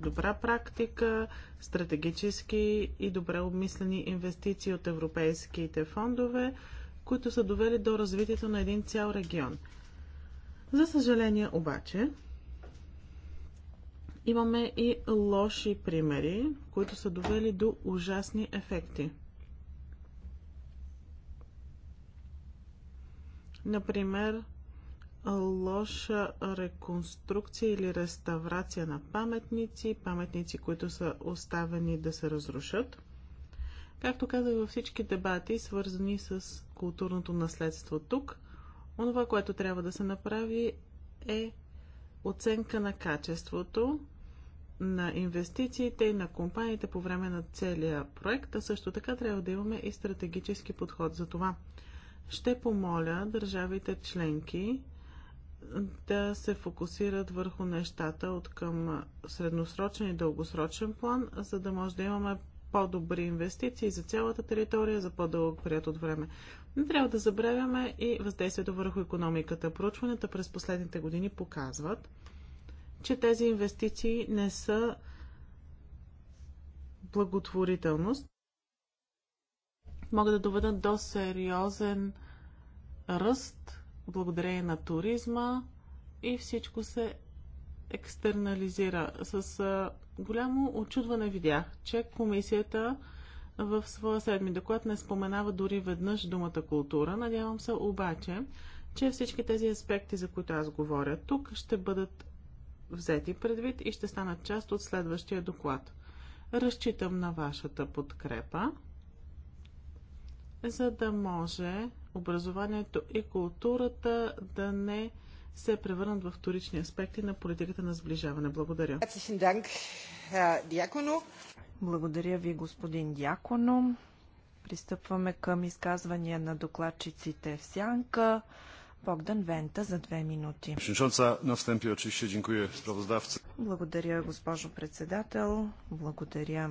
добра практика, стратегически и добре обмислени инвестиции от европейските фондове, които са довели до развитието на един цял регион. За съжаление обаче, Имаме и лоши примери, които са довели до ужасни ефекти. Например, лоша реконструкция или реставрация на паметници, паметници, които са оставени да се разрушат. Както казах във всички дебати, свързани с културното наследство тук, онова, което трябва да се направи е оценка на качеството на инвестициите и на компаниите по време на целия проект, а също така трябва да имаме и стратегически подход за това. Ще помоля държавите членки да се фокусират върху нещата от към средносрочен и дългосрочен план, за да може да имаме по-добри инвестиции за цялата територия за по-дълъг период от време. Не трябва да забравяме и въздействието върху економиката. Проучванията през последните години показват, че тези инвестиции не са благотворителност, могат да доведат до сериозен ръст благодарение на туризма и всичко се екстернализира. С а, голямо очудване видях, че комисията в своя седми доклад не споменава дори веднъж думата култура. Надявам се обаче, че всички тези аспекти, за които аз говоря тук, ще бъдат взети предвид и ще станат част от следващия доклад. Разчитам на вашата подкрепа, за да може образованието и културата да не се превърнат в вторични аспекти на политиката на сближаване. Благодаря. Благодаря ви, господин Дяконо. Пристъпваме към изказвания на докладчиците в Сянка. Богдан Вента за две минути. Благодаря, госпожо председател. Благодаря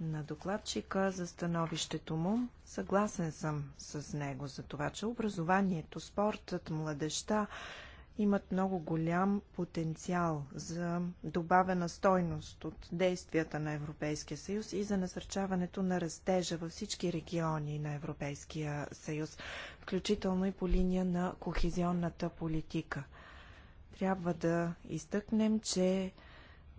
на докладчика за становището му. Съгласен съм с него за това, че образованието, спортът, младеща имат много голям потенциал за добавена стойност от действията на Европейския съюз и за насърчаването на растежа във всички региони на Европейския съюз, включително и по линия на кохезионната политика. Трябва да изтъкнем, че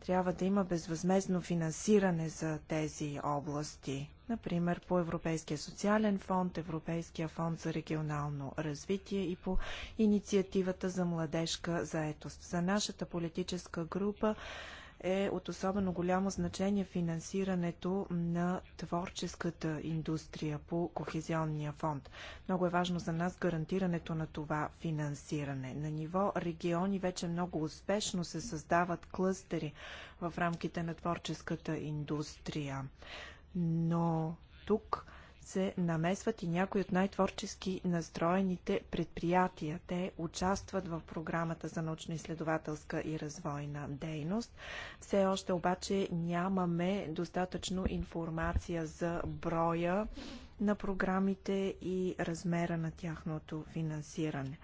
трябва да има безвъзмезно финансиране за тези области например по Европейския социален фонд, Европейския фонд за регионално развитие и по инициативата за младежка заетост. За нашата политическа група е от особено голямо значение финансирането на творческата индустрия по Кохезионния фонд. Много е важно за нас гарантирането на това финансиране. На ниво региони вече много успешно се създават клъстери в рамките на творческата индустрия но тук се намесват и някои от най-творчески настроените предприятия. Те участват в програмата за научно-изследователска и развойна дейност. Все още обаче нямаме достатъчно информация за броя на програмите и размера на тяхното финансиране.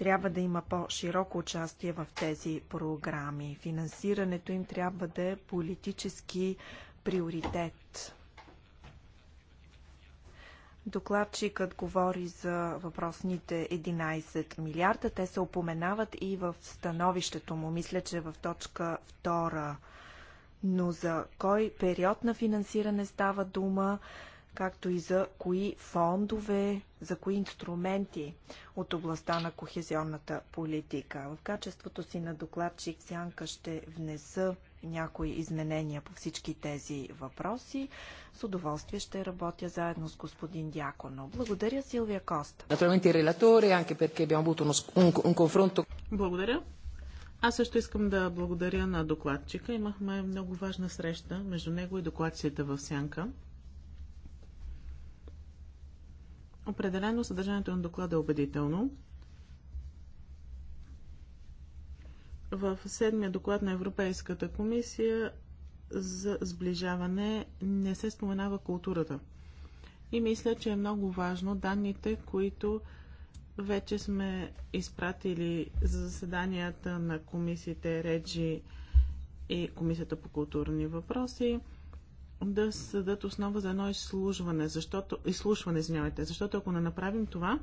Трябва да има по-широко участие в тези програми. Финансирането им трябва да е политически приоритет. Докладчикът говори за въпросните 11 милиарда. Те се упоменават и в становището му. Мисля, че е в точка 2. Но за кой период на финансиране става дума, както и за кои фондове, за кои инструменти от областта на кохезионната политика. В качеството си на докладчик Сянка ще внеса някои изменения по всички тези въпроси. С удоволствие ще работя заедно с господин Дяконо. Благодаря, Силвия Коста. Благодаря. Аз също искам да благодаря на докладчика. Имахме много важна среща между него и докладчията в Сянка. Определено съдържанието на доклада е убедително. В седмия доклад на Европейската комисия за сближаване не се споменава културата. И мисля, че е много важно данните, които вече сме изпратили за заседанията на комисиите Реджи и Комисията по културни въпроси, да съдат основа за едно изслужване, защото, изслушване, извинявайте, защото ако не направим това,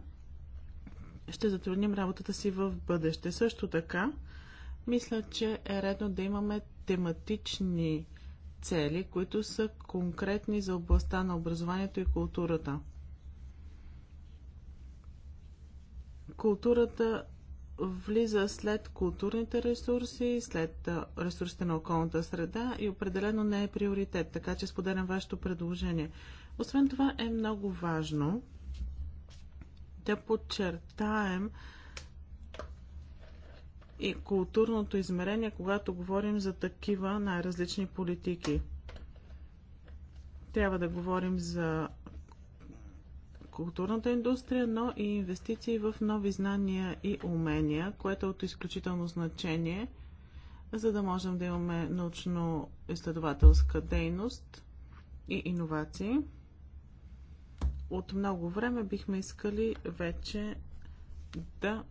ще затрудним работата си в бъдеще. Също така, мисля, че е редно да имаме тематични цели, които са конкретни за областта на образованието и културата. Културата влиза след културните ресурси, след ресурсите на околната среда и определено не е приоритет, така че споделям вашето предложение. Освен това е много важно да подчертаем и културното измерение, когато говорим за такива най-различни политики. Трябва да говорим за културната индустрия, но и инвестиции в нови знания и умения, което е от изключително значение, за да можем да имаме научно-изследователска дейност и иновации. От много време бихме искали вече да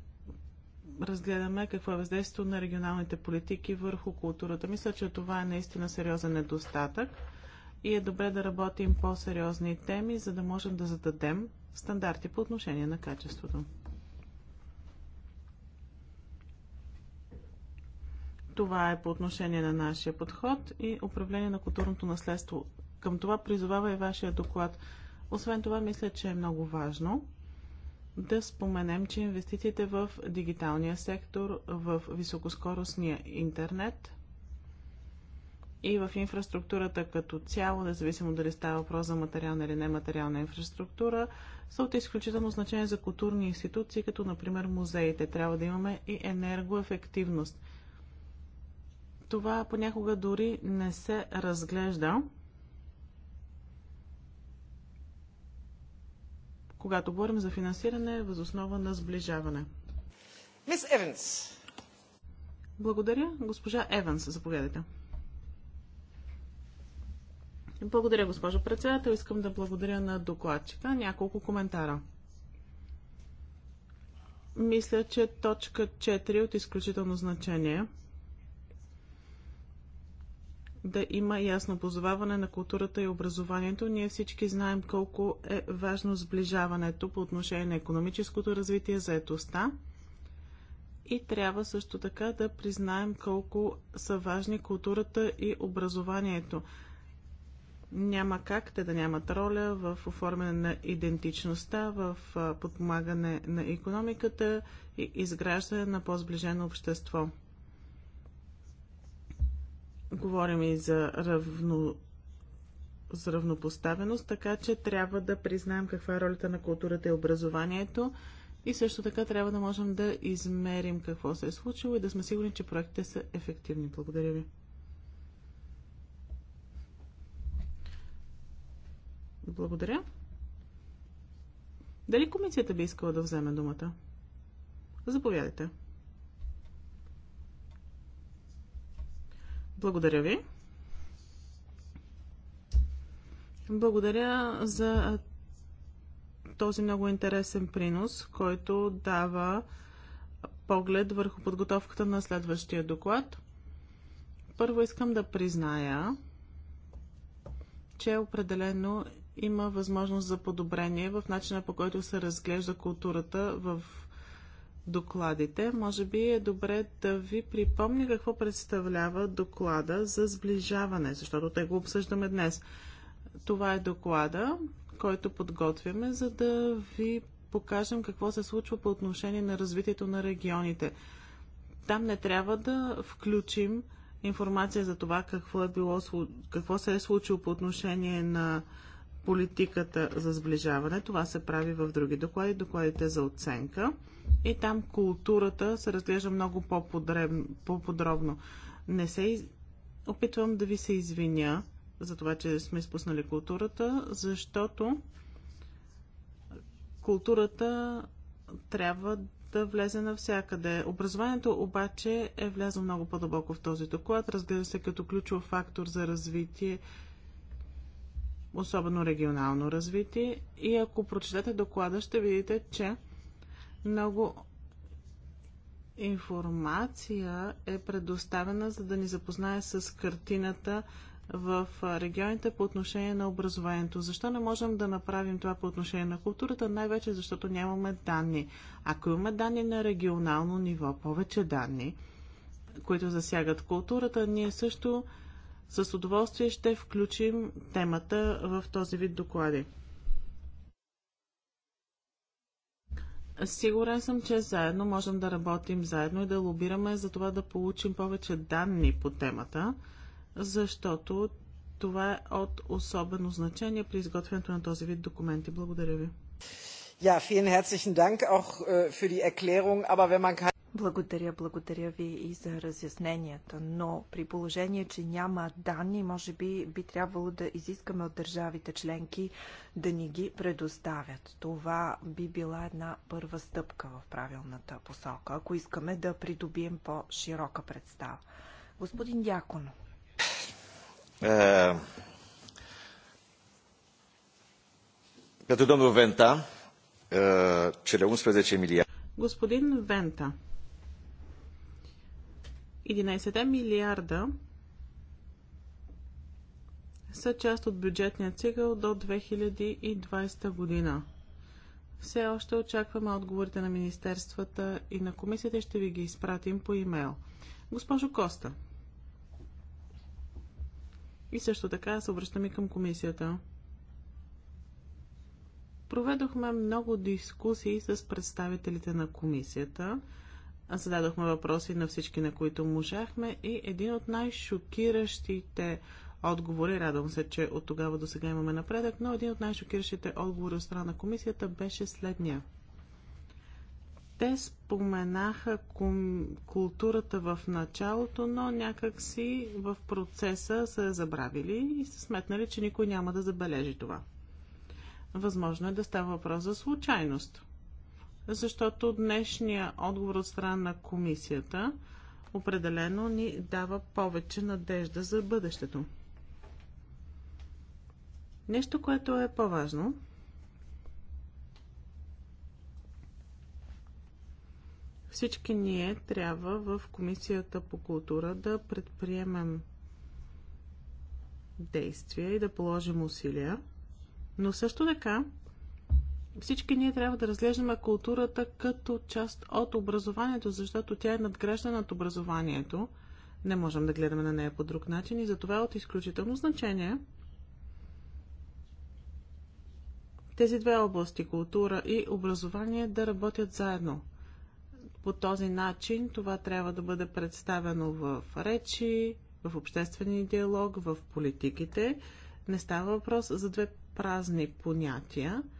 разгледаме какво е въздействието на регионалните политики върху културата. Мисля, че това е наистина сериозен недостатък и е добре да работим по-сериозни теми, за да можем да зададем стандарти по отношение на качеството. Това е по отношение на нашия подход и управление на културното наследство. Към това призовава и вашия доклад. Освен това, мисля, че е много важно да споменем, че инвестициите в дигиталния сектор, в високоскоростния интернет и в инфраструктурата като цяло, независимо дали става въпрос за материална или нематериална инфраструктура, са от изключително значение за културни институции, като например музеите. Трябва да имаме и енергоефективност. Това понякога дори не се разглежда, когато говорим за финансиране въз основа на сближаване. Мис Еванс. Благодаря. Госпожа Еванс, заповядайте. Благодаря, госпожо председател. Искам да благодаря на докладчика. Няколко коментара. Мисля, че точка 4 е от изключително значение да има ясно позоваване на културата и образованието. Ние всички знаем колко е важно сближаването по отношение на економическото развитие, заетостта. И трябва също така да признаем колко са важни културата и образованието няма как те да нямат роля в оформяне на идентичността, в подпомагане на економиката и изграждане на по-сближено общество. Говорим и за, равно, за равнопоставеност, така че трябва да признаем каква е ролята на културата и образованието и също така трябва да можем да измерим какво се е случило и да сме сигурни, че проектите са ефективни. Благодаря ви. Благодаря. Дали комисията би искала да вземе думата? Заповядайте. Благодаря ви. Благодаря за този много интересен принос, който дава поглед върху подготовката на следващия доклад. Първо искам да призная, че е определено има възможност за подобрение в начина по който се разглежда културата в докладите. Може би е добре да ви припомня какво представлява доклада за сближаване, защото те го обсъждаме днес. Това е доклада, който подготвяме, за да ви покажем какво се случва по отношение на развитието на регионите. Там не трябва да включим информация за това какво, е било, какво се е случило по отношение на политиката за сближаване. Това се прави в други доклади, докладите за оценка. И там културата се разглежда много по-подробно. Не се из... опитвам да ви се извиня за това, че сме изпуснали културата, защото културата трябва да влезе навсякъде. Образованието обаче е влязло много по-дълбоко в този доклад. Разглежда се като ключов фактор за развитие особено регионално развитие. И ако прочетете доклада, ще видите, че много информация е предоставена, за да ни запознае с картината в регионите по отношение на образованието. Защо не можем да направим това по отношение на културата? Най-вече защото нямаме данни. Ако имаме данни на регионално ниво, повече данни, които засягат културата, ние също с удоволствие ще включим темата в този вид доклади. Сигурен съм, че заедно можем да работим заедно и да лобираме за това да получим повече данни по темата, защото това е от особено значение при изготвянето на този вид документи. Благодаря ви. Ja, vielen herzlichen Dank auch äh, für die Erklärung. Aber wenn man kann... Благодаря, благодаря ви и за разясненията, но при положение, че няма данни, може би би трябвало да изискаме от държавите членки да ни ги предоставят. Това би била една първа стъпка в правилната посока, ако искаме да придобием по-широка представа. Господин Дякон. Е, като domnul Вента, cele 11 милиарда. Господин Вента, 11 милиарда са част от бюджетния цикъл до 2020 година. Все още очакваме отговорите на министерствата и на комисията ще ви ги изпратим по имейл. Госпожо Коста. И също така се обръщам и към комисията. Проведохме много дискусии с представителите на комисията – Зададохме въпроси на всички, на които можахме и един от най-шокиращите отговори, радвам се, че от тогава до сега имаме напредък, но един от най-шокиращите отговори от страна на комисията беше следния. Те споменаха културата в началото, но някак си в процеса са забравили и са сметнали, че никой няма да забележи това. Възможно е да става въпрос за случайност – защото днешния отговор от страна на комисията определено ни дава повече надежда за бъдещето. Нещо, което е по-важно. Всички ние трябва в Комисията по култура да предприемем действия и да положим усилия, но също така всички ние трябва да разглеждаме културата като част от образованието, защото тя е надгражда над образованието. Не можем да гледаме на нея по друг начин и затова е от изключително значение тези две области, култура и образование, да работят заедно. По този начин това трябва да бъде представено в речи, в обществения диалог, в политиките. Не става въпрос за две празни понятия –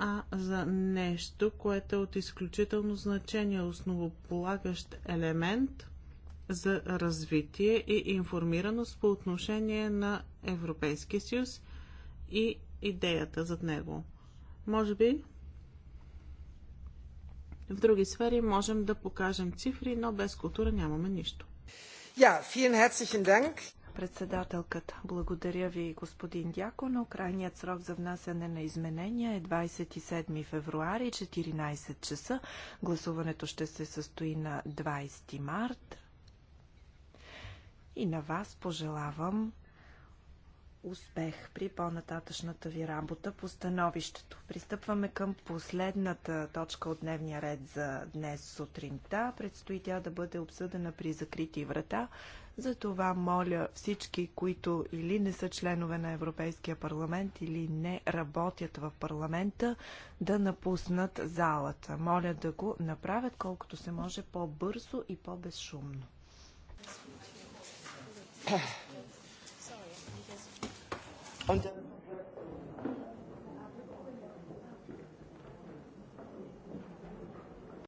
а за нещо, което е от изключително значение, основополагащ елемент за развитие и информираност по отношение на Европейския съюз и идеята зад него. Може би в други сфери можем да покажем цифри, но без култура нямаме нищо. Ja, vielen herzlichen Dank. Председателката, благодаря ви, господин Дяконо. Крайният срок за внасяне на изменения е 27 февруари, 14 часа. Гласуването ще се състои на 20 март. И на вас пожелавам успех при по-нататъчната ви работа по становището. Пристъпваме към последната точка от дневния ред за днес сутринта. Предстои тя да бъде обсъдена при закрити врата затова моля всички, които или не са членове на Европейския парламент, или не работят в парламента, да напуснат залата. Моля да го направят колкото се може по-бързо и по-безшумно. Und